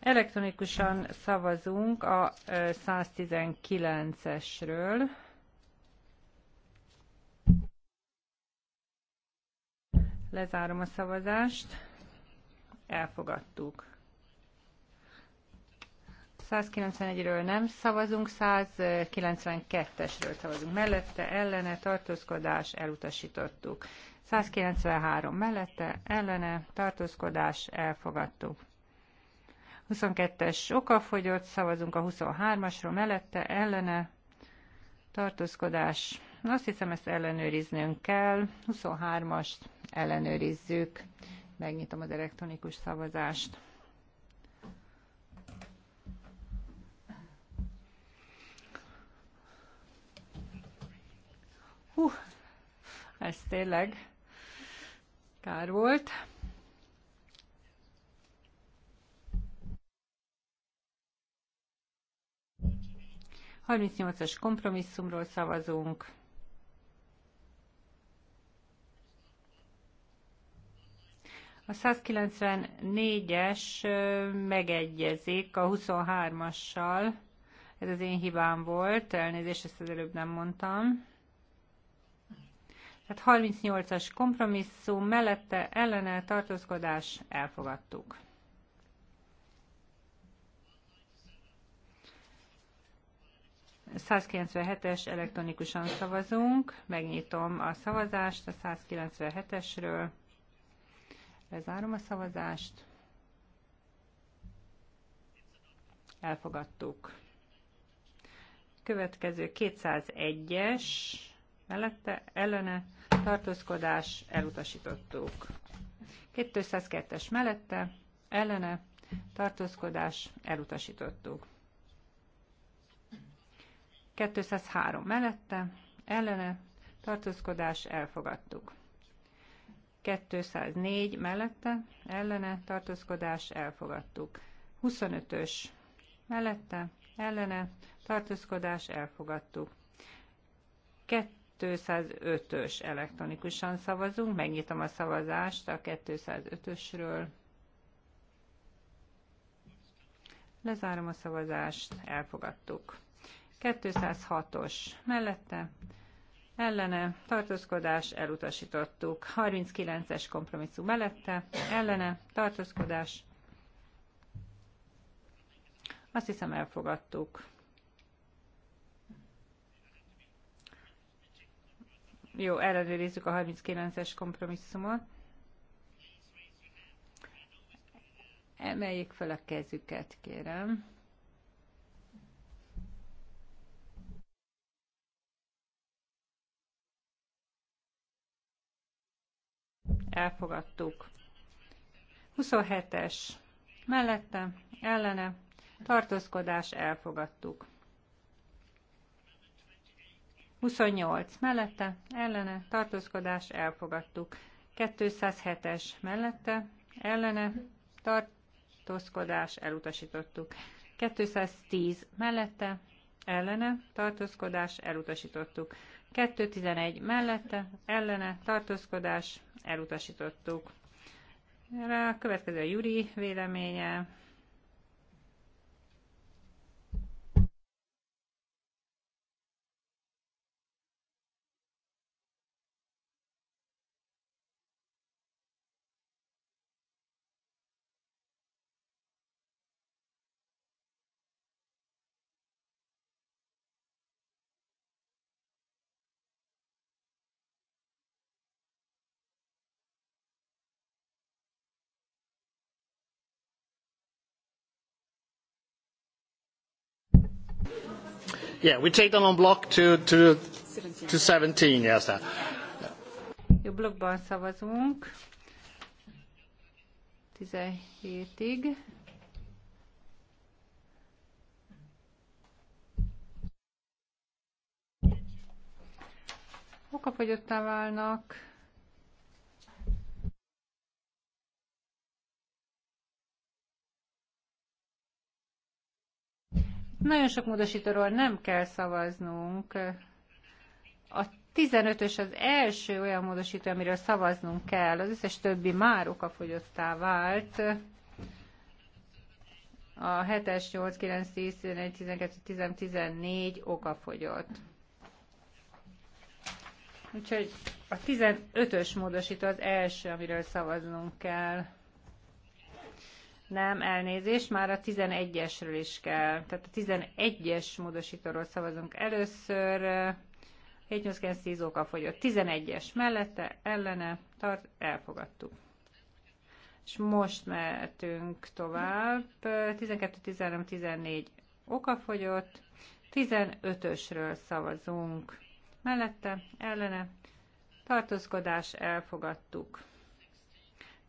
Elektronikusan szavazunk a 119-esről. Lezárom a szavazást. Elfogadtuk. 191-ről nem szavazunk, 192-esről szavazunk. Mellette, ellene, tartózkodás, elutasítottuk. 193 mellette, ellene, tartózkodás, elfogadtuk. 22-es okafogyott, szavazunk a 23-asról, mellette, ellene, tartózkodás. Azt hiszem, ezt ellenőriznünk kell. 23-ast ellenőrizzük. Megnyitom az elektronikus szavazást. Hú, ez tényleg kár volt. Harmincnyolcas kompromisszumról szavazunk. A 194-es megegyezik a 23-assal. Ez az én hibám volt, elnézést, ezt az előbb nem mondtam. Tehát 38-as kompromisszum mellette ellene tartózkodás elfogadtuk. A 197-es elektronikusan szavazunk, megnyitom a szavazást a 197-esről. Lezárom a szavazást. Elfogadtuk. Következő 201-es, mellette ellene tartózkodás elutasítottuk. 202-es mellette ellene tartózkodás elutasítottuk. 203 mellette ellene tartózkodás elfogadtuk. 204 mellette, ellene, tartózkodás, elfogadtuk. 25-ös mellette, ellene, tartózkodás, elfogadtuk. 205-ös elektronikusan szavazunk, megnyitom a szavazást a 205-ösről. Lezárom a szavazást, elfogadtuk. 206-os mellette, ellene, tartózkodás, elutasítottuk. 39-es kompromisszum mellette, ellene, tartózkodás. Azt hiszem elfogadtuk. Jó, ellenőrizzük a 39-es kompromisszumot. Emeljék fel a kezüket, kérem. elfogadtuk. 27-es mellette, ellene, tartózkodás, elfogadtuk. 28 mellette, ellene, tartózkodás, elfogadtuk. 207-es mellette, ellene, tartózkodás, elutasítottuk. 210 mellette, ellene, tartózkodás, elutasítottuk. 2.11 mellette, ellene, tartózkodás, elutasítottuk. A következő a Juri véleménye. Yeah, we take them on block to, to, to 17, yes. Yeah. Jó, blokkban szavazunk. 17-ig. Okafogyottá válnak. Nagyon sok módosítóról nem kell szavaznunk. A 15-ös az első olyan módosító, amiről szavaznunk kell. Az összes többi már okafogyottá vált. A 7-es, 8, 9, 10, 11, 12, 10, 14 okafogyott. Úgyhogy a 15-ös módosító az első, amiről szavaznunk kell. Nem, elnézést, már a 11-esről is kell. Tehát a 11-es módosítóról szavazunk először. 7-8-9-10 oka fogyott. 11-es mellette, ellene, tart, elfogadtuk. És most mehetünk tovább. 12-13-14 oka fogyott. 15-ösről szavazunk. Mellette, ellene, tartózkodás, elfogadtuk.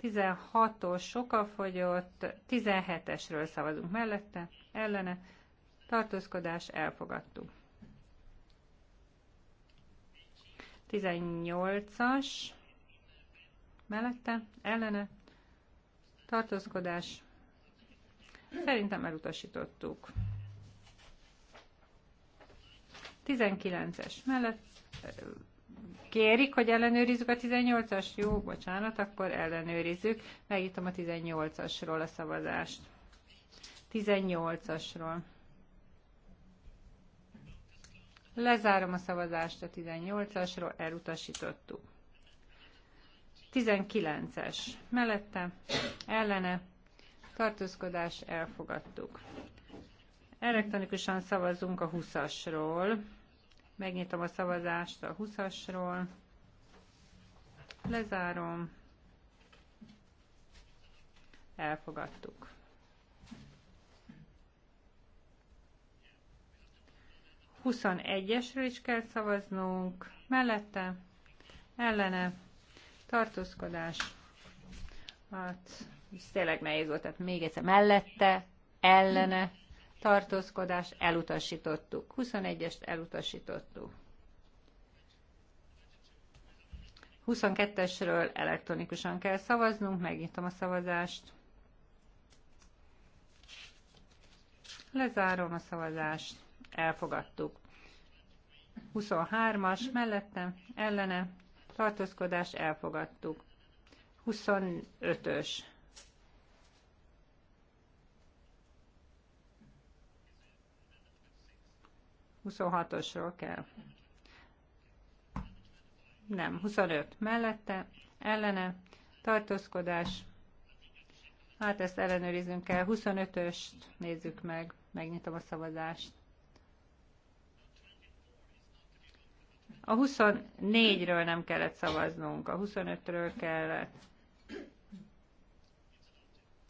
16-os sokkal fogyott, 17-esről szavazunk mellette, ellene, tartózkodás, elfogadtuk. 18-as, mellette, ellene, tartózkodás, szerintem elutasítottuk. 19-es mellett, kérik, hogy ellenőrizzük a 18-as? Jó, bocsánat, akkor ellenőrizzük. Megítom a 18-asról a szavazást. 18-asról. Lezárom a szavazást a 18-asról, elutasítottuk. 19-es. Mellette, ellene, tartózkodás, elfogadtuk. Elektronikusan szavazunk a 20-asról. Megnyitom a szavazást a 20-asról. Lezárom. Elfogadtuk. Huszonegyesről is kell szavaznunk. Mellette, ellene, tartózkodás. Hát, és tényleg nehéz volt, tehát még egyszer mellette, ellene, tartózkodás elutasítottuk. 21-est elutasítottuk. 22-esről elektronikusan kell szavaznunk, megnyitom a szavazást. Lezárom a szavazást, elfogadtuk. 23-as mellettem, ellene, tartózkodás elfogadtuk. 25-ös 26-osról kell. Nem, 25 mellette, ellene, tartózkodás. Hát ezt ellenőriznünk kell. 25-öst nézzük meg. Megnyitom a szavazást. A 24-ről nem kellett szavaznunk, a 25-ről kellett.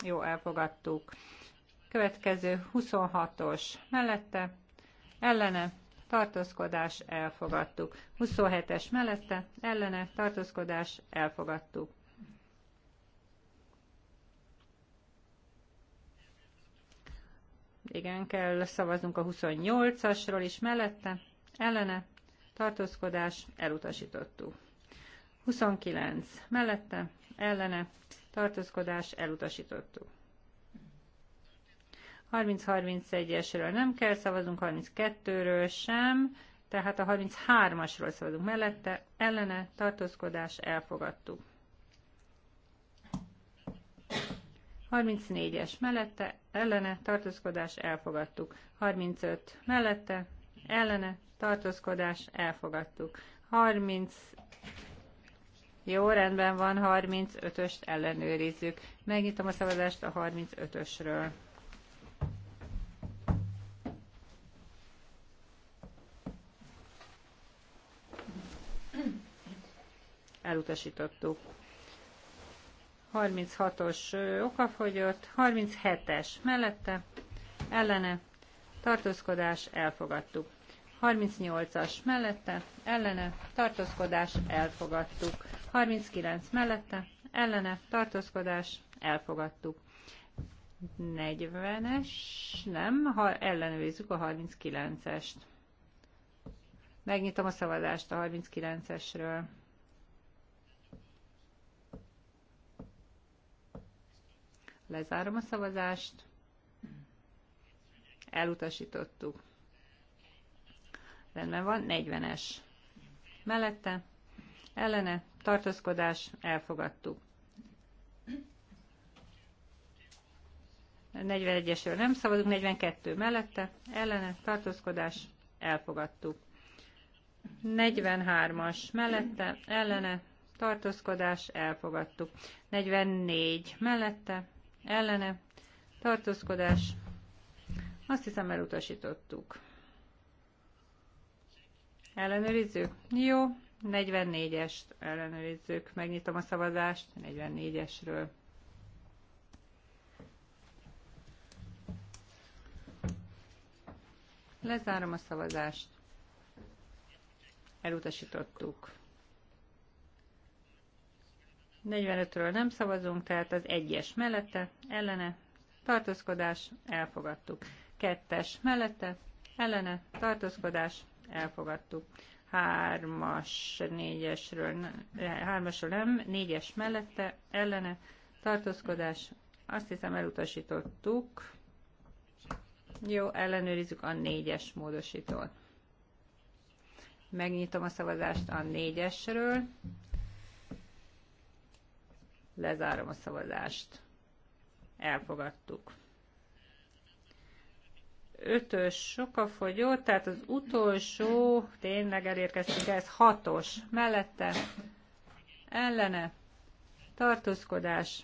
Jó, elfogadtuk. Következő 26-os mellette ellene tartózkodás elfogadtuk. 27-es mellette ellene tartózkodás elfogadtuk. Igen, kell szavaznunk a 28-asról is mellette, ellene tartózkodás elutasítottuk. 29 mellette, ellene tartózkodás elutasítottuk. 30-31-esről nem kell szavazunk, 32-ről sem, tehát a 33-asról szavazunk mellette, ellene tartózkodás elfogadtuk. 34-es mellette, ellene tartózkodás elfogadtuk. 35 mellette, ellene tartózkodás elfogadtuk. 30 jó, rendben van, 35-öst ellenőrizzük. Megnyitom a szavazást a 35-ösről. elutasítottuk. 36-os okafogyott, 37-es mellette, ellene, tartózkodás, elfogadtuk. 38-as mellette, ellene, tartózkodás, elfogadtuk. 39 mellette, ellene, tartózkodás, elfogadtuk. 40-es, nem, ha ellenőrizzük a 39-est. Megnyitom a szavazást a 39-esről. Lezárom a szavazást. Elutasítottuk. Rendben van, 40-es. Mellette, ellene, tartózkodás, elfogadtuk. 41-esről nem szavazunk, 42 mellette, ellene, tartózkodás, elfogadtuk. 43-as mellette, ellene, tartózkodás, elfogadtuk. 44 mellette, ellene, tartózkodás, azt hiszem elutasítottuk. Ellenőrizzük? Jó, 44-est ellenőrizzük. Megnyitom a szavazást 44-esről. Lezárom a szavazást. Elutasítottuk. 45-ről nem szavazunk, tehát az egyes mellette, ellene, tartózkodás, elfogadtuk. Kettes mellette, ellene, tartózkodás, elfogadtuk. Hármas, négyesről, eh, hármasról nem, négyes mellette, ellene, tartózkodás, azt hiszem elutasítottuk. Jó, ellenőrizzük a négyes módosítót. Megnyitom a szavazást a négyesről. Lezárom a szavazást. Elfogadtuk. Ötös a fogyó, tehát az utolsó, tényleg elérkeztünk ez, hatos mellette, ellene, tartózkodás,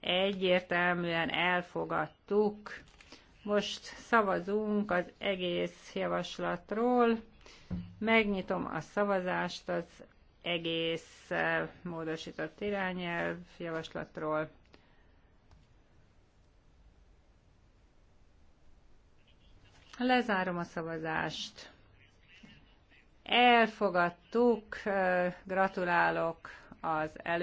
egyértelműen elfogadtuk. Most szavazunk az egész javaslatról. Megnyitom a szavazást az egész eh, módosított irányelv javaslatról. Lezárom a szavazást. Elfogadtuk, eh, gratulálok az elő.